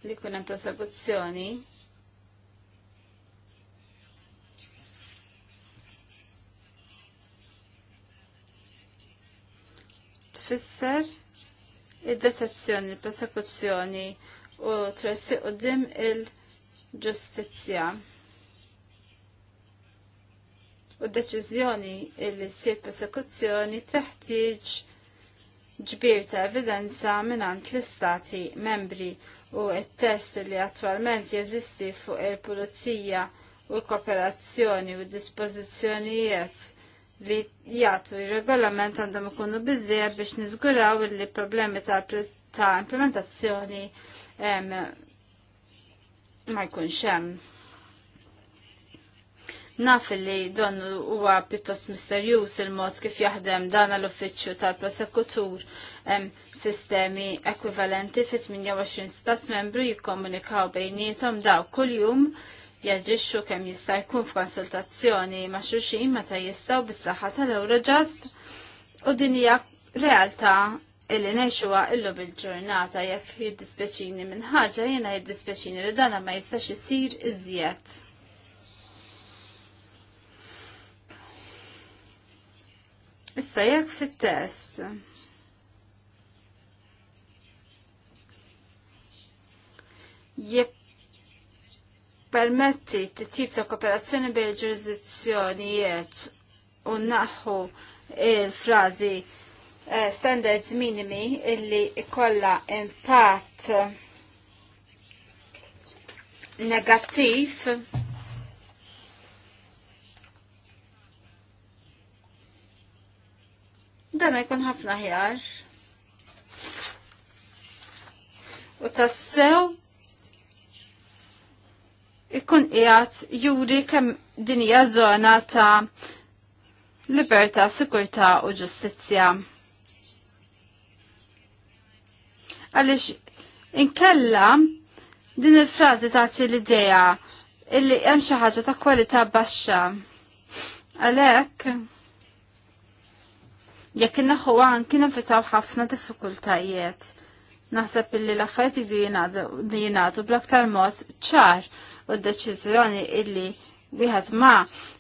li kuna hemm prosekuzzjoni tfisser id-detezzjoni, il-prosekuzzjoni u tressi u dim il-ġustizja. U d-deċizjoni il sir prosekuzzjoni teħtieġ ġbir ta' evidenza minant l-istati membri u il-test li attualment jeżisti fuq il-pulizija u l-kooperazzjoni u dispożizzjonijiet li jgħatu il-regolament għandhom ikunu bizzija biex nizguraw li problemi ta', ta implementazzjoni ma jkunx hemm. Naf li don huwa pjuttost misterjuż il-mod kif jaħdem dan l-uffiċċju tal-prosekutur sistemi ekwivalenti fit 28 stat membru jikkomunikaw bejnietom daw kuljum jaġixxu kemm jista' jkun f'konsultazzjoni ma' xulxin meta jistgħu bis-saħħa tal-Eurojust u din hija realtà illi neċuwa illu bil-ġurnata jekk jiddispeċini minn ħaġa jena jiddispeċini li dana ma jistax isir iżjed. Issa jekk fit-test. permetti t-tip ta' kooperazzjoni bejn ġurisdizzjonijiet u naħħu il-frażi eh, standards minimi illi ikolla impatt negattiv dan jkun ħafna ħjar. U tassew ikun qiegħed juri kemm din hija żona ta' libertà, sikurtà u ġustizzja. Għaliex inkella din il-frażi tagħti l-idea illi hemm xi ħaġa ta' kwalità baxxa. Għalhekk jekk naħu anki nifitaw ħafna diffikultajiet. Naħseb illi l-affarijiet jgħidu jingħadu bl-aktar mod ċar u d-deċiżjoni illi wieħed ma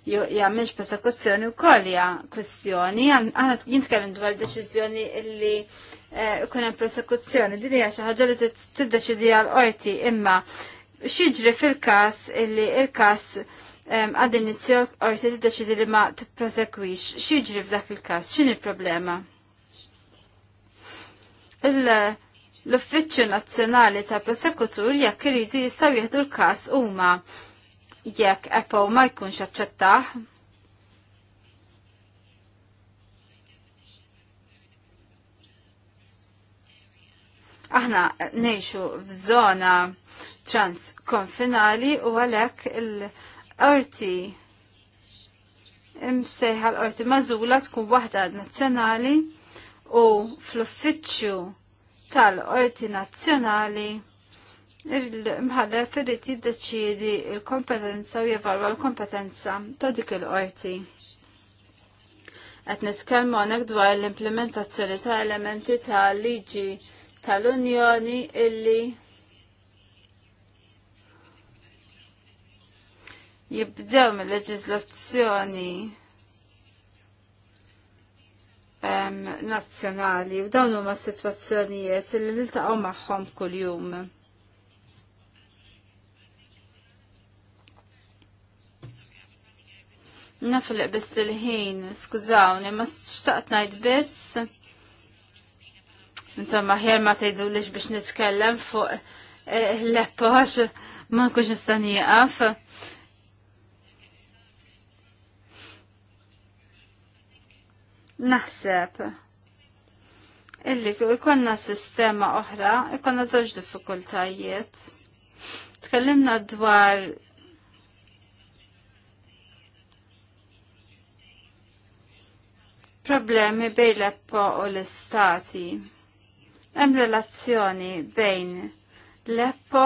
jagħmilx persekuzzjoni wkoll hija kustjoni. Għana jintkellem dwar deċiżjoni illi eh, ikun hemm persekuzzjoni. Din hija xi ħaġa li deċidija l-qorti imma xieġri fil-każ illi il-każ għad għor orti t-deċidi li ma t-prosekwix. Xieġri f'dak il-kas? Xin il-problema? L-Uffiċċju Nazzjonali ta' Prosekutur jekk iridu jistgħu jieħdu l-każ huma jekk Apple ma jkunx aċċettaħ. Aħna ngħixu f'żona transkonfinali u għalhekk il- Arti imsejħa l-qorti mażula tkun waħda nazzjonali u fl-uffiċċju tal-qorti nazzjonali il-mħallef irrid jiddeċiedi l-kompetenza u jevalwa l-kompetenza ta' dik il-qorti. Qed nitkellmu hawnhekk dwar l-implementazzjoni ta' elementi ta' liġi tal-Unjoni illi jibdew mill-leġizlazzjoni nazzjonali u dawn huma sitwazzjonijiet li niltaqgħu magħhom kuljum. Nafliq biss il-ħin, skużawni, ma xtaqt ngħid biss. Insomma, ħjer ma tgħidulix biex nitkellem fuq eh, l-eppox ma nkunx nista' nieqaf. naħseb illi ikonna sistema oħra, ikonna żewġ diffikultajiet. Tkellimna dwar problemi bejn l-Eppo u l-Istati. Hemm relazzjoni bejn l-Eppo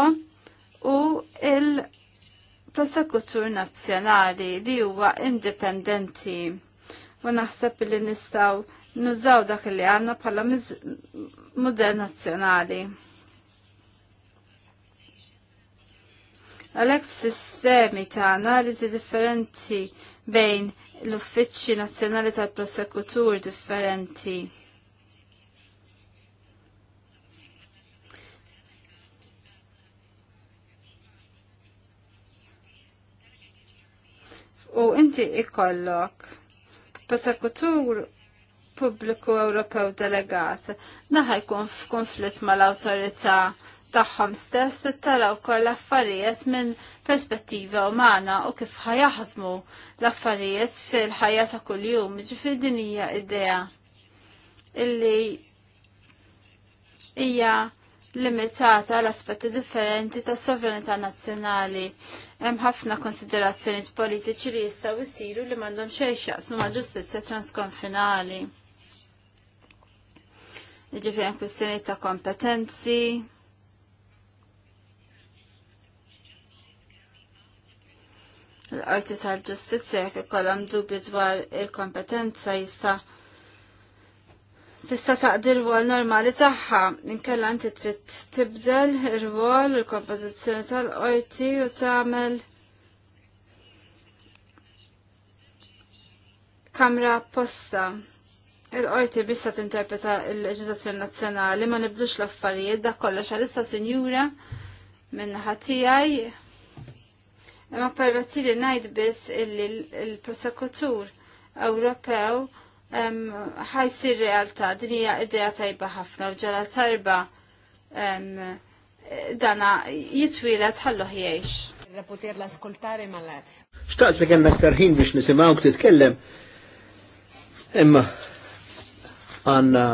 u il-Prosekutur Nazzjonali li huwa indipendenti u naħseb li nistaw nużaw dak li għanna bħala model nazzjonali. Għalek f-sistemi ta' analizi differenti bejn l-uffiċċi nazzjonali tal-prosekutur differenti. U inti ikollok prosekutur pubbliku Ewropew delegat. naħaj jkun ma mal-awtorità tagħhom stess taraw kol l-affarijiet minn perspettiva umana u kif ħajaħdmu l-affarijiet fil-ħajja ta' kuljum, ġifir dinija id-deja illi ija limitata l-aspetti differenti ta' sovranità nazzjonali. Hemm ħafna konsiderazzjonijiet politiċi li jistgħu jsiru li m'għandhom xejn x'jaqsmu ma' ġustizzja transkonfinali. Jiġifieri hemm kwistjoni ta' kompetenzi, l-qorti tal-ġustizzja jekk ikollhom dubju dwar il-kompetenza jista' tista taqdi r-wol normali taħħa. Inkella inti trid tibdel ir wol il-kompożizzjoni tal-qorti u tagħmel kamra apposta. Il-qorti bista tinterpreta l-leġislazzjoni nazzjonali ma nibdux l-affarijiet da kollox għalissa sinjura minn ħatijaj. Imma permetti li ngħid biss illi l-prosekutur Ewropew ħajsir realtà din hija idea tajba ħafna u ġala tarba dana jitwilet ħallu jgħix. Poter l-askoltare mal
Xtaqt li kellna aktar ħin biex nisimgħu titkellem. Imma għanna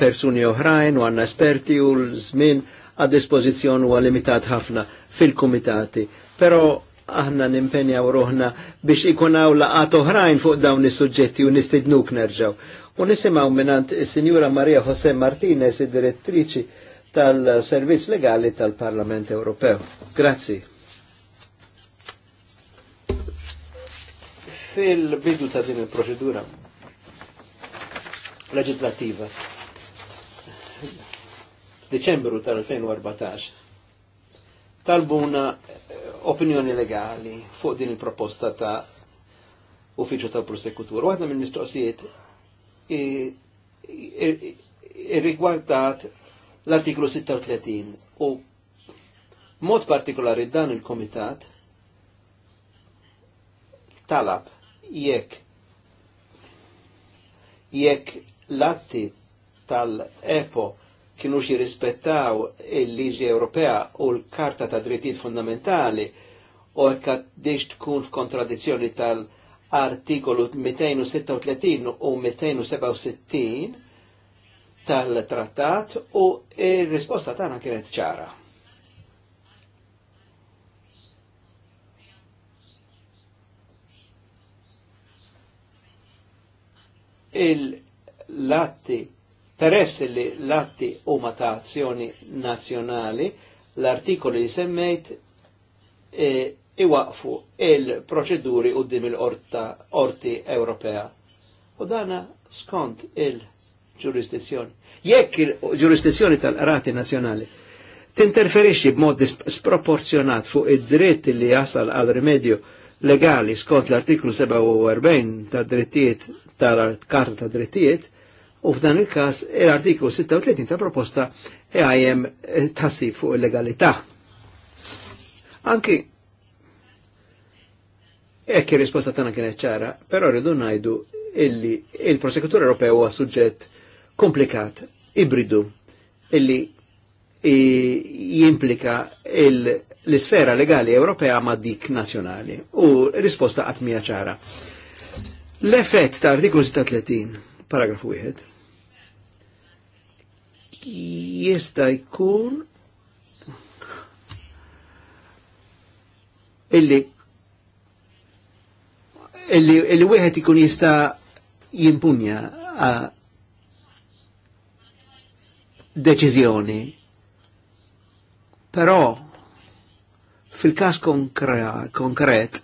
persuni oħrajn u għanna esperti u l-żmien għad dispożizzjoni huwa limitat ħafna fil-kumitati. Però aħna nimpenjaw ruħna biex ikunaw laqat oħrajn fuq dawn is-suġġetti u nistidnuk nerġaw. U nisimaw minant Sinjura Maria Jose Martinez, id-direttriċi tal-Servizz Legali tal-Parlament Ewropew. Grazzi. fil-bidu ta' din il-proċedura leġislativa. Deċembru tal-2014 talbuna eh, opinjoni legali fuq din il-proposta ta' uffiċu tal-prosekutur. Waħda minn mistoqsijiet irrigwardat l-artiklu 36 u mod partikolari dan il-komitat talab jekk jekk l-atti tal-EPO kienu jirrispettaw il-liġi Ewropea u l-Karta ta' Drittijiet Fundamentali u diġ tkun f'kontradizzjoni tal-artikolu 236 u 267 tal-trattat u il-risposta tagħna kienet ċara. il-latti Peress li l-atti u ta' azzjoni nazzjonali, l-artikoli li semmejt e, iwaqfu il-proċeduri u dim il-orti Ewropea. U dana skont il-ġurisdizzjoni. Jekk il-ġurisdizzjoni tal-rati nazjonali tinterferisci b'mod sproporzjonat fuq id-dritt li jasal għal rimedju legali skont l-artiklu 47 ta' drittijiet tal-karta ta' drittijiet, U f'dan il-kas, l-artiklu 36 ta' proposta għajem eh, tassi fuq il-legalità. Anki, ekki risposta tana kienet ċara, pero rridu najdu illi il-prosekutur Ewropew huwa suġġett komplikat, ibridu, illi jimplika l-isfera legali Ewropea ma' dik nazjonali. U risposta għatmija ċara. L-effett ta' artiklu 36, paragrafu 1, jista jkun illi illi, illi wieħed ikun jista jimpunja a deċiżjoni. Però fil-każ konkret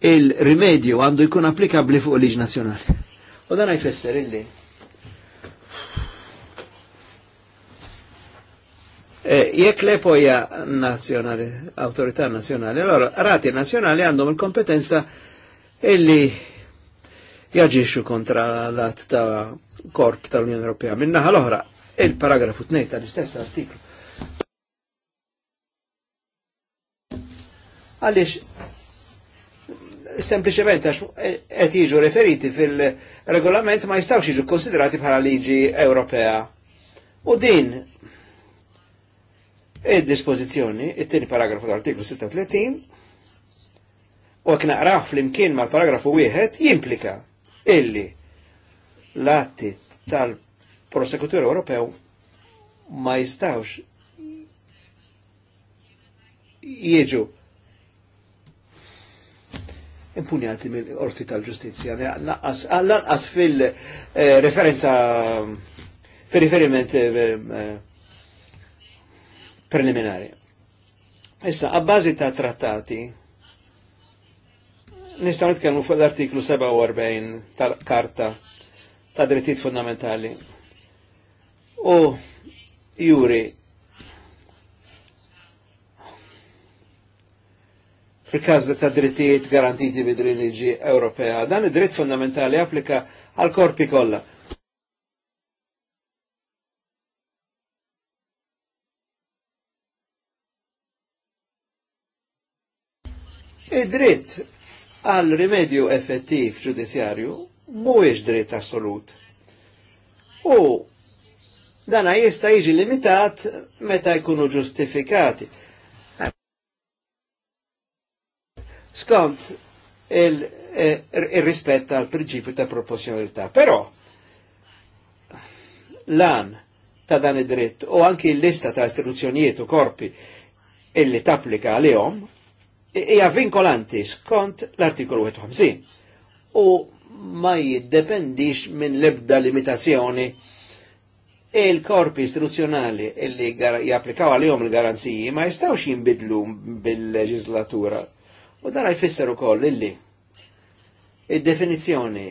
il-rimedju għandu jkun applikabli fuq liġ nazzjonali. U dan jfisser illi Eh, jekk l poja nazjonali, nazzjonali, autorità nazzjonali, allora rati nazzjonali għandhom il-kompetenza illi jaġixxu kontra l-att ta' korp tal-Unjoni Ewropea. Minna l-oħra, il-paragrafu 2 tal-istess artiklu. Għalix, sempliciment għax qed jiġu referiti fil-regolament ma jistawx jiġu konsiderati bħala liġi Ewropea. U din il dispożizzjoni it-tieni paragrafu tal-artiklu 36, u għakna naqraħ fl-imkien mal-paragrafu wieħed jimplika illi l-atti tal-prosekutur Ewropew ma jistawx jieġu impunjati mill orti tal-ġustizja. Lanqas fil-referenza, eh, eh, fil-riferiment eh, preliminari. Issa, bazi ta' trattati, nistaw nitkellmu fuq l-artiklu 47 tal-Karta ta' Drittijiet Fundamentali. U juri fil-każ ta' drittijiet garantiti bid-reliġi Ewropea. Dan id-dritt fundamentali applika għal korpi kollha Id-dritt għal rimedju effettiv ġudizjarju mhuwiex dritt assolut. U dana jista' jiġi limitat meta jkunu ġustifikati. Skont il-rispetta il, eh, il, il prinċipju ta' proporzjonalità. Però lan ta' dan id-dritt u anki l-lista ta' istituzzjonijiet u korpi illi tapplika għalihom hija vinkolanti skont l-artikolu 51 u ma jiddependix minn lebda limitazzjoni e il-korpi istituzzjonali illi japplikaw għalihom il-garanziji ma jistawx jinbidlu bil-leġislatura. U dara jfisser ukoll illi id-definizzjoni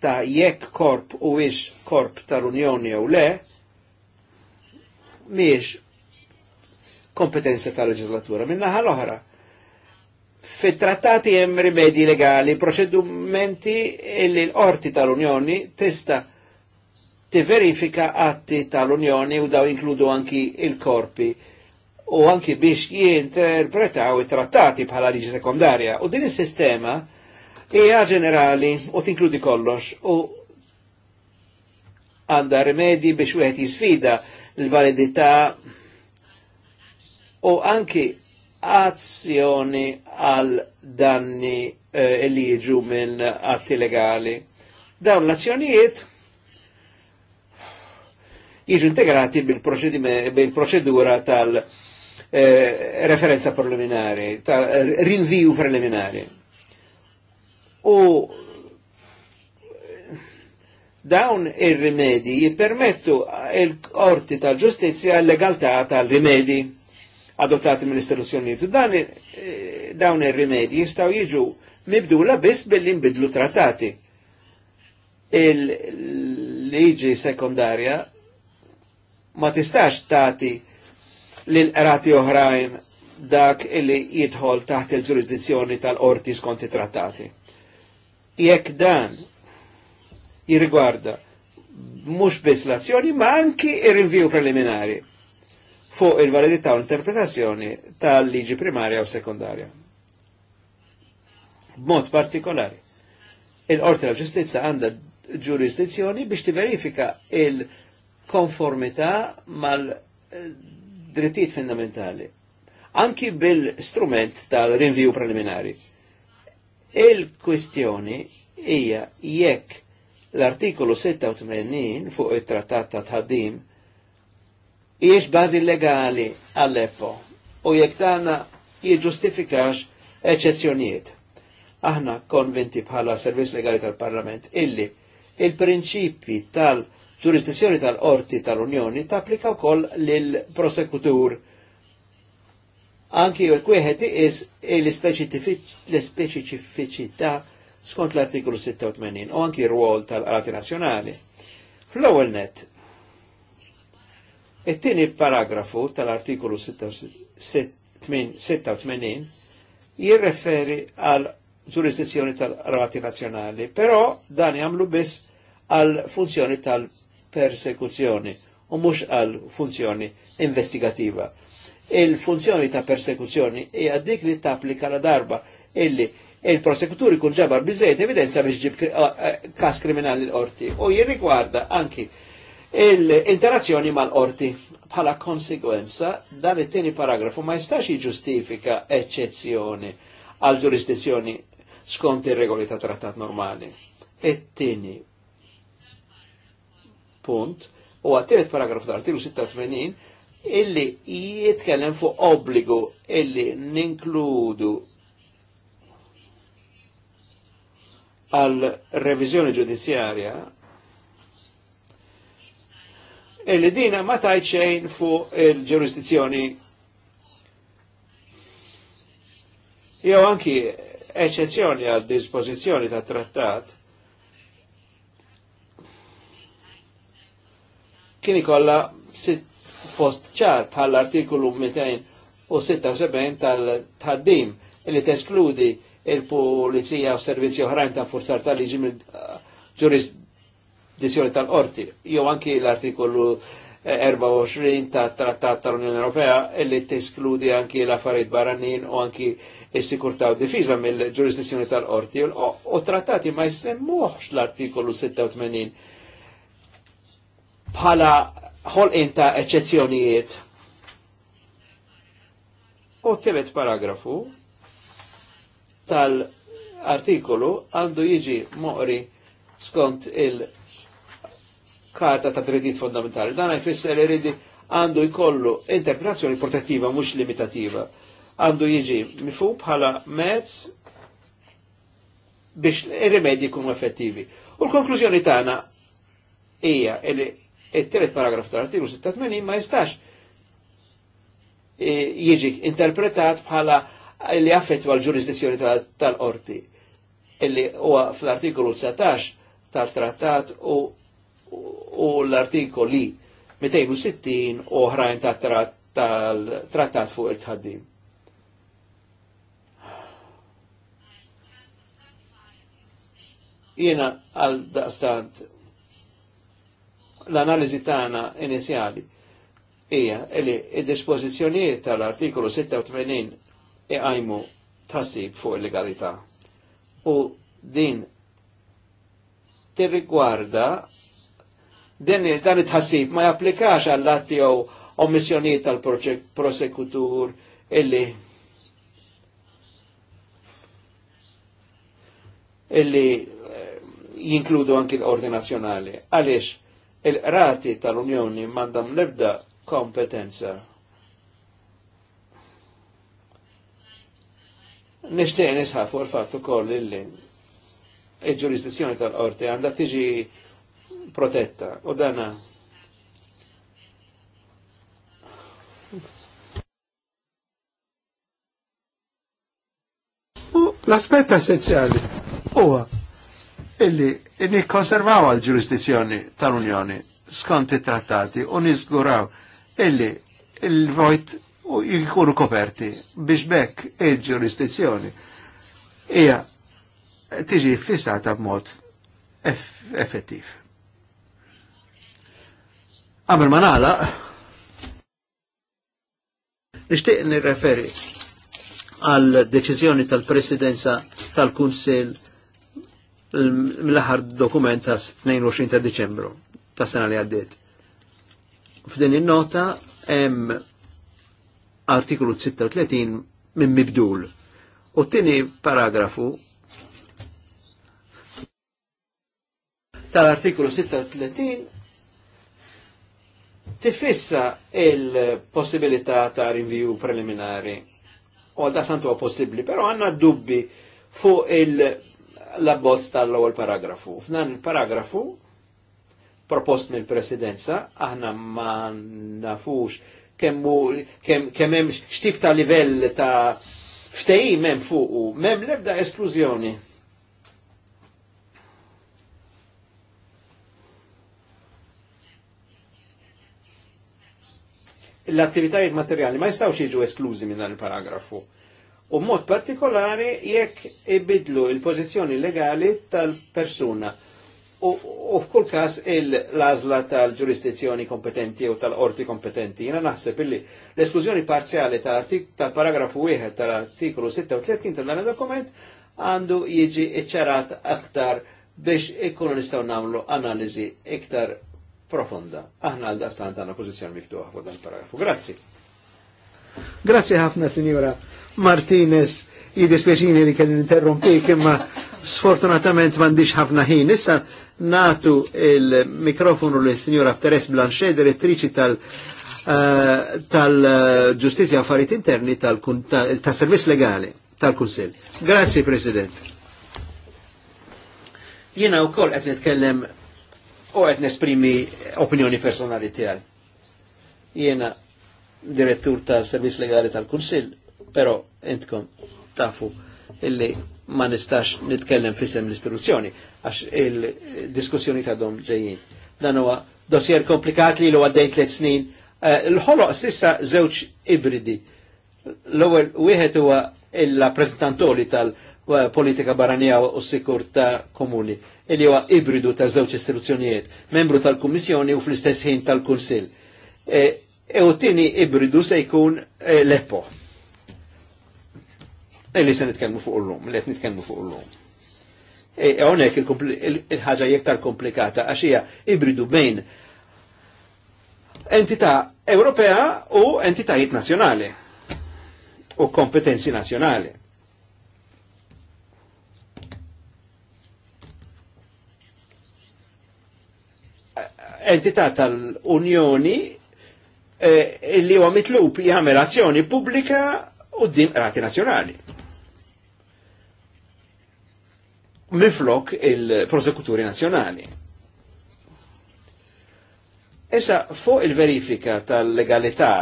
ta' jekk korp u ix korp tal-Unjoni u le miex kompetenza tal-leġislatura minnaħa l-oħra fi trattati jem rimedi legali, procedumenti illi l-orti tal-Unjoni tista' verifika atti tal-Unjoni u daw inkludu anki il-korpi u anki biex jinterpretaw it-trattati bħala liġi sekondarja. U din il sistema hija ġenerali u tinkludi kollox u għanda rimedi biex u jisfida l-validità u anki azzjoni għal danni e eh, li jiġu minn atti legali. Dawn l-azzjonijiet jiġu integrati bil-proċedura bil tal-referenza eh, preliminari, tal-rinviju eh, preliminari. U dawn ir rimedi jipermettu il-qorti tal-ġustizja korti tal ġustizja l legaltà tal rimedi tal legaltà tal rimedi adottati mill-istituzzjonijiet. Dan eh, dawn ir-rimedji jistgħu jiġu mibdula biss billi nbidlu trattati. Il-liġi sekondarja ma tistax tati lil qrati oħrajn dak illi jidħol taħt il-ġurisdizzjoni tal-qorti skont trattati. Jekk dan jirrigwarda mhux biss l-azzjoni ma anki ir-review preliminari fuq il-validità u l-interpretazzjoni tal-liġi primarja u sekundarja. B'mod partikolari, il-Qorti tal ġustizza għandha ġurisdizzjoni biex tiverifika il-konformità mal-drittijiet fundamentali, anki bil-strument tal-rinviju preliminari. Il-kwistjoni hija jekk l-artikolu 86 fuq it-trattat ta' tħaddim jiex bażi legali għall-Eppo u jekk tagħna jiġustifikax eċezzjonijiet. Aħna konvinti bħala Servizz Legali tal-Parlament illi il-prinċipi tal-ġurisdizzjoni tal-Qorti tal-Unjoni tapplika wkoll lill prosekutur anki jekk wieħed is l-ispeċifiċità skont l-artikolu 86 u anki r-rwol tal-Qrati Nazzjonali. Fl-ewwel net, Il-tini paragrafu tal-artikolu 86 jirreferi għal ġurisdizzjoni tal-Rati Nazjonali, però dan jagħmlu biss għal funzjoni tal-persekuzzjoni u mux għal funzjoni investigativa. Il-funzjoni ta' persekuzzjoni i għaddik li tapplika la darba illi il-prosekutur ikun ġabar biżejt evidenza biex ġib eh, eh, kas kriminali l orti u jirrigwarda anki il-interazzjoni mal-qorti. Bħala konsekwenza, dan it-tieni paragrafu ma jistax jiġustifika eccezzjoni għal ġurisdizzjoni skont ir-regoli ta' trattat normali. It-tieni punt u għattiret paragrafu tal-artiklu 86 illi jitkellem fuq obbligu illi ninkludu għal revizjoni ġudizzjarja illi dina ma tajt xejn fu il-ġurisdizzjoni jew anki eċezzjoni għal dispożizzjoni ta' trattat kien ikolla fost ċar bħal artikolu 276 tal-taddim li teskludi il-pulizija u servizzi oħrajn ta' forzar tal-liġi ġurist dizjoni tal-qorti, jew anki l-artikolu 24 eh, ta' trattat tal-Unjoni Ewropea illi teskludi anki l-affarijiet barranin u anki s-sikurtà u difiża mill-ġurisdizzjoni tal-qorti u trattati ma jsemmuħx l-artikolu 86 bħala ħolqin ta' eċezzjonijiet. U telet paragrafu tal-artikolu għandu jiġi moqri skont il- karta ta' drittijiet fondamentali. Dan jfisser li għandu jkollu interpretazzjoni protettiva mhux limitativa. Għandu jiġi mifu bħala mezz biex il rimedji jkunu effettivi. U l-konklużjoni tagħna hija li it-tielet paragraf tal-artiklu 86 ma jistax e, jiġi interpretat bħala li affettwa l-ġurisdizzjoni tal-qorti illi huwa fl artiklu 19 tal-trattat u u l-artikoli 260 oħrajn ta' trattat fuq il-tħaddim. Jiena għal daqstant l-analizi tagħna inizjali hija li id-dispożizzjonijiet tal-artikolu 86 iqajmu tasib fuq il-legalità. U din tirrigwarda dan it-ħassib ma japplikax għall-atti jew omissjoniet tal-prosekutur illi illi eh, jinkludu anki l-ordi nazjonali. Għalix, il-rati tal-Unjoni mandam lebda kompetenza. Nishtiq nisħafu l-fattu koll illi il-ġurisdizzjoni tal-orti għanda tiġi protetta u dana L-aspet essenzjali huwa illi nikkonservaw għal-ġurisdizzjoni tal-Unjoni skont it-trattati u niżguraw illi il-vojt jkunu koperti biex bekk il-ġurisdizzjoni hija tiġi fissata b'mod effettiv. Qabel ma nagħlaq, nixtieq nirreferi għal deċiżjoni tal-Presidenza tal kunsil mill-aħħar dokument ta' 22 ta' Deċembru ta' sena li għaddiet. F'din in-nota hemm artiklu 36 minn mibdul. U t-tini paragrafu tal-artiklu 36 tifissa il-possibilità ta' rinviju preliminari. U da santu possibli, però għanna dubbi fuq il-labbozz tal-ewwel paragrafu. F'dan il-paragrafu propost mill-presidenza, aħna ma nafux kemm hemm xtib ta' livell ta' ftehim hemm fuq u m'hemm l-ebda esklużjoni l-attivitajiet materjali ma jistawx jiġu esklużi minn dan il-paragrafu. U mod partikolari jekk ibidlu il-pożizzjoni legali tal-persuna u, u f'kull każ l-azla tal-ġurisdizzjoni kompetenti u tal-orti kompetenti. Jina naħseb illi l-esklużjoni parzjali tal-paragrafu tal 1 tal artiklu 36 tal dan il-dokument għandu jiġi iċċarat aktar biex ikkunu nistaw namlu analizi iktar profonda. Aħna għal dastan għandna pozizjon miftuħa fuq dan paragrafu. Grazzi. Grazzi ħafna, signora Martinez. Jidispieċini li kellin interrompik, imma sfortunatament mandiġ ħafna ħin. Issa natu il-mikrofonu li signora Teres Blanchet, direttriċi tal- uh, tal-ġustizja affarijiet interni tal-servizz legali tal-Kunsill. Grazzi, President. Jiena wkoll qed nitkellem u għed nesprimi opinjoni personali tijaj. Jena direttur tal-Servis Legali tal-Kunsil, pero entkom tafu illi ma nistax nitkellem fissem l-istruzzjoni, għax il-diskussjoni ta' dom ġejjin. Dan huwa dossier komplikat li l għaddejn tliet snin. Eh, l-ħoloq sissa żewġ ibridi. L-ewwel wieħed huwa il-rappreżentantoli tal- Eh, politika barranija u sikurta komuni, il huwa ibridu ta' żewġ istituzzjonijiet, membru tal-Kummissjoni u fl-istess ħin tal-Kunsill. E, e u tini ibridu se jkun e, leppo. Illi se nitkellmu fuq l-lum, li qed nitkellmu fuq l-lum. E, e hawnhekk il-ħaġa jektar komplikata għax hija ibridu bejn entità Ewropea u entitajiet nazzjonali u kompetenzi nazzjonali entità tal-Unjoni eh, li huwa mitlub jagħmel azzjoni pubblika u din rati nazzjonali. Minflok il-prosekuturi nazzjonali. Issa fuq il-verifika tal-legalità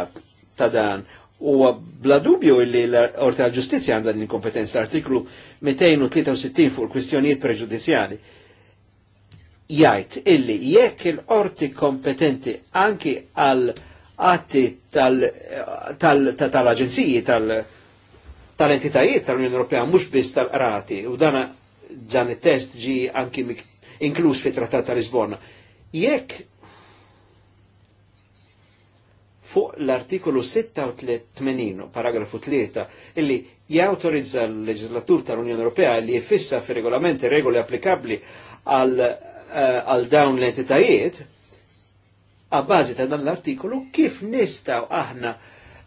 ta' dan huwa bla dubju illi l-Orta tal ġustizzja għandha din kompetenza artiklu 263 fuq il-kwistjonijiet preġudizjali jajt illi jekk il-qorti kompetenti anki għal atti tal-aġenziji, tal-entitajiet tal-Unjoni Ewropea, mhux biss tal-qrati, u dana dan it-test ġi anki inkluż fit trattat ta' Lisbona. Jekk fuq l-artikolu 86, paragrafu 3, illi jawtorizza l-leġislatur tal-Unjoni Ewropea li jfissa fi regolamenti regoli applikabli għal Eh, għal dawn l-entitajiet, għabbażi ta' dan l-artikolu, kif nistaw aħna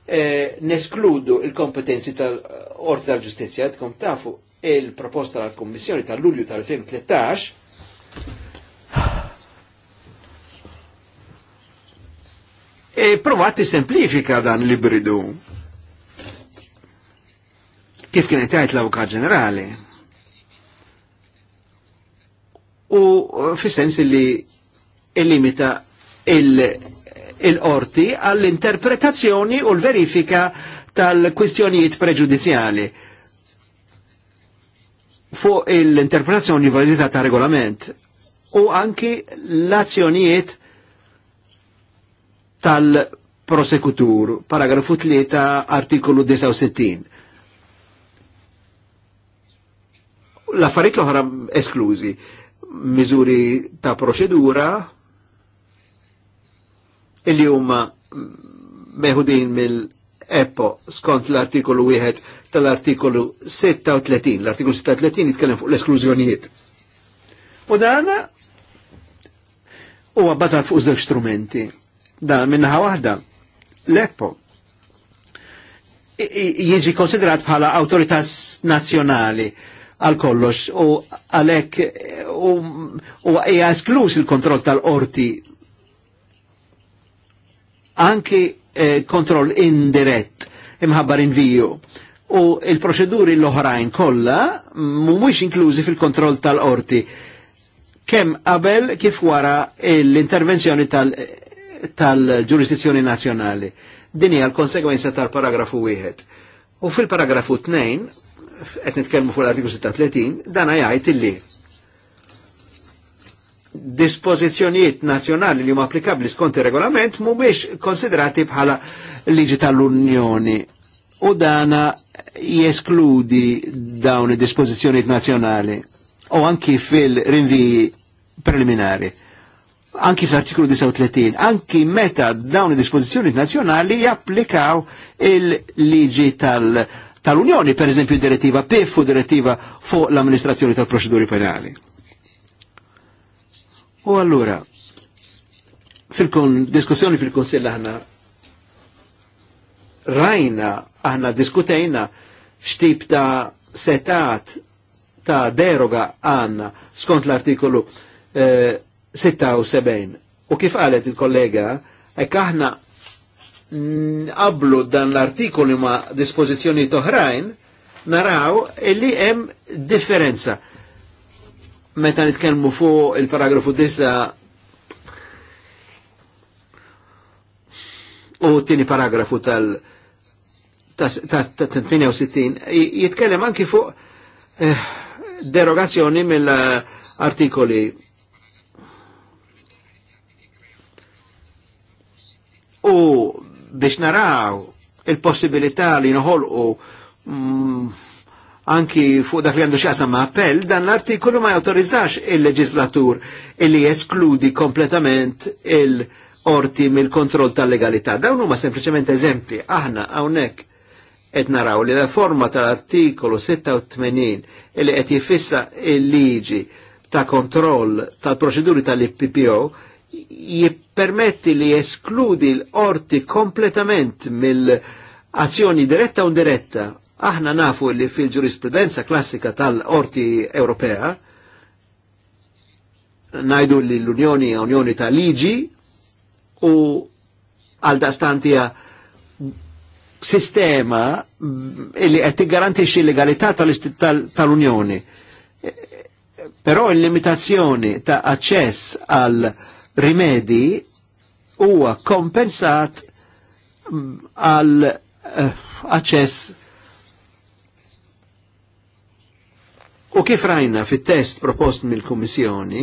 eh, neskludu il-kompetenzi tal-Orti tal-Ġustizja, għedkom tafu il-proposta tal-Kommissjoni tal-Lulju tal-2013, e provati semplifika dan l-ibridu. Kif kienet jgħajt l-Avukat Ġenerali? u fi sens li il-limita il-qorti il limita il orti il għall interpretazzjoni u l-verifika tal-kwistjonijiet preġudizjali fuq l-interpretazzjoni validità ta' regolament u anki l-azzjonijiet tal-prosekutur, paragrafu 3, artikolu 69. l-affarijiet l-oħra esklużi miżuri ta' proċedura illi huma meħudin mill-EPPO skont l-artikolu 1 tal-artikolu 36. L-artikolu 36 jitkellem fuq l-esklużjonijiet. U dan huwa bażat fuq żewġ strumenti. Dan minnaħa waħda l-EPPO jiġi konsiderat bħala awtorità nazzjonali għal kollox u għalek u hija esklus il-kontroll tal-qorti anki eh, kontroll indirett imħabbar inviju u il-proċeduri l-oħrajn kollha mhumiex inklużi fil-kontroll tal-qorti kemm qabel kif wara l-intervenzjoni tal-ġurisdizzjoni nazjonali. nazzjonali. Din hija l-konsegwenza tal-paragrafu wieħed. U fil-paragrafu 2 qed nitkellmu fuq l-artiklu 36, dan jgħid illi dispożizzjonijiet nazzjonali li huma applikabbli skont ir-regolament mhumiex konsiderati bħala liġi tal-Unjoni. U dana jeskludi dawn id-dispożizzjonijiet nazzjonali u anki fil-rinviji preliminari anki fl-artiklu 39, anki meta dawn id dispożizzjonijiet nazzjonali japplikaw il-liġi tal-Unjoni tal-Unjoni, per eżempju direttiva PIF u direttiva fuq l-amministrazzjoni tal-proċeduri penali. U allura, fil-diskussjoni fil-Konsill aħna rajna, aħna diskutejna xtib ta' setat ta' deroga għanna skont l-artikolu 76. Eh, u kif għalet il-kollega, ekk aħna nqablu dan l-artikoli ma' dispożizzjoni toħrajn, naraw illi hemm differenza. Meta nitkellmu fuq il-paragrafu disa u tini paragrafu tal- 68 jitkellem anki fuq eh, derogazzjoni mill-artikoli u biex naraw il-possibilità li noħolqu mm, anki fuq dak li għandu xaqsa ma' appell, dan l-artikolu ma' jautorizzax il-leġislatur illi eskludi kompletament il-orti mill-kontroll tal-legalità. Dawn huma sempliciment eżempji, aħna hawnhekk qed naraw li la forma tal-artikolu 86 illi qed jifissa il-liġi ta' kontroll tal-proċeduri tal-IPPO jippermetti li jeskludi l-orti kompletament mill-azzjoni diretta u indiretta. Aħna nafu li fil-ġurisprudenza klassika tal-orti Ewropea, najdu li l-Unjoni Unjoni ta' liġi u għal dastantija sistema li qed tiggarantixxi legalità tal-Unjoni. Però il-limitazzjoni ta' aċċess għal rimedi huwa kompensat għal eh, aċċess U kif rajna fit-test propost mill-Kummissjoni,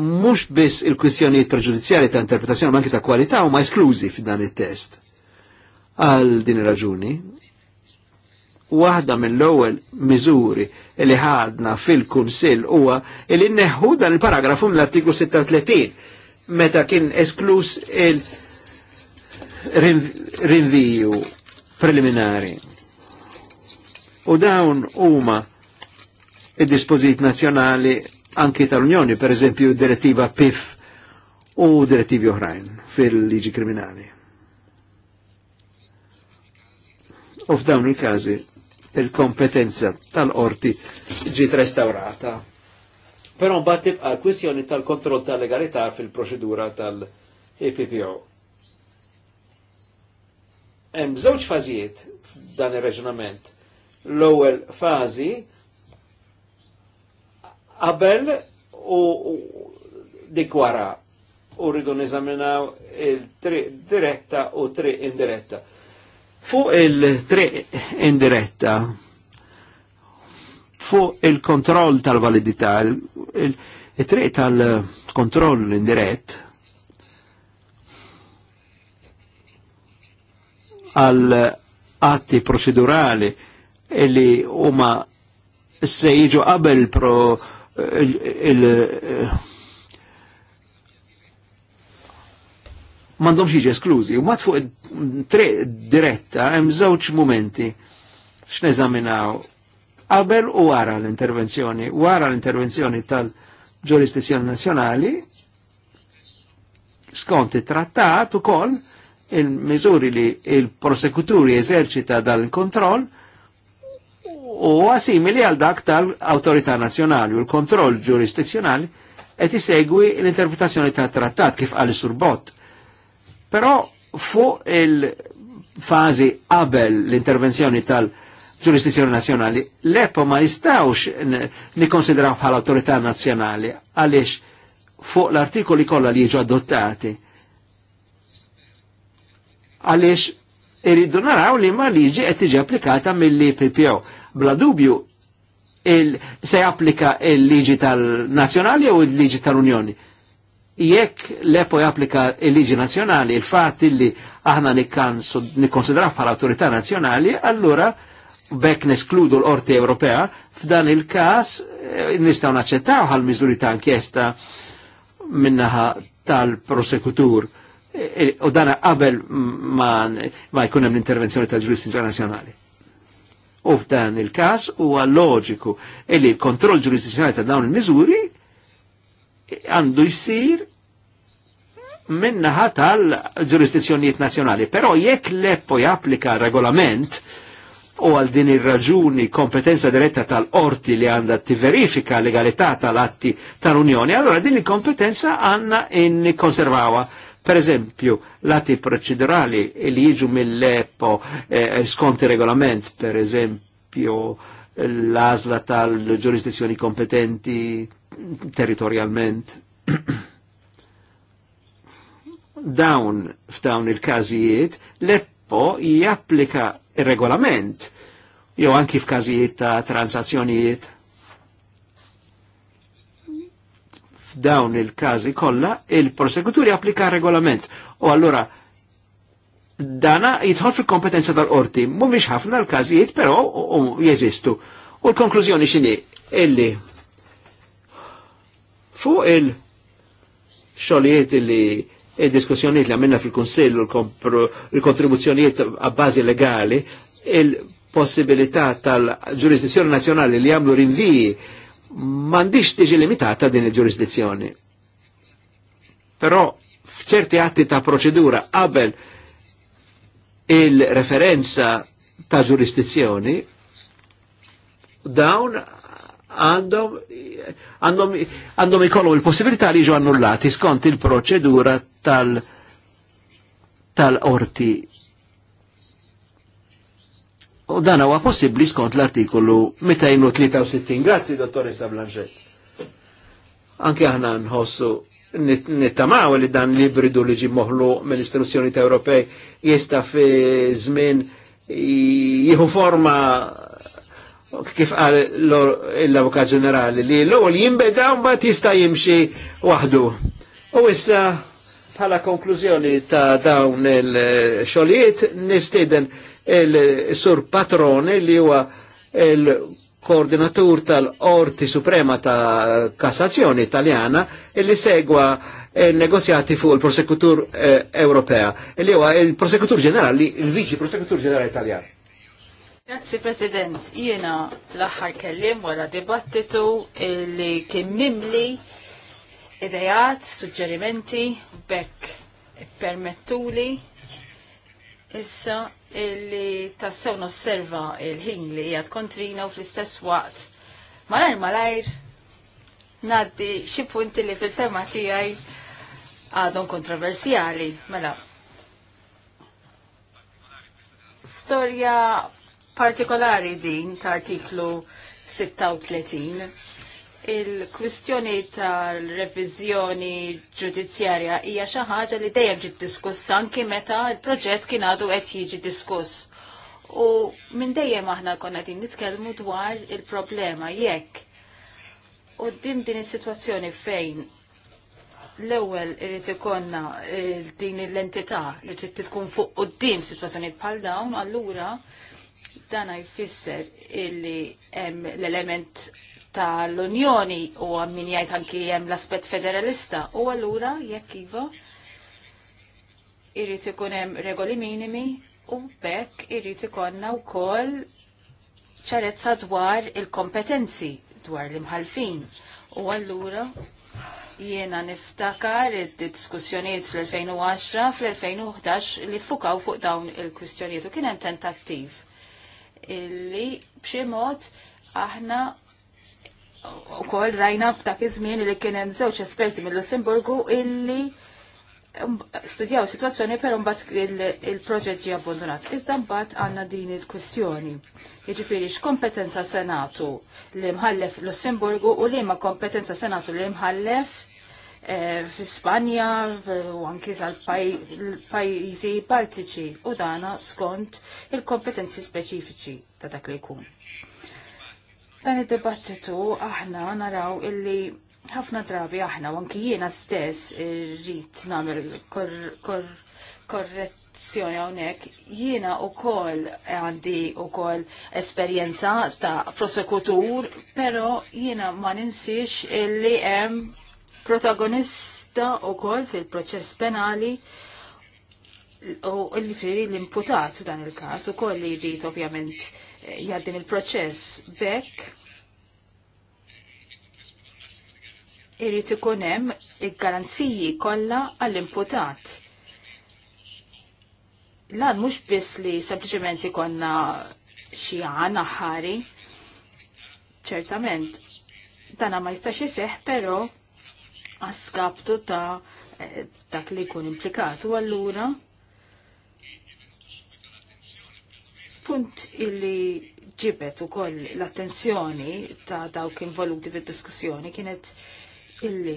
mhux biss il-kwistjonijiet preġudizzjali ta' interpretazzjoni ma anke ta' kwalità huma esklużi f'dan it-test. Għal din ir-raġuni, waħda mill-ewwel miżuri li ħadna fil-Kunsill huwa li neħħu dan il-paragrafu mill-artiklu 36 meta kien esklus il-rinviju preliminari. U dawn huma id-dispożit nazzjonali anki tal-Unjoni, per eżempju direttiva PIF u direttivi oħrajn fil-liġi kriminali. U f'dawn il-każi il-kompetenza tal-qorti ġiet restaurata. Però mbagħad tibqa' kwistjoni tal-kontroll tal-legalità fil-proċedura tal-EPPO. Hemm żewġ fażijiet f'dan ir-reġunament. L-ewwel fażi qabel u dik wara u rridu niżaminaw il-triq diretta u triq indiretta Fuq il-triq indiretta, fuq il-kontroll tal-validità, il-triq tal-kontroll indirett, għal atti procedurali illi huma se jiġu qabel pro il, mandom mandomx esklużi, u mat fuq triq diretta hemm żewġ mumenti x'neżaminaw qabel u wara l-intervenzjoni, wara l-intervenzjoni tal-ġurisdizzjoni nazzjonali skont it-trattat ukoll il-miżuri li il-prosekuturi eżerċita dal-kontroll u għasimili għal dak tal-autorità nazzjonali u l-kontroll ġurisdizzjonali qed isegwi l-interpretazzjoni tat-trattat kif qal is Però fuq il-fazi qabel l-intervenzjoni tal-ġurisdizzjoni nazjonali, l-EPO ma jistawx nikonsidraw bħala autorità nazjonali għaliex fuq l-artikoli kollha li jiġu adottati. Għaliex irridu naraw li ma liġi qed tiġi applikata mill-IPPO. Bla dubju il se applika il-liġi tal-nazjonali u il-liġi tal-Unjoni jekk l-EPO japplika il-liġi nazjonali, il-fat illi aħna nikkonsidraw bħala autorità nazjonali, allura bekk neskludu l-Orti Ewropea, f'dan il-kas eh, nistaw naċċettaw għal miżuri ta' inkjesta minnaħa tal-prosekutur eh, eh, u dana qabel ma, jkunem jkun hemm l-intervenzjoni tal-ġurist internazjonali. U f'dan il-kas huwa loġiku illi l-kontroll ġurisdizzjonali ta' dawn il-miżuri għandu jisir minnaħa tal-ġurisdizzjonijiet nazjonali. Pero jekk leppo japplika regolament u għal din ir-raġuni kompetenza diretta tal-orti li għanda t-verifika legalità tal-atti tal-Unjoni, allora din il-kompetenza għanna in konservawa per eżempju, l-atti procedurali li jiġu mill leppo eh, skonti regolament, per eżempju, l-azla tal-ġurisdizzjoni kompetenti territorjalment dawn f'dawn il-każijiet l-EPPO japplika il-regolament jew anki f'każijiet ta' transazzjonijiet f'dawn il-każi kollha il-prosekuturi japplika regolament u allura dana jidħol fil-kompetenza tal-qorti. Mhumiex ħafna l-każijiet, però jeżistu. U l-konklużjoni x'inhi illi Fuq il-xolijiet li il-diskussjoniet li għamilna fil-Konsill u l-kontribuzzjonijiet għabbażi legali, il-possibilità tal-ġurisdizzjoni nazjonali li għamlu rinviji mandiċ tiġi limitata din il-ġurisdizzjoni. Però f'ċerti atti ta' proċedura qabel il-referenza ta' ġurisdizzjoni dawn għandhom għandhom ikollu il-possibilità li ġu annullati skont il-proċedura tal tal-orti. U dan huwa possibbli skont l-artikolu 263. Grazzi, dottoressa Blanchet. Anke aħna nħossu nittamaw li dan l-ibridu li ġi moħlu mill-istituzzjoni ta' Ewropej jista' fi żmien jieħu forma kif qal l-Avukat Ġenerali li l-ewwel jinbeda u mbagħad jista' jimxi waħdu. U issa bħala konklużjoni ta' dawn il-xogħlijiet nistieden il-sur Patrone li huwa il-koordinatur tal-Orti Suprema ta' Kassazzjoni Italjana li segwa negozjati fuq il-prosekutur eh, Ewropea, li huwa il-prosekutur ġenerali, il-viċi prosekutur ġenerali Italjan.
Grazzi President, jiena l-aħħar kellim wara dibattitu li kien mimli idejat, suġġerimenti, bekk permettuli issa li tassew nosserva il-ħin li jgħad kontrina u fl-istess waqt. Malajr malajr, naddi xi punti li fil-fema tiegħi għadhom kontroversjali, mela. Storja partikolari din ta' artiklu 36. Il-kwistjoni tal-reviżjoni ġudizzjarja hija xi ħaġa li dejjem ġiet diskuss anki meta l-proġett kien għadu qed jiġi diskuss. U minn dejjem aħna konna din nitkellmu dwar il-problema jekk. U dim din is-sitwazzjoni fejn l-ewwel irid ikonna eh, din l-entità li trid tkun fuq quddiem sitwazzjonijiet bħal dawn, allura Dan jfisser illi l-element tal-Unjoni u għammin jgħid anki hemm l-aspett federalista u allura jekk iva irrid ikun hemm regoli minimi u bekk irrid ikonna wkoll ċarezza dwar il-kompetenzi dwar l-imħalfin. U allura jiena niftakar id-diskussjoniet fl-2010, fl-2011 li fukaw fuq dawn il-kwistjoniet u kien hemm tentattiv illi b'xi mod aħna ukoll rajna f'dak iż-żmien li kien hemm żewġ esperti mill-Lussemburgu illi studjaw situazzjoni per mbagħad il-proġett ġie abbandonat. Iżda mbagħad għandna din il-kwistjoni. Jiġifieri x'kompetenza Senatu li mħallef Lussemburgu u liema kompetenza Senatu li mħallef Eh, fi Spanja eh, u anki sal-pajjiżi Baltiċi u dana skont il-kompetenzi speċifiċi ta' dak li jkun. Dan id-dibattitu aħna naraw illi ħafna drabi aħna u anki jiena stess rrit nagħmel korrezzjoni hawnhekk jiena wkoll għandi wkoll esperjenza ta' prosekutur, però jiena ma ninsix illi hemm protagonista wkoll fil-proċess penali u l firri l-imputat dan il-każ ukoll li jrid ovvjament jaddim il-proċess bekk irrid ikun hemm il-garanziji kollha għall-imputat. Lan mhux biss li sempliċement ikonna xi għan aħħari, ċertament, dana ma jistax iseħ, pero għaskaptu ta' eh, dak li jkun implikatu allura. Punt illi ġibet ukoll l-attenzjoni ta' dawk involuti fid-diskussjoni kienet illi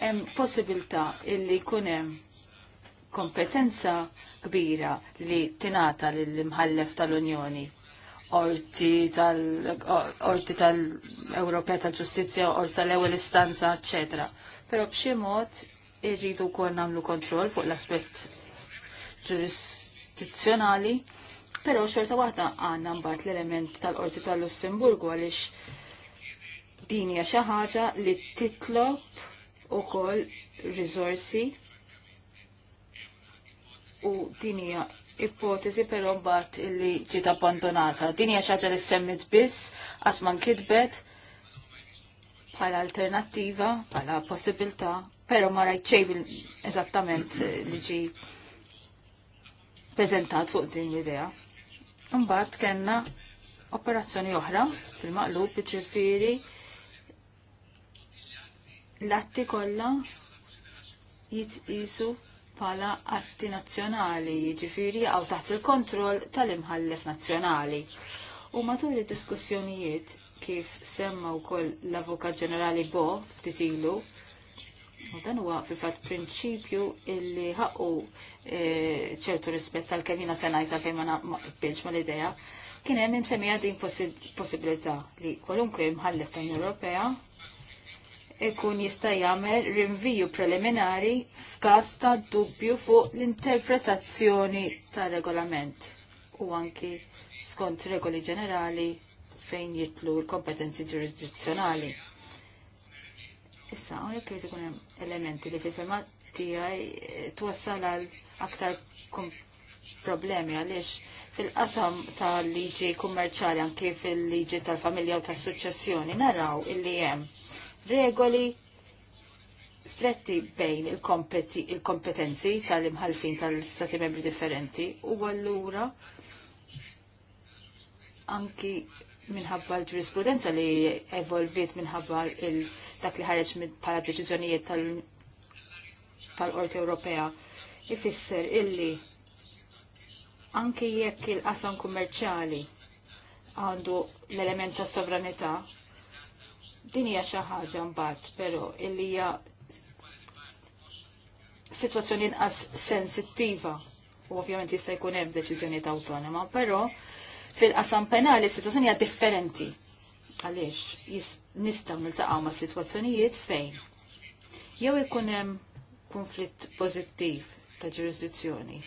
hemm possibilità illi jkun hemm kompetenza kbira li tingħata lill-imħallef tal-Unjoni orti tal-Ewropea tal-Ġustizja, orti tal-ewwel istanza, eċetera. Però b'xi mod irridu wkoll nagħmlu kontroll fuq l-aspett ġurisdizzjonali, però xorta waħda għandna mbagħad l-element tal-Qorti tal-Lussemburgu għaliex din hija xi ħaġa li titlob ukoll risorsi u din hija ipotezi però mbagħad illi ġiet abbandonata. Din hija xi ħaġa li semmit biss qatt ma nkitbet bħala alternattiva, bħala possibilità, però ma rajt xejn eżattament eh, li ġi preżentat fuq din l-idea. Mbagħad kellna operazzjoni oħra fil-maqlub jiġifieri l-atti kollha jitqisu pala atti nazzjonali, jiġifieri għaw taħt il-kontroll tal-imħallef nazzjonali. U matul id-diskussjonijiet kif semma wkoll l-Avukat Ġenerali Bo ftit ilu, U dan huwa fil-fatt prinċipju illi ħaqqu e, ċertu rispett tal-kemina senajt tal-fejn ma naqbilx ma l-idea, kien hemm insemmija din possibilità li kwalunkwe imħallef fejn Ewropea ikun jista' jagħmel rinviju preliminari f'każ ta' dubju fuq l-interpretazzjoni tar-regolament u anki skont regoli ġenerali fejn jitlu l-kompetenzi ġurisdizzjonali. Issa, hawnhekk irid ikun hemm elementi li fil-fema tiegħi twassal għal aktar problemi għaliex fil-qasam tal-liġi kummerċali anke fil-liġi tal-familja u tas-suċċessjoni naraw illi hemm regoli stretti bejn il-kompetenzi il tal-imħalfin tal-stati membri differenti u għallura anki minħabba l-ġurisprudenza li evolviet minħabba dak li ħareġ bħala deċiżjonijiet tal-Qorti Ewropea ifisser illi anki jekk il-qasam kummerċjali għandu l-element ta' sovranità Din hija xi ħaġa mbagħad però illi hija sitwazzjoni inqas sensittiva u ovvjament jista' jkun hemm deċiżjonijiet awtonoma, però fil-qasam penali is-sitwazzjoni hija differenti. Għaliex nistgħu niltaqgħu ma' sitwazzjonijiet fejn jew ikun hemm konflitt pożittiv ta' ġurisdizzjoni.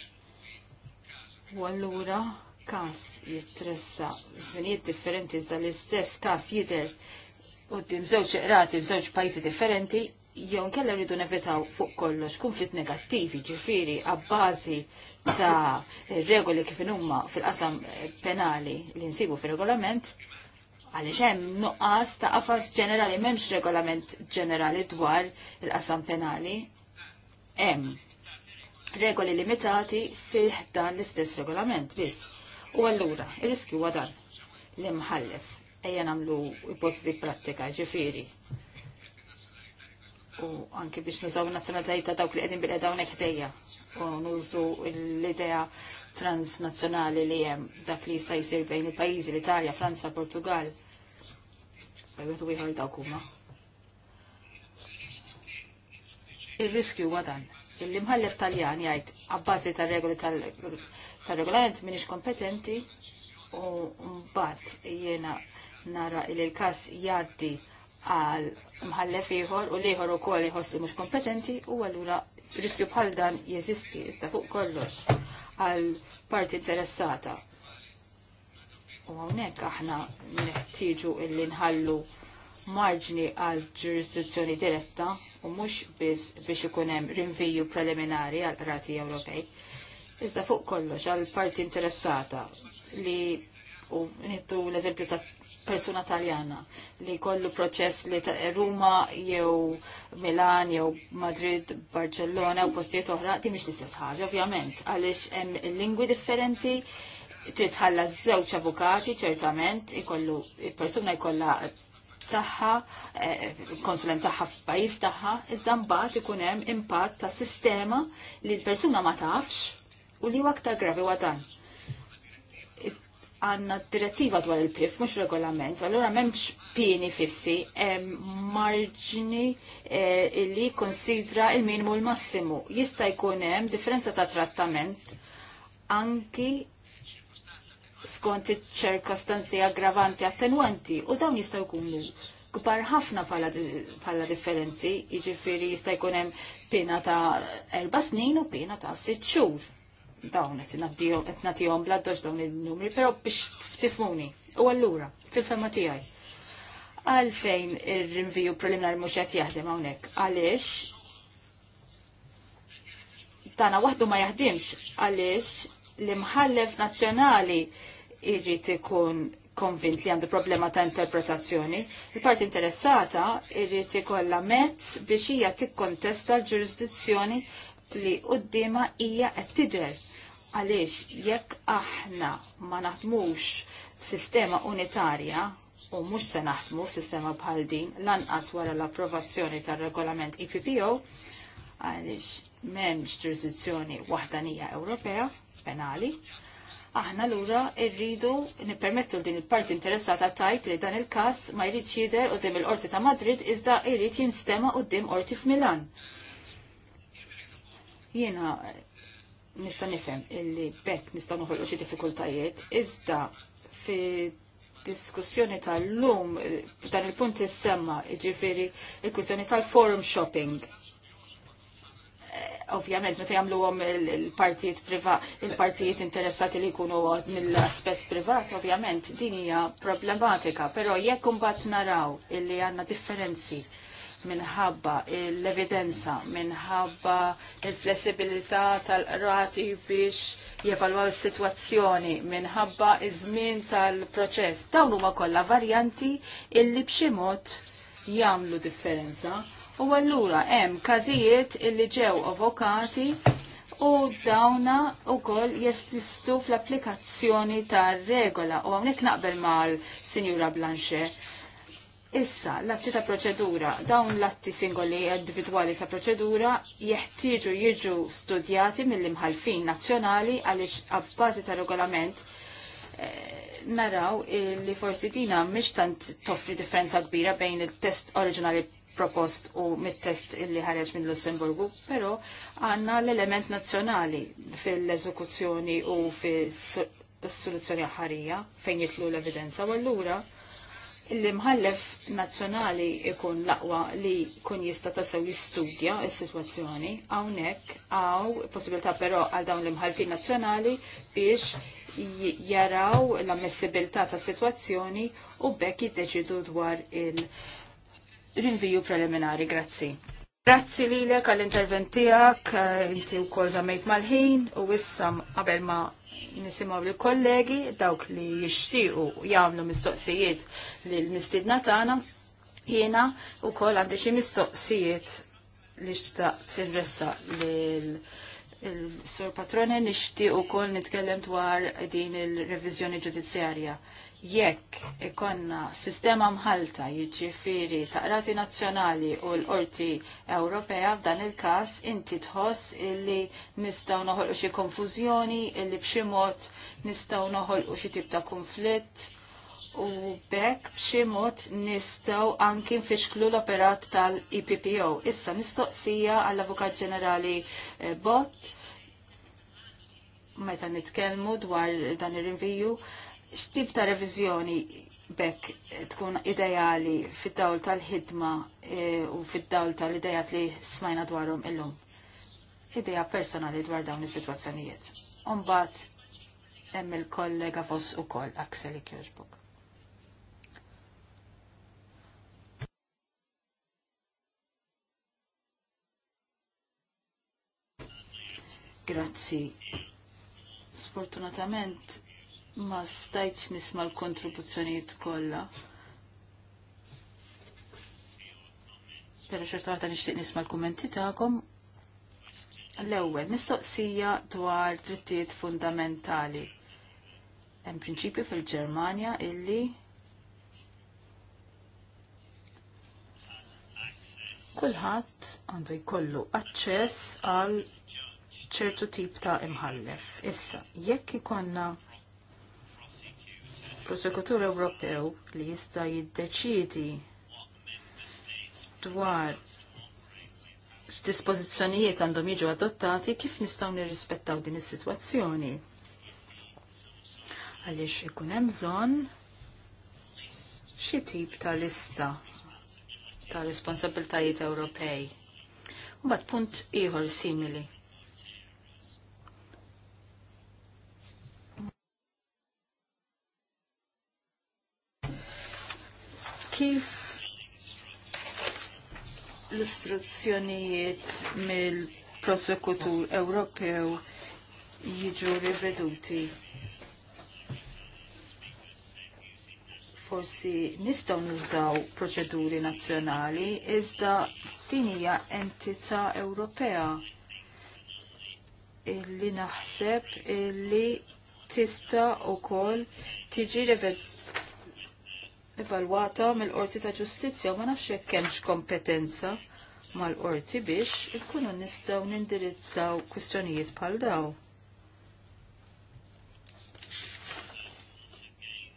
U allura każ jitressa żminijiet differenti iżda l-istess każ jidher Uddim zewċ rati f'żewġ pajjiżi differenti, jew nkella rridu nevitaw fuq kollox konflitt negattivi ġifieri abbażi ta' regoli kif huma fil-qasam penali li nsibu fir-regolament, għaliex hemm nuqqas ta' qafas ġenerali m'hemmx regolament ġenerali dwar il-qasam penali. Hemm regoli limitati fih dan l-istess regolament biss. U allura, ir-riskju huwa dan l-imħallef ejja namlu posti pratika, ġifiri. U anki biex nużaw nazzjonalitajiet ta' dawk li qegħdin bil-qeda hawnhekk U nużu l-idea transnazzjonali li hemm dak li jista' jsir bejn il-pajjiżi l-Italja, Franza, Portugal. Bejbet u ieħor dawk huma. Il-riskju huwa dan. Il-imħallef Taljan jgħid abbażi tar-regoli tal-regolament minix kompetenti, u mbagħad jiena nara li l-każ jgħaddi għal mħallef ieħor u liħor u ukoll jħoss li mhux kompetenti u allura riskju bħal dan jeżisti iżda fuq kollox għal parti interessata. U hawnhekk aħna neħtieġu illi nħallu marġni għal ġurisdizzjoni diretta u mhux biss biex ikun hemm rinviju preliminari għal qrati Ewropej. Iżda fuq kollox għal parti interessata li u nittu l-eżempju ta' persuna taljana li kollu proċess li ta' Ruma jew Milan jew Madrid, Barcellona u postijiet oħra, ti mhix l-istess ħaġa ovvjament għaliex hemm lingwi differenti trid ħallas żewġ avukati ċertament ikollu persuna jkollha tagħha, eh, konsulent tagħha f'pajjiż tagħha, iżda mbagħad ikun hemm impatt ta' sistema li l-persuna ma tafx u li huwa aktar gravi huwa dan għanna direttiva dwar il-PIF, mux regolament, allora memx pieni fissi, marġni eh, li konsidra il-minimu l-massimu. Jista jkun hemm differenza ta' trattament anki skont ċerkostanzi aggravanti attenuanti u dawn jista' jkunu kbar ħafna pala differenzi, jiġifieri jista' jkun hemm ta' erba' snin u pina ta' sitt xhur dawn qed nagħtihom bla doġ dawn il-numri, però biex tifmuni. U allura, fil-fema tiegħi. Għalfejn ir-rinviju preliminari mhux qed jaħdem hawnhekk. Għaliex tana waħdu ma jaħdimx għaliex l-imħallef nazzjonali irrid ikun konvint li għandu problema ta' interpretazzjoni, il-parti interessata irrid ikollha mezz biex hija tikkontesta l-ġurisdizzjoni li qoddima hija qed tidher għaliex jekk aħna ma naħdmux sistema unitarja u mhux se naħdmu sistema bħal din lanqas wara l-approvazzjoni tar-regolament IPPO e għaliex m'hemmx jurisdizzjoni waħdanija Ewropea penali, aħna lura rridu nippermettu din il-parti interessata tajt li dan il-każ ma jrid jidher dim il-Qorti ta' Madrid iżda jrid jinstema dim Qorti f'Milan. Jiena nista' nifhem illi bekk nista' noħolqu xi diffikultajiet, iżda fi diskussjoni tal-lum dan il-punt issemma, jiġifieri il-kwistjoni tal-forum shopping eh, ovvjament meta jagħmluhom il-partijiet privat, il-partijiet interessati li jkunu mill-aspett privat, ovvjament din hija problematika, però jekk imbagħad naraw illi għandna differenzi minħabba l-evidenza, minħabba il-flessibilità tal-rati biex jevalwaw is-sitwazzjoni, minħabba iż-żmien tal-proċess. Dawn huma kollha varjanti illi b'xi mod jagħmlu differenza. U allura hemm każijiet illi ġew avokati u dawna u koll jestistu fl-applikazzjoni tar regola u għamnek naqbel mal Sinjura Blanchet Issa, l-atti ta' proċedura, dawn l-atti singoli individuali ta' proċedura jeħtieġu jiġu studjati mill-imħalfin nazzjonali għaliex għabbażi ta' regolament eh, naraw li forsi dina mhix tant toffri differenza kbira bejn il-test oriġinali propost u mit-test illi ħareġ minn Lussemburgu, però għanna l-element nazzjonali fil-eżekuzzjoni u fil-soluzzjoni ħarija fejn jitlu l-evidenza u allura l-imħallef nazzjonali ikun laqwa li kun jista tasaw jistudja il-situazzjoni, għawnek għaw possibilità però għal dawn l imħallfin nazzjonali biex jaraw l ammessibilta ta' situazzjoni u bekk jiddeċidu dwar il-rinviju preliminari. Grazzi. Grazzi li l intervent għall-interventijak, eh, inti u kol mal-ħin u wissam qabel ma' nisimaw li kollegi dawk li jishtiqu jamlu mistoqsijiet li l-mistidna tagħna jiena u koll għandi xi mistoqsijiet li xtaqt sirressa lil l sur Patrone nixtieq ukoll nitkellem dwar din il-reviżjoni ġudizjarja jekk ikonna sistema mħalta jiġifieri ta' rati nazzjonali u l-qorti Ewropea f'dan il-każ inti tħoss illi nistgħu noħolqu xi konfużjoni illi b'xi mod nistgħu noħolqu xi tip ta' konflitt u bekk b'xi mod nistgħu anki nfixklu l-operat tal-IPPO. Issa mistoqsija għall-Avukat Ġenerali eh, Bott meta nitkellmu dwar dan ir-rinviju x'tip ta' reviżjoni bekk tkun ideali fid-dawl tal-ħidma e, u fid-dawl tal-idejat li smajna dwarhom illum. Ideja personali dwar dawn is-sitwazzjonijiet. Umbagħad hemm il-kollega Voss ukoll Axel Kirchbuk. Grazzi. Sfortunatament ma stajtx nisma l-kontribuzzjonijiet kollha. Pero ċertu għata nixtieq nisma l-kummenti tagħkom. L-ewwel mistoqsija dwar drittijiet fundamentali. Hemm prinċipju fil-Ġermanja illi kulħadd għandu jkollu aċċess għal ċertu tip ta' imħallef. Issa, jekk ikonna prosekutur Ewropew li jista' jiddeċidi dwar dispożizzjonijiet għandhom jiġu adottati kif nistgħu nirrispettaw din is-sitwazzjoni. Għaliex ikun hemm bżonn xi tip ta' lista ta' responsabiltajiet Ewropej. Mbagħad punt ieħor simili kif l-istruzzjonijiet mill-prosekutur Ewropew jiġu riveduti. Forsi nistgħu nużaw proċeduri nazzjonali iżda din hija entità Ewropea illi naħseb illi tista' ukoll tiġi riveduti evalwata mill-Qorti ta' Ġustizzja ma nafx hekk hemmx kompetenza mal-qorti biex ikunu nistgħu nindirizzaw kwistjonijiet bħal daw.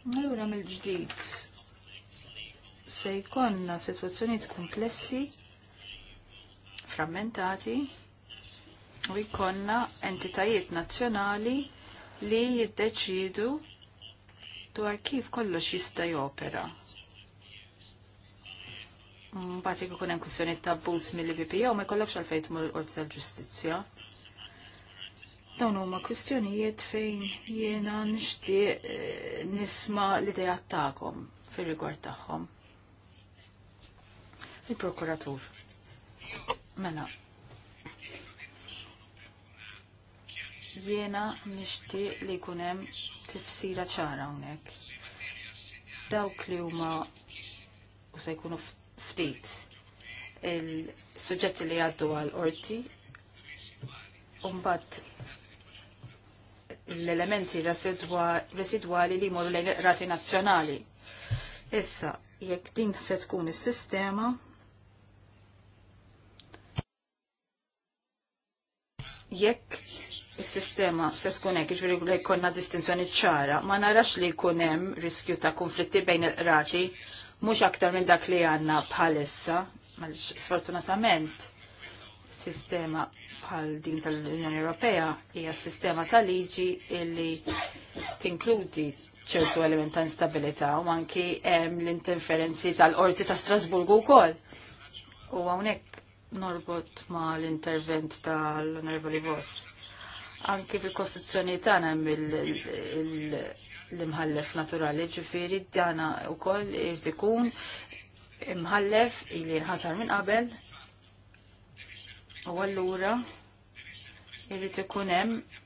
Allura mill-ġdid se jkollna sitwazzjonijiet komplessi, frammentati, u jkollna entitajiet nazzjonali li jiddeċidu dwar kif kollox jista' jopera. Mbagħad jekk ikun hemm kwistjoni ta' abbuż ipp jew ma jkollokx għalfejn tmur l-Qorti tal-Ġustizzja. Dawn huma kwistjonijiet fejn jiena nixtieq eh, nisma' l-idea tagħkom fir-rigward tagħhom. Il-Prokuratur. Mela, Jiena nixtieq li jkun hemm tifsira ċara hawnhekk. Dawk li huma u se jkunu ftit il-suġġetti li għaddu għal qorti u mbagħad l-elementi residwali li jmorru lejn rati nazzjonali. Issa, jekk din se tkun is-sistema, jekk Is-sistema se tkun hekk jiġri jkollna distinzjoni ċara, ma narax li jkun hemm riskju ta' konflitti bejn il-qrati mhux aktar minn dak li għandna bħalissa, għaliex sfortunatament sistema bħal din tal-Unjoni Ewropea hija sistema ta' liġi illi tinkludi ċertu element ta' instabilità u anki hemm l-interferenzi tal-Qorti ta' Strasburgu wkoll. U hawnhekk norbot ma' l-intervent tal-Onorevoli Voss anki fil-kostituzzjoni tagħna hemm l-imħallef naturali ġifieri dana wkoll irid ikun imħallef li nħatar minn qabel u allura irid ikun hemm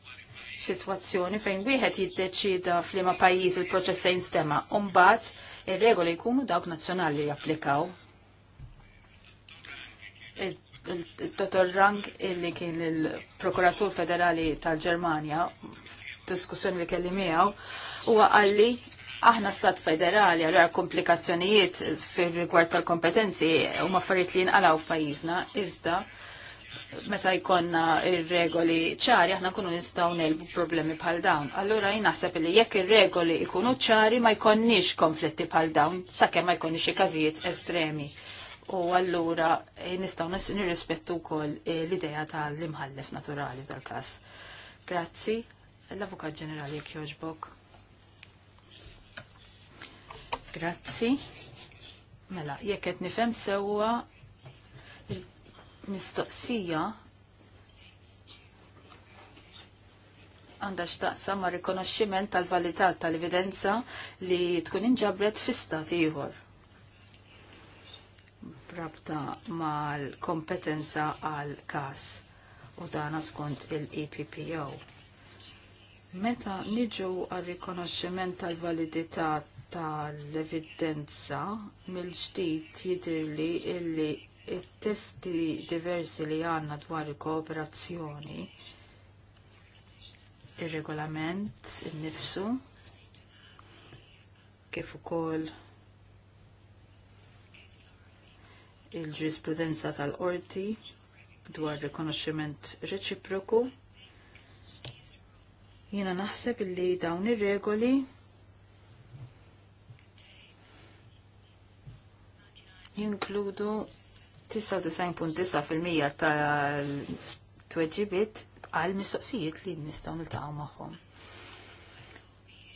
sitwazzjoni fejn wieħed jiddeċida f'liema pajjiż il-proċess se jinstema' u mbagħad ir-regoli jkunu dawk nazzjonali japplikaw il dottor Rang illi kien il-Prokuratur Federali tal-Ġermanja diskussjoni li kelli miegħu huwa għalli aħna stat federali, għal komplikazzjonijiet fir rigward tal-kompetenzi u maffariet li jinqalaw f'pajjiżna, iżda meta jkonna ir-regoli ċari aħna nkunu nistgħu nelbu problemi bħal dawn. Allura jien naħseb li jekk ir-regoli jkunu ċari ma jkonniex konflitti bħal dawn sakemm ma i każijiet estremi u allura eh, nistaw nirrispettu wkoll eh, l-idea tal-imħallef naturali tal każ. Grazzi, l-Avukat Ġenerali jekk jogħġbok. Grazzi. Mela, jekk qed nifhem sewwa mistoqsija għandha x'taqsam ma' rikonoxximent tal-valità tal-evidenza li tkun inġabret fi stat ieħor rabta mal-kompetenza għal kas u dana skont il-EPPO. Meta niġu għal rikonoxximent tal-validità tal-evidenza mill-ġdid jidirli illi it-testi diversi li għanna dwar il-kooperazzjoni il-regolament, il-nifsu, kif ukoll il-ġurisprudenza tal-qorti dwar rikonoxximent reċiproku. Jiena naħseb li dawn ir-regoli jinkludu 99.9% tal-tweġibiet għal mistoqsijiet li nistgħu niltaqgħu magħhom.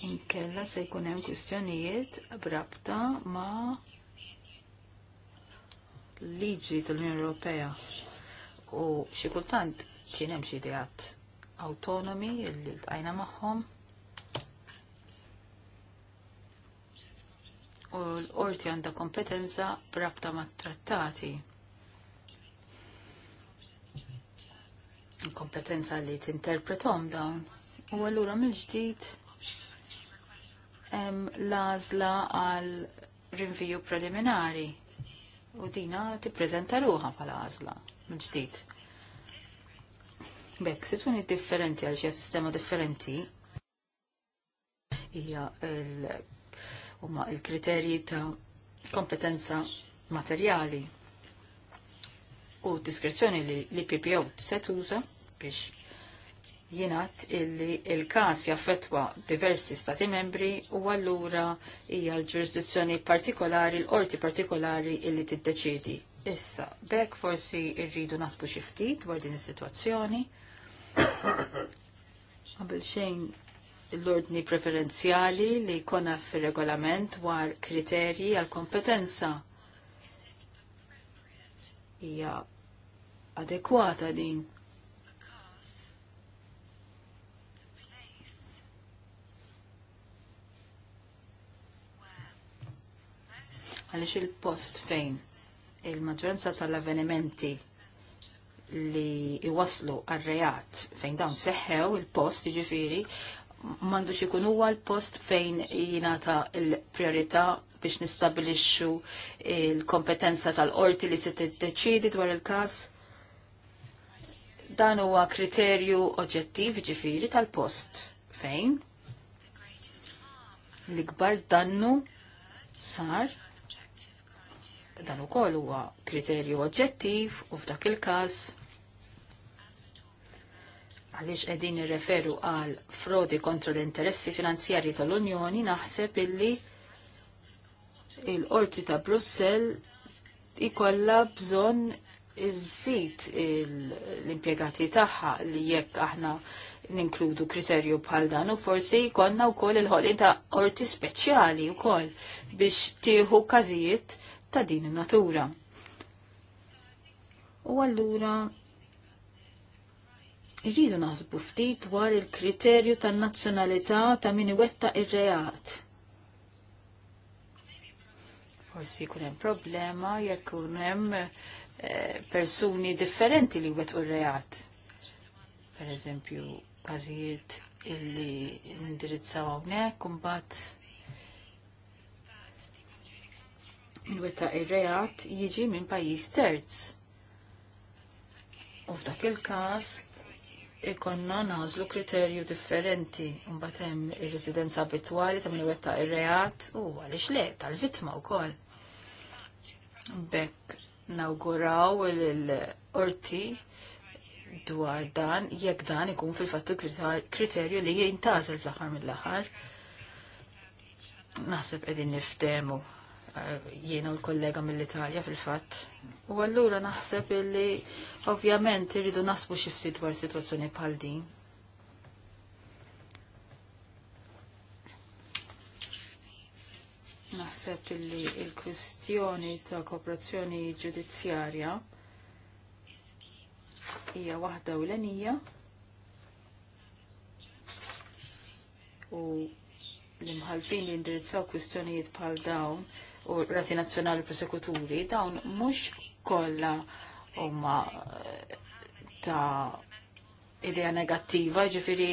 Inkella se jkun hemm kwistjonijiet b'rabta ma' liġi tal-Unjoni Ewropea u xi kultant kien hemm xi ideat autonomi li tqajna magħhom. U l-qorti għandha kompetenza b'rabta mat-trattati. kompetenza li tinterpretom dawn. U allura mill-ġdid l-għażla għal rinviju preliminari u dina tippreżenta ruħa bħala għażla minn ġdid. Bekk, situni differenti għal xi sistema differenti hija huma l-kriterji ta' kompetenza materjali u diskrezzjoni li ppo se tuża biex jenat illi il-kas jaffetwa diversi stati membri u għallura hija l-ġurisdizzjoni partikolari, l-orti partikolari illi tiddeċidi. Issa, bekk forsi irridu nasbu xiftit dwar din is-sitwazzjoni. Qabel xejn l-ordni preferenzjali li jkollna fir-regolament dwar kriterji għal kompetenza hija adekwata din għaliex il-post fejn il-maġġoranza tal-avvenimenti li iwaslu għal-rejat fejn dawn seħħew il-post ġifiri mandu xikun huwa l-post fejn jinata l-priorità biex nistabilixxu l-kompetenza tal-qorti li se tiddeċidi dwar il-każ. Dan huwa kriterju oġġettiv ġifiri tal-post fejn l-ikbar dannu sar dan ukoll huwa kriterju oġġettiv u f'dak il-każ għaliex qegħdin irreferu għal frodi kontra l-interessi finanzjarji tal-Unjoni naħseb illi il-qorti ta' Brussell ikolla bżonn iżżid l-impjegati tagħha li jekk aħna ninkludu kriterju bħal dan u forsi jkollna wkoll il ħolli ta' qorti speċjali wkoll biex tieħu każijiet ta' din in-natura. U allura irridu naħsbu ftit dwar il-kriterju tan-nazzjonalità ta' min iwetta ir-reat. Forsi jkun hemm problema jekk kun hemm eh, persuni differenti li wet reat. Per eżempju, każijiet illi indirizzaw hawnhekk imbagħad il wetta ir-reat jiġi minn pajjiż terz. U f'dak il-każ ikonna nażlu kriterju differenti mbagħad hemm ir-residenza abitwali ta' min wetta ir-reat u għaliex le tal-vittma wkoll. Bekk nawguraw il-qorti dwar dan jekk dan ikun fil fattu kriterju li jintażel fl-aħħar mill-aħħar. Naħseb qegħdin niftemu Eh, jiena u l-kollega mill-Italja fil-fatt. U allura naħseb illi ovvjament irridu nasbu xi dwar sitwazzjoni bħal din. Naħseb illi il-kwistjoni ta' kooperazzjoni ġudizzjarja hija waħda u l-enija u l-imħalfin li indirizzaw kwistjonijiet bħal dawn u Rati Nazzjonali Prosekuturi dawn mhux kollha umma eh, ta' idea negattiva, ġifiri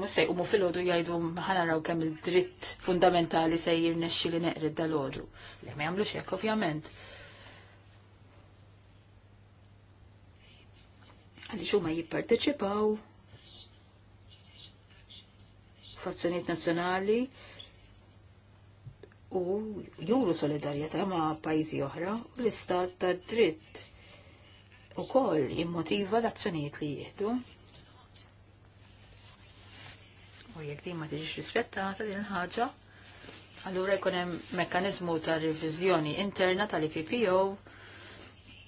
mussej umu fil-ħodu jajdu ħanaraw kemm il-dritt fundamentali se jirnexxi li neqrid dal-ħodu. Li ma jamlu hekk ovvjament. Għaliex huma jipparteċipaw f'azzjonijiet nazzjonali u juru solidarjetà ma' pajzi oħra u l-istat ta' dritt u koll immotiva l-azzjonijiet li jieħdu. U jekk di ma tiġix rispettata din ħaġa, allura jkun hemm mekkaniżmu ta' riviżjoni interna tal-IPPO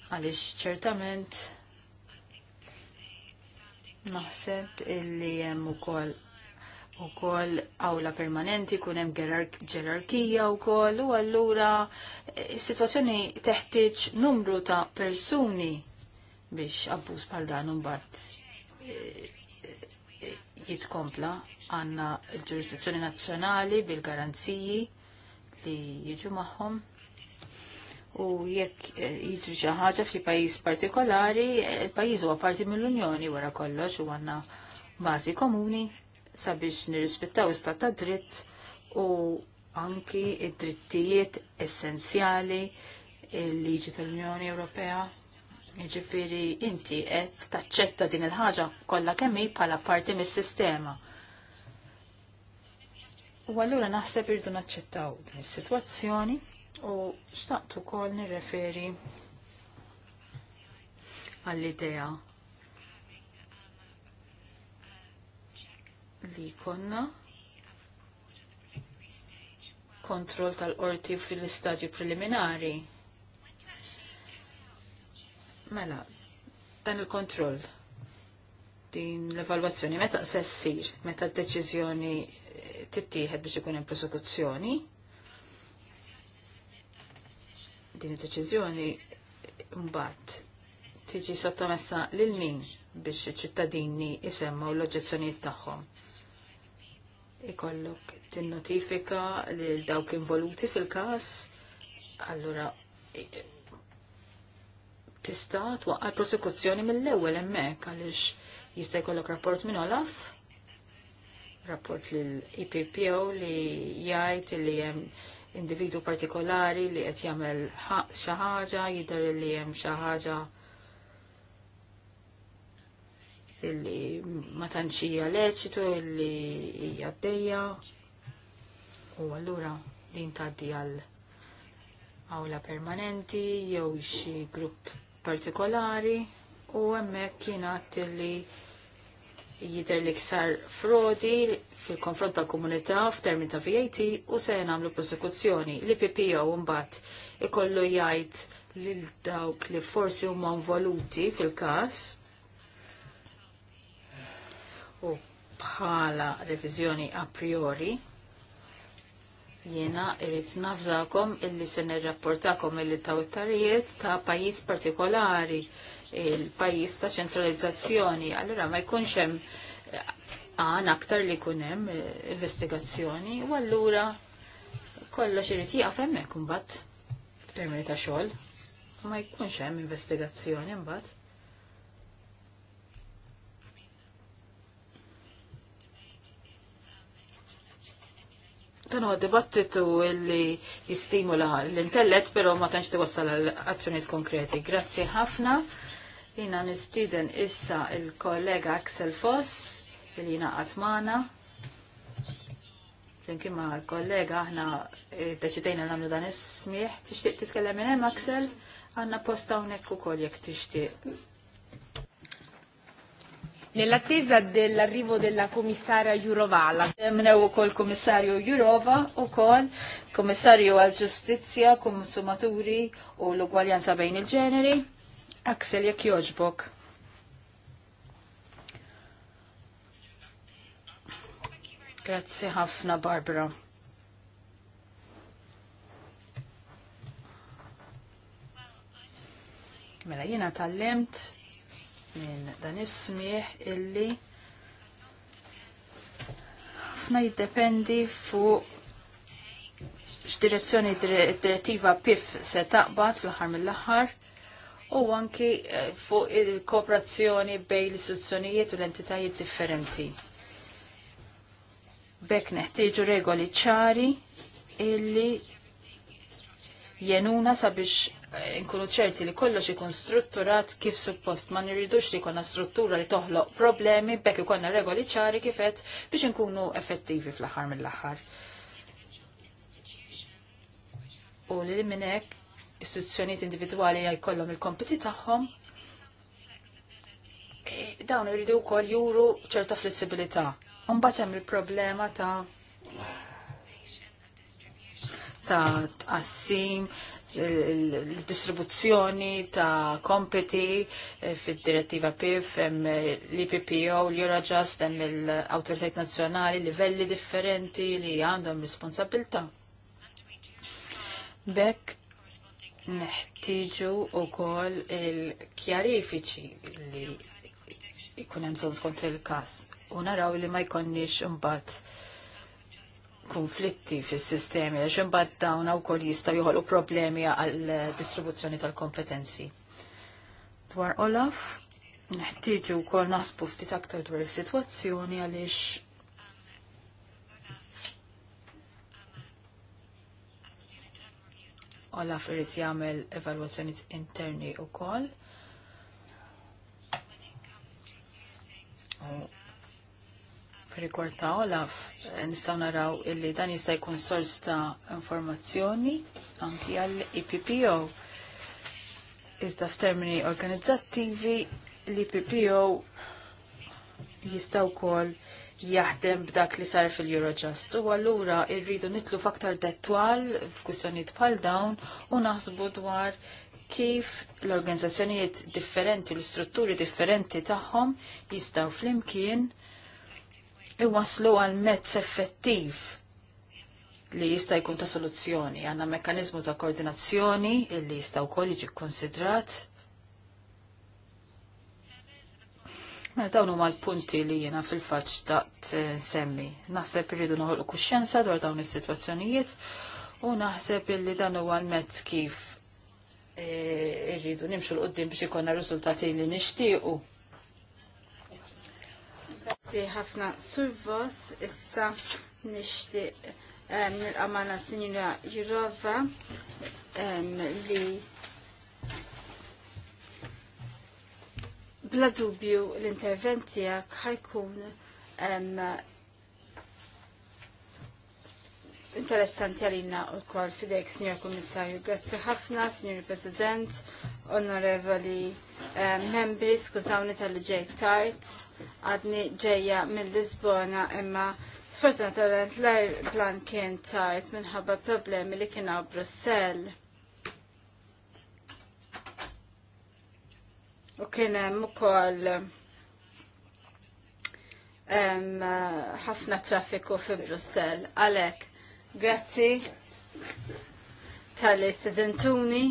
għaliex ċertament naħseb illi hemm ukoll u kol awla permanenti, kunem ġerarkija u kol, u għallura eh, situazzjoni teħtieġ numru ta' persuni biex abbuż bħal dan bat eh, eh, jitkompla għanna ġurisdizzjoni nazzjonali bil-garanziji li jiġu magħhom. u jekk jiġri xi ħaġa f'xi pajjiż partikolari, il-pajjiż huwa parti mill-Unjoni wara kollox u għandna bażi komuni sabiex nirrispettaw istat ta' dritt u anki id-drittijiet essenzjali il-liġi tal-Unjoni Ewropea. Ġifiri, inti qed taċċetta din il-ħaġa kollha kemm bħala parti mis-sistema. U allura naħseb irdu naċċettaw din is-sitwazzjoni u xtaqt ukoll nirreferi għall-idea li konna kontroll tal-qorti fil-istadju preliminari. Mela, dan il-kontroll, din l-evalwazzjoni, meta se ssir, meta d-deċiżjoni eh, tittieħed biex ikun hemm prosekuzzjoni, din id-deċiżjoni mbagħad tiġi sottomessa lil min biex iċ-ċittadini isemmaw l-oġġezzjonijiet tagħhom ikollok tinnotifika lil dawk involuti fil-każ, allura tista' twaqqal prosekuzzjoni mill-ewwel hemmhekk għaliex jista' jkollok rapport minn Olaf rapport lill ippo e li jgħid li hemm individu partikolari li qed jagħmel xi ħaġa, jidher li hemm xi ħaġa illi ma tantx leċitu illi hija d-dejja u allura din tgħaddi għal awla permanenti jew xi grupp partikolari u hemmhekk kienet illi jidher li ksar frodi fil-konfront tal-komunità f'termin ta' VAT u se nagħmlu prosekuzzjoni li PPO mbagħad ikollu jgħid lil dawk li forsi huma involuti fil-każ u bħala revizjoni a priori jiena irrit nafżakom illi se nirrapportakom illi ta' uttarijiet ta' pajjiż partikolari il-pajjiż ta' ċentralizzazzjoni allora ma jkunx hemm eh, għan aktar li kunem hemm eh, investigazzjoni u allura kollox irid jaqaf hemmhekk imbagħad f'termini ta' xogħol ma jkunx hemm investigazzjoni imbagħad. Dan huwa dibattitu li jistimula l-intellett, però ma tantx tiwassal għal azzjonijiet konkreti. Grazzi ħafna. Jina nistiden issa il-kollega Axel Foss li jina għatmana. Flimkien ma' kollega aħna eh, deċidejna nagħmlu dan is-smieħ. Tixtieq titkellem minn hemm Axel? Għandna posta hawnhekk ukoll jekk tixtieq. Nell'attesa dell'arrivo della commissaria Jurovala Mnew col commissario Jurova o col Commissario al Giustizia, consumatori o l'uguaglianza bei il genere, Axel Jakiojbok. Grazie Hafna Barbara. Mela jiena tal-lemt minn dan is-smieħ illi ħafna jiddependi fuq x'direzzjoni direttiva PIF se taqbad fl-aħħar mill-aħħar u anki eh, fuq il-kooperazzjoni bejn l-istituzzjonijiet u l-entitajiet differenti. Bekk neħtieġu regoli ċari illi jenuna sabiex nkunu ċerti li kollox ikun strutturat kif suppost ma nirridux li konna struttura li toħloq problemi bekk ikonna regoli ċari kifet biex nkunu effettivi fl-aħħar mill-aħħar. U li minn hekk istituzzjonijiet individwali jkollhom il-kompiti tagħhom e, dawn irridu wkoll juru ċerta flessibilità. Mbagħad hemm il-problema ta' ta' tqassim, l-distribuzzjoni ta' kompeti eh, fil-direttiva PIF, eh, l-IPPO, l-Eurojust, hemm l-autoritajt nazjonali, livelli differenti li għandhom responsabilta. Bekk neħtiġu u kol il-kjarifiċi li jkun hemm skont il-każ u naraw li ma jkonniex imbagħad konflitti fis-sistemi għax imbagħad dawn wkoll jistgħu joħolqu problemi għall distribuzzjoni tal-kompetenzi. Dwar Olaf, neħtieġu wkoll naħsbu ftit aktar dwar is-sitwazzjoni għaliex Olaf irid jagħmel evalwazzjoni interni wkoll. Rikorta' ta' Olaf, nistaw naraw illi dan jista' jkun sors ta' informazzjoni anki għall ippo e Iżda f'termini organizzattivi l-IPPO e jistaw kol jaħdem b'dak li sar fil-Eurojust. U allura irridu nitlu faktar dettwal f'kussjonijiet bħal dawn u naħsbu dwar kif l-organizzazzjonijiet differenti, l-strutturi differenti tagħhom jistaw flimkien iwaslu għal mezz effettiv li jista' jkun ta' soluzzjoni. Għandna mekkaniżmu ta' koordinazzjoni illi jista' wkoll jiġi konsidrat. Mela dawn huma l-punti li jiena fil-fatt ta' eh, semmi. Naħseb irridu noħolqu kuxjenza dwar dawn is-sitwazzjonijiet u naħseb illi dan huwa l-mezz kif eh, irridu nimxu l-qoddim biex ikonna riżultati li nixtiequ Grazie ħafna survos issa nixtieq eh, nil-amana Sinjura Jurova li bla dubju l-intervent tiegħek ħajkun interessanti għalina u kol fidejk, Signor Komissarju. Grazie ħafna, Signor President, onorevoli eh, membri, skużawni tal-ġej tarts għadni ġeja mill-Lisbona imma sfortunatament l-plan kien tard minħabba problemi li kien għaw Brussell. U kien hemm ukoll ħafna traffiku fi Brussell. Għalhekk, grazzi tal istudentuni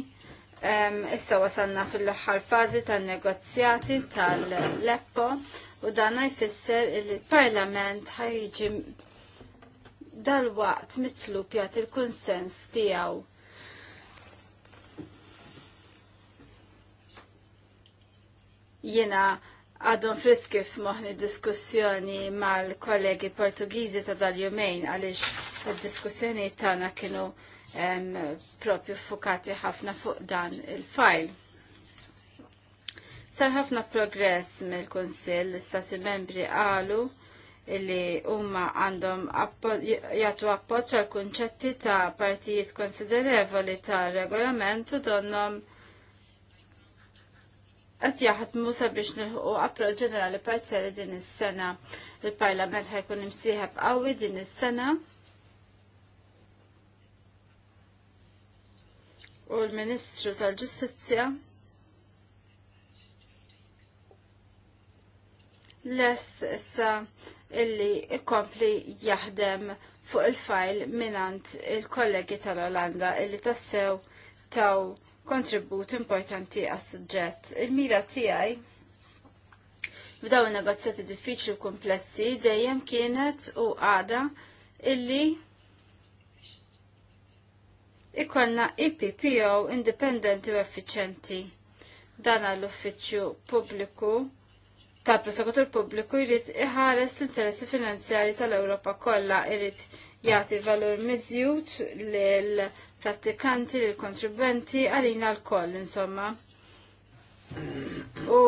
issa wasalna fil-ħar fazi tal-negozjati tal-Leppo u dan jfisser il-Parlament ħajġi dal-waqt mitlub jagħti il-kunsens tiegħu. Jiena għadhom friski f'moħni diskussjoni mal-kollegi Portugiżi ta' dal-jumejn għaliex id-diskussjoni tagħna kienu propju fukati ħafna fuq dan il-fajl. Sar ħafna progress mill-Kunsill l-Istati membri qalu li huma għandhom jagħtu appoċ għal kunċetti ta' partijiet konsiderevoli ta' regolament u donhom qed jaħdmu sabiex nilħu approċ ġenerali parzjali din is-sena. Il-Parlament ħajkun imsieħeb qawwi din is-sena. U l-Ministru tal-Ġustizzja lest issa illi ikkompli jaħdem fuq il-fajl minant il-kollegi tal-Olanda illi tassew taw kontribut importanti għas suġġett Il-mira tiegħi b'daw negozjati diffiċli u komplessi dejjem kienet u għada illi ikonna IPPO e indipendenti u effiċenti dan l-uffiċċju pubbliku ta' prosekutur pubbliku jrid iħares l-interessi finanzjari tal-Ewropa kollha jrid jagħti valur miżjud lil prattikanti lil kontribwenti għalina l-koll insomma. U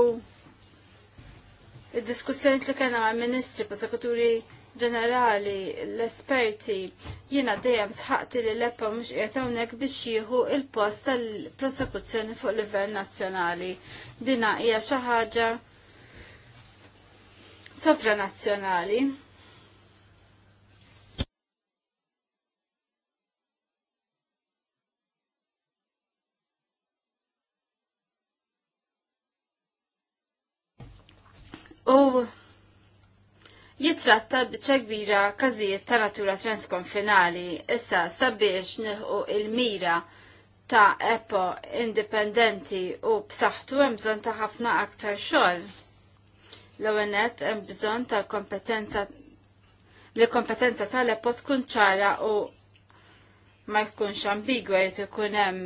id-diskussjoni li kena ma' ministri, prosekuturi ġenerali, l-esperti, jiena dejjem sħaqti li l-eppa mhux qiegħed hawnhekk biex jieħu il-post tal-prosekuzzjoni fuq livell nazzjonali. Dina hija xi ħaġa sovranazzjonali. U jitratta biċa kbira każijiet ta' natura transkonfinali. Issa sabiex nħu il-mira ta' EPO indipendenti u b'saħħtu hemm bżonn ta' ħafna aktar xogħol. L-għenet hemm bżonn ta' kompetenza li kompetenza tal pot tkun ċara u ma jkunx ambigwa jrid ikun hemm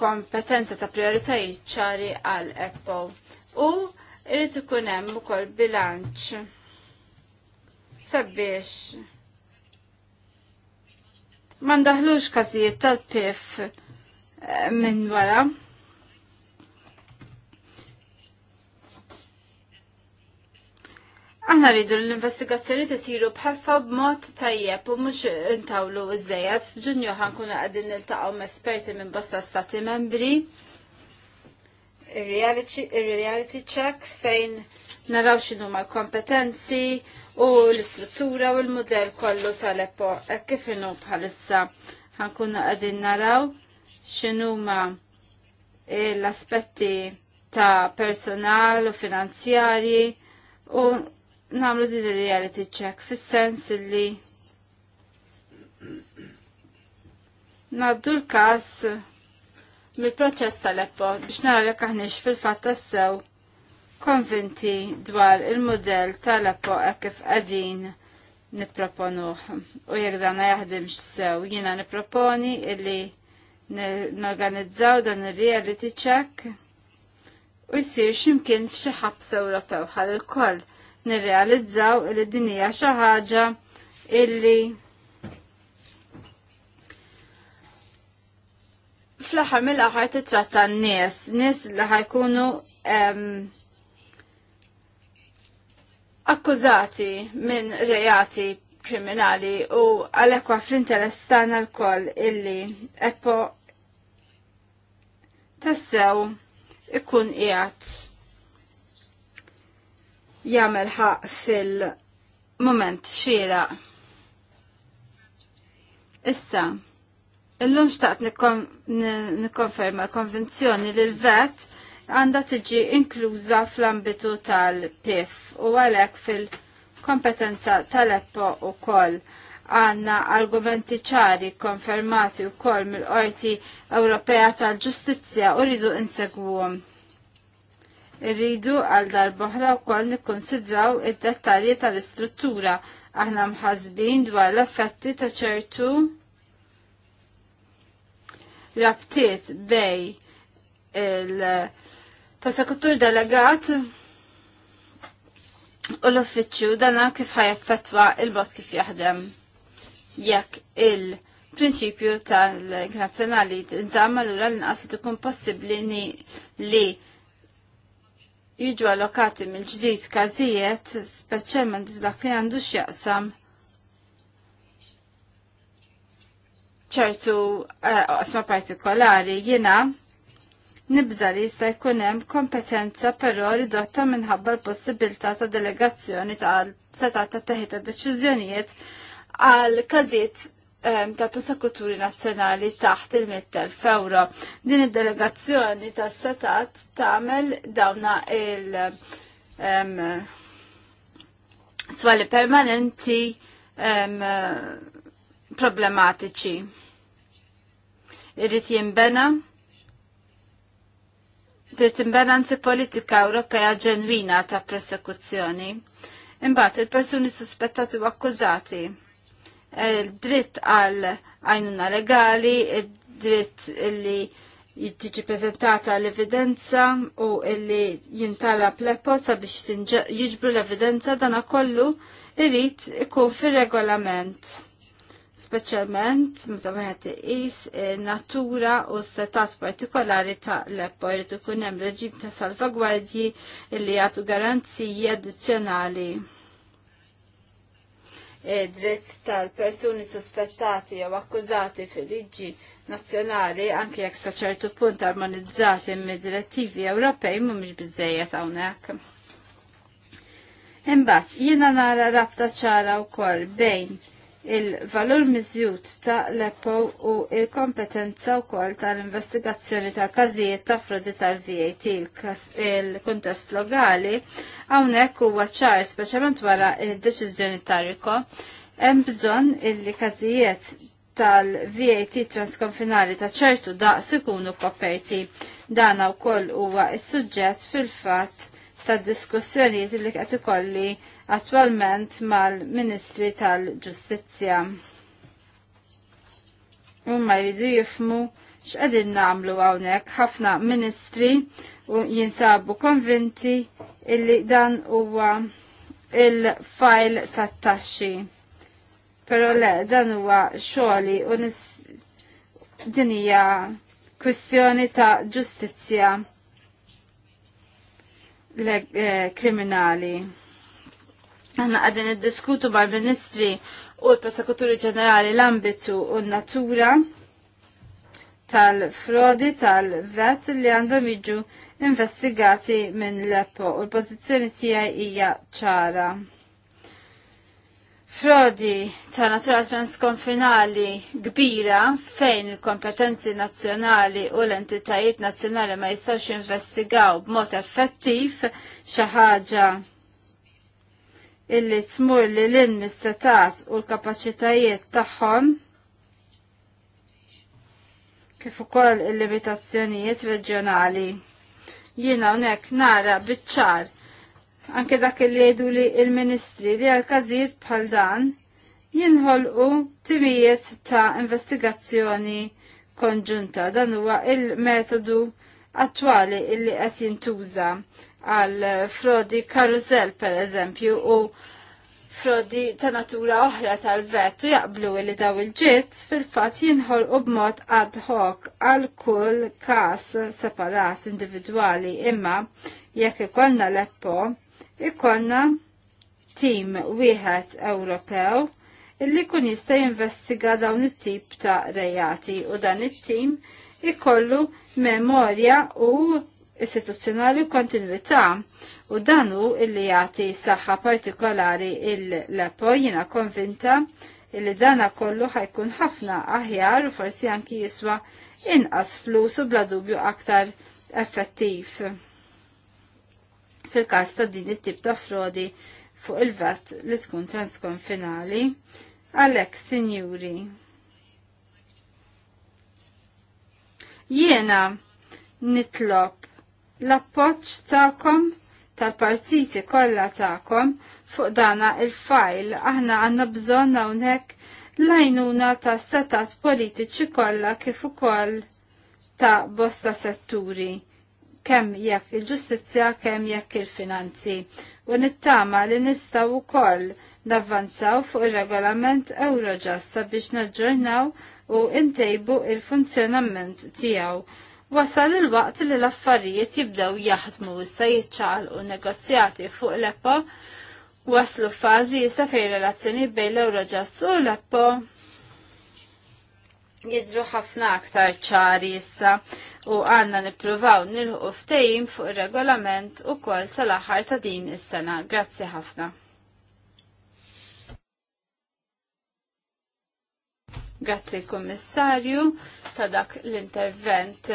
kompetenza ta' prioritajiet ċari għal epo u jrid ikun hemm ukoll bilanċ sabiex ma ndaħlux każijiet tal-pif eh, minn wara. Aħna rridu l-investigazzjoni tisiru b b'mod tajjeb u mhux intawlu iżdejjed. F'Ġunju ħankunu qegħdin niltaqgħu esperti minn bosta stati membri. Ir-reality check fejn naraw ma l kompetenzi u l-istruttura u l-mudell kollu tal-epo e kif inhu bħalissa ħankunu għadin naraw x'inhuma l-aspetti ta' personal u finanzjarji u namlu din il-reality check fis-sens li naddu l-kas mill-proċess tal-eppo biex nara jekk aħniex fil-fatt sew konvinti dwar il-modell tal-eppo kif qegħdin nipproponuh u jekk jahdim jaħdimx sew jiena nipproponi illi norganizzaw dan ir-reality check u jisir ximkien f'xi ħabs Ewropew ħal il-koll nirrealizzaw li din hija xi ħaġa illi fl-aħħar mill-aħħar titratta n-nies, nies li ħajkunu akkużati minn reati kriminali u għalhekk fl-interess tagħna lkoll illi eppo tassew ikun qiegħed jagħmel ħaq fil-moment xira. Issa, illum xtaqt nikkonferma konvenzjoni li l-vet għandha tiġi inkluża fl-ambitu tal-PIF u għalhekk fil-kompetenza tal-EPPO u koll għanna argumenti ċari konfermati u koll mill-Qorti Ewropea tal-Ġustizzja u rridu insegwuhom. Irridu għal darboħra wkoll nikkonsidraw id-dettalji tal-istruttura. Aħna mħazbin dwar l-effetti ta' ċertu rabtiet bej il-prosekutur delegat u l-uffiċċju dana kif ħajaffetwa il-bot kif jaħdem. Jekk il-prinċipju tal-internazzjonali nżamma l-ura l-inqas tkun possibbli li jiġu allokati mill-ġdid każijiet, speċjalment f'dak li għandu x'jaqsam ċertu qasma eh, partikolari jiena nibża li jista' jkun hemm kompetenza però ridotta minħabba l-possibilità ta' delegazzjoni tal-setat ta' deċiżjonijiet għal każijiet tal-Prosekuturi Nazzjonali taħt il-100.000 euro. Din id-delegazzjoni tas setat tagħmel dawna il- um, swali permanenti um, problematiċi. Irrit jimbena trid imbena politika Ewropea ġenwina ta' prosekuzzjoni. Imbagħad il-persuni suspettati u akkużati dritt għal għajnuna legali, dritt illi jittiġi prezentata l-evidenza u illi jintala plepo sabiex jiġbru l-evidenza dana kollu irrit ikun fil-regolament. Speċjalment, meta wieħed iqis eh, natura u setat partikolari ta' l-eppo jrid ikun hemm reġim ta' salvagwardji illi jagħtu garanziji addizzjonali. E, dritt tal-persuni suspettati jew akkużati fil-liġi nazzjonali anke jekk sa ċertu punt armonizzati mid-direttivi Ewropej mhumiex biżejjed hawnhekk. Imbagħad jiena nara rabta ċara wkoll bejn il-valur mizjut ta' l-EPO u il-kompetenza u kol tal-investigazzjoni ta' kazijiet ta' frodi tal-VAT il-kontest logali għawnek u għacċar speċjalment wara il-deċizjoni tariko hemm bżonn illi kazijiet tal-VAT transkonfinali ta' ċertu daqs ikunu koperti. Dana u koll huwa is-suġġett fil-fatt ta' diskussjonijiet li qed ikolli attualment mal-Ministri tal-Ġustizzja. ma jridu jifmu x'qegħdin nagħmlu hawnhekk ħafna ministri u jinsabu konvinti illi dan huwa il-fajl tat-taxxi. Però le dan huwa xogħli u nis din hija kwistjoni ta' ġustizzja eh, kriminali. Aħna għadin id-diskutu mal-Ministri u l-Prosekuturi Ġenerali l-ambitu u n-natura tal-frodi tal-vet li għandhom jiġu investigati minn l-EPO u l-pozizjoni tiegħi hija ċara. Frodi ta' natura transkonfinali kbira fejn il-kompetenzi nazzjonali u l-entitajiet nazzjonali ma jistawx investigaw b'mod effettiv xi ħaġa illi tmur li l-ilmi setat u l-kapacitajiet tagħhom kif ukoll il-limitazzjonijiet reġjonali. Jiena hawnhekk nara biċ-ċar anke dak li jgħidu li il-Ministri li għal każijiet bħal dan jinħolqu timijiet ta' investigazzjoni konġunta. Dan huwa il-metodu attwali illi qed jintuża għal frodi karuzel per eżempju u frodi ta' natura oħra tal-vet u jaqblu li daw il-ġitz fil-fat jinħol u b'mod ad hoc għal kull kas separat individuali imma jekk ikollna leppo ikollna tim wieħed Ewropew illi kun jista' jinvestiga dawn it-tip ta' rejati u dan it-tim ikollu memorja u istituzzjonali u kontinuità u danu illi jagħti saħħa partikolari il-lepo jiena konvinta illi dana kollu ħajkun ħafna aħjar u forsi anki jiswa inqas flus u bla dubju aktar effettiv fil-kas ta' din it-tip ta' frodi fuq il-vat li tkun transkonfinali. Għalek, sinjuri. Jiena nitlob l-appoġġ tagħkom tal-partiti kollha tagħkom fuq dana il-fajl aħna għandna bżonn hawnhekk lajnuna ta' setat politiċi kollha kif ukoll ta' bosta setturi kemm jekk il-ġustizzja kemm jekk il-finanzi u nittama li nistaw koll navvanzaw fuq ir-regolament Euroġassa sabiex naġġornaw u ntejbu il-funzjonament tiegħu Wasal il-waqt li l-affarijiet jibdew jaħdmu issa jiċċaqalqu negozjati fuq l-EPPO waslu fażi issa fejn relazzjoni bejn l-Eurojust u l-EPPO jidru ħafna aktar ċari issa u għanna nippruvaw nilħu ftejim fuq ir-regolament u kol sal-aħħar ta' din is-sena. Grazzi ħafna. Grazzi kummissarju ta' dak l-intervent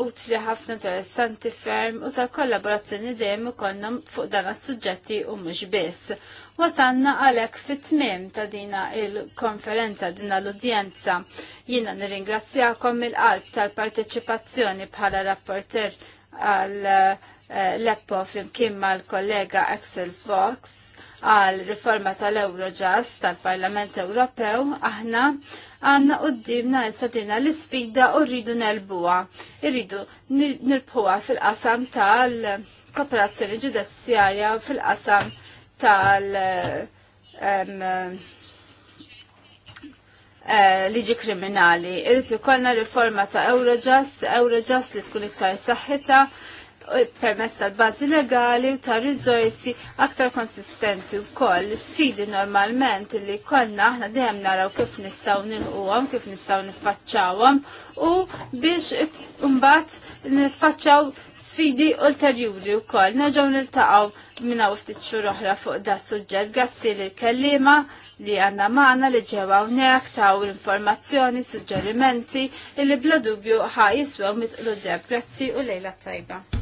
utli ħafna interessanti ferm u ta' kollaborazzjoni dejjem ikollna fuq dan is-suġġetti u mhux biss. Wasanna għalhekk fit-tmiem ta' dina il-konferenza dina l-udjenza. Jiena nirringrazzjakom mill-qalb tal-parteċipazzjoni bħala rapporter għal eh, l-eppo fl-imkien mal-kollega Axel Fox għal riforma tal-Eurojust tal-Parlament Ewropew, aħna għanna d issa dina l-sfida u rridu nelbuha. Irridu nirbuha fil-qasam tal-kooperazzjoni ġudizzjarja fil-qasam tal- eh, liġi kriminali. Irridu jukolna riforma ta' Eurojust, Eurojust li tkun iktar saħħita, permessa tal-bazi legali u ta' rizorsi aktar konsistenti u koll. Sfidi normalment li konna aħna dejjem naraw kif nistaw nilquhom, kif nistaw niffaċċawhom u biex mbagħad niffaċċaw sfidi ulterjuri u koll. Nerġaw niltaqaw minna u ftit xhur oħra fuq da' suġġett. Grazzi li kellima li għanna maħna li ġewa unnek taw l-informazzjoni, suġġerimenti, li bla dubju ħaj jiswew mitqlu ġeb. Grazzi u lejla tajba.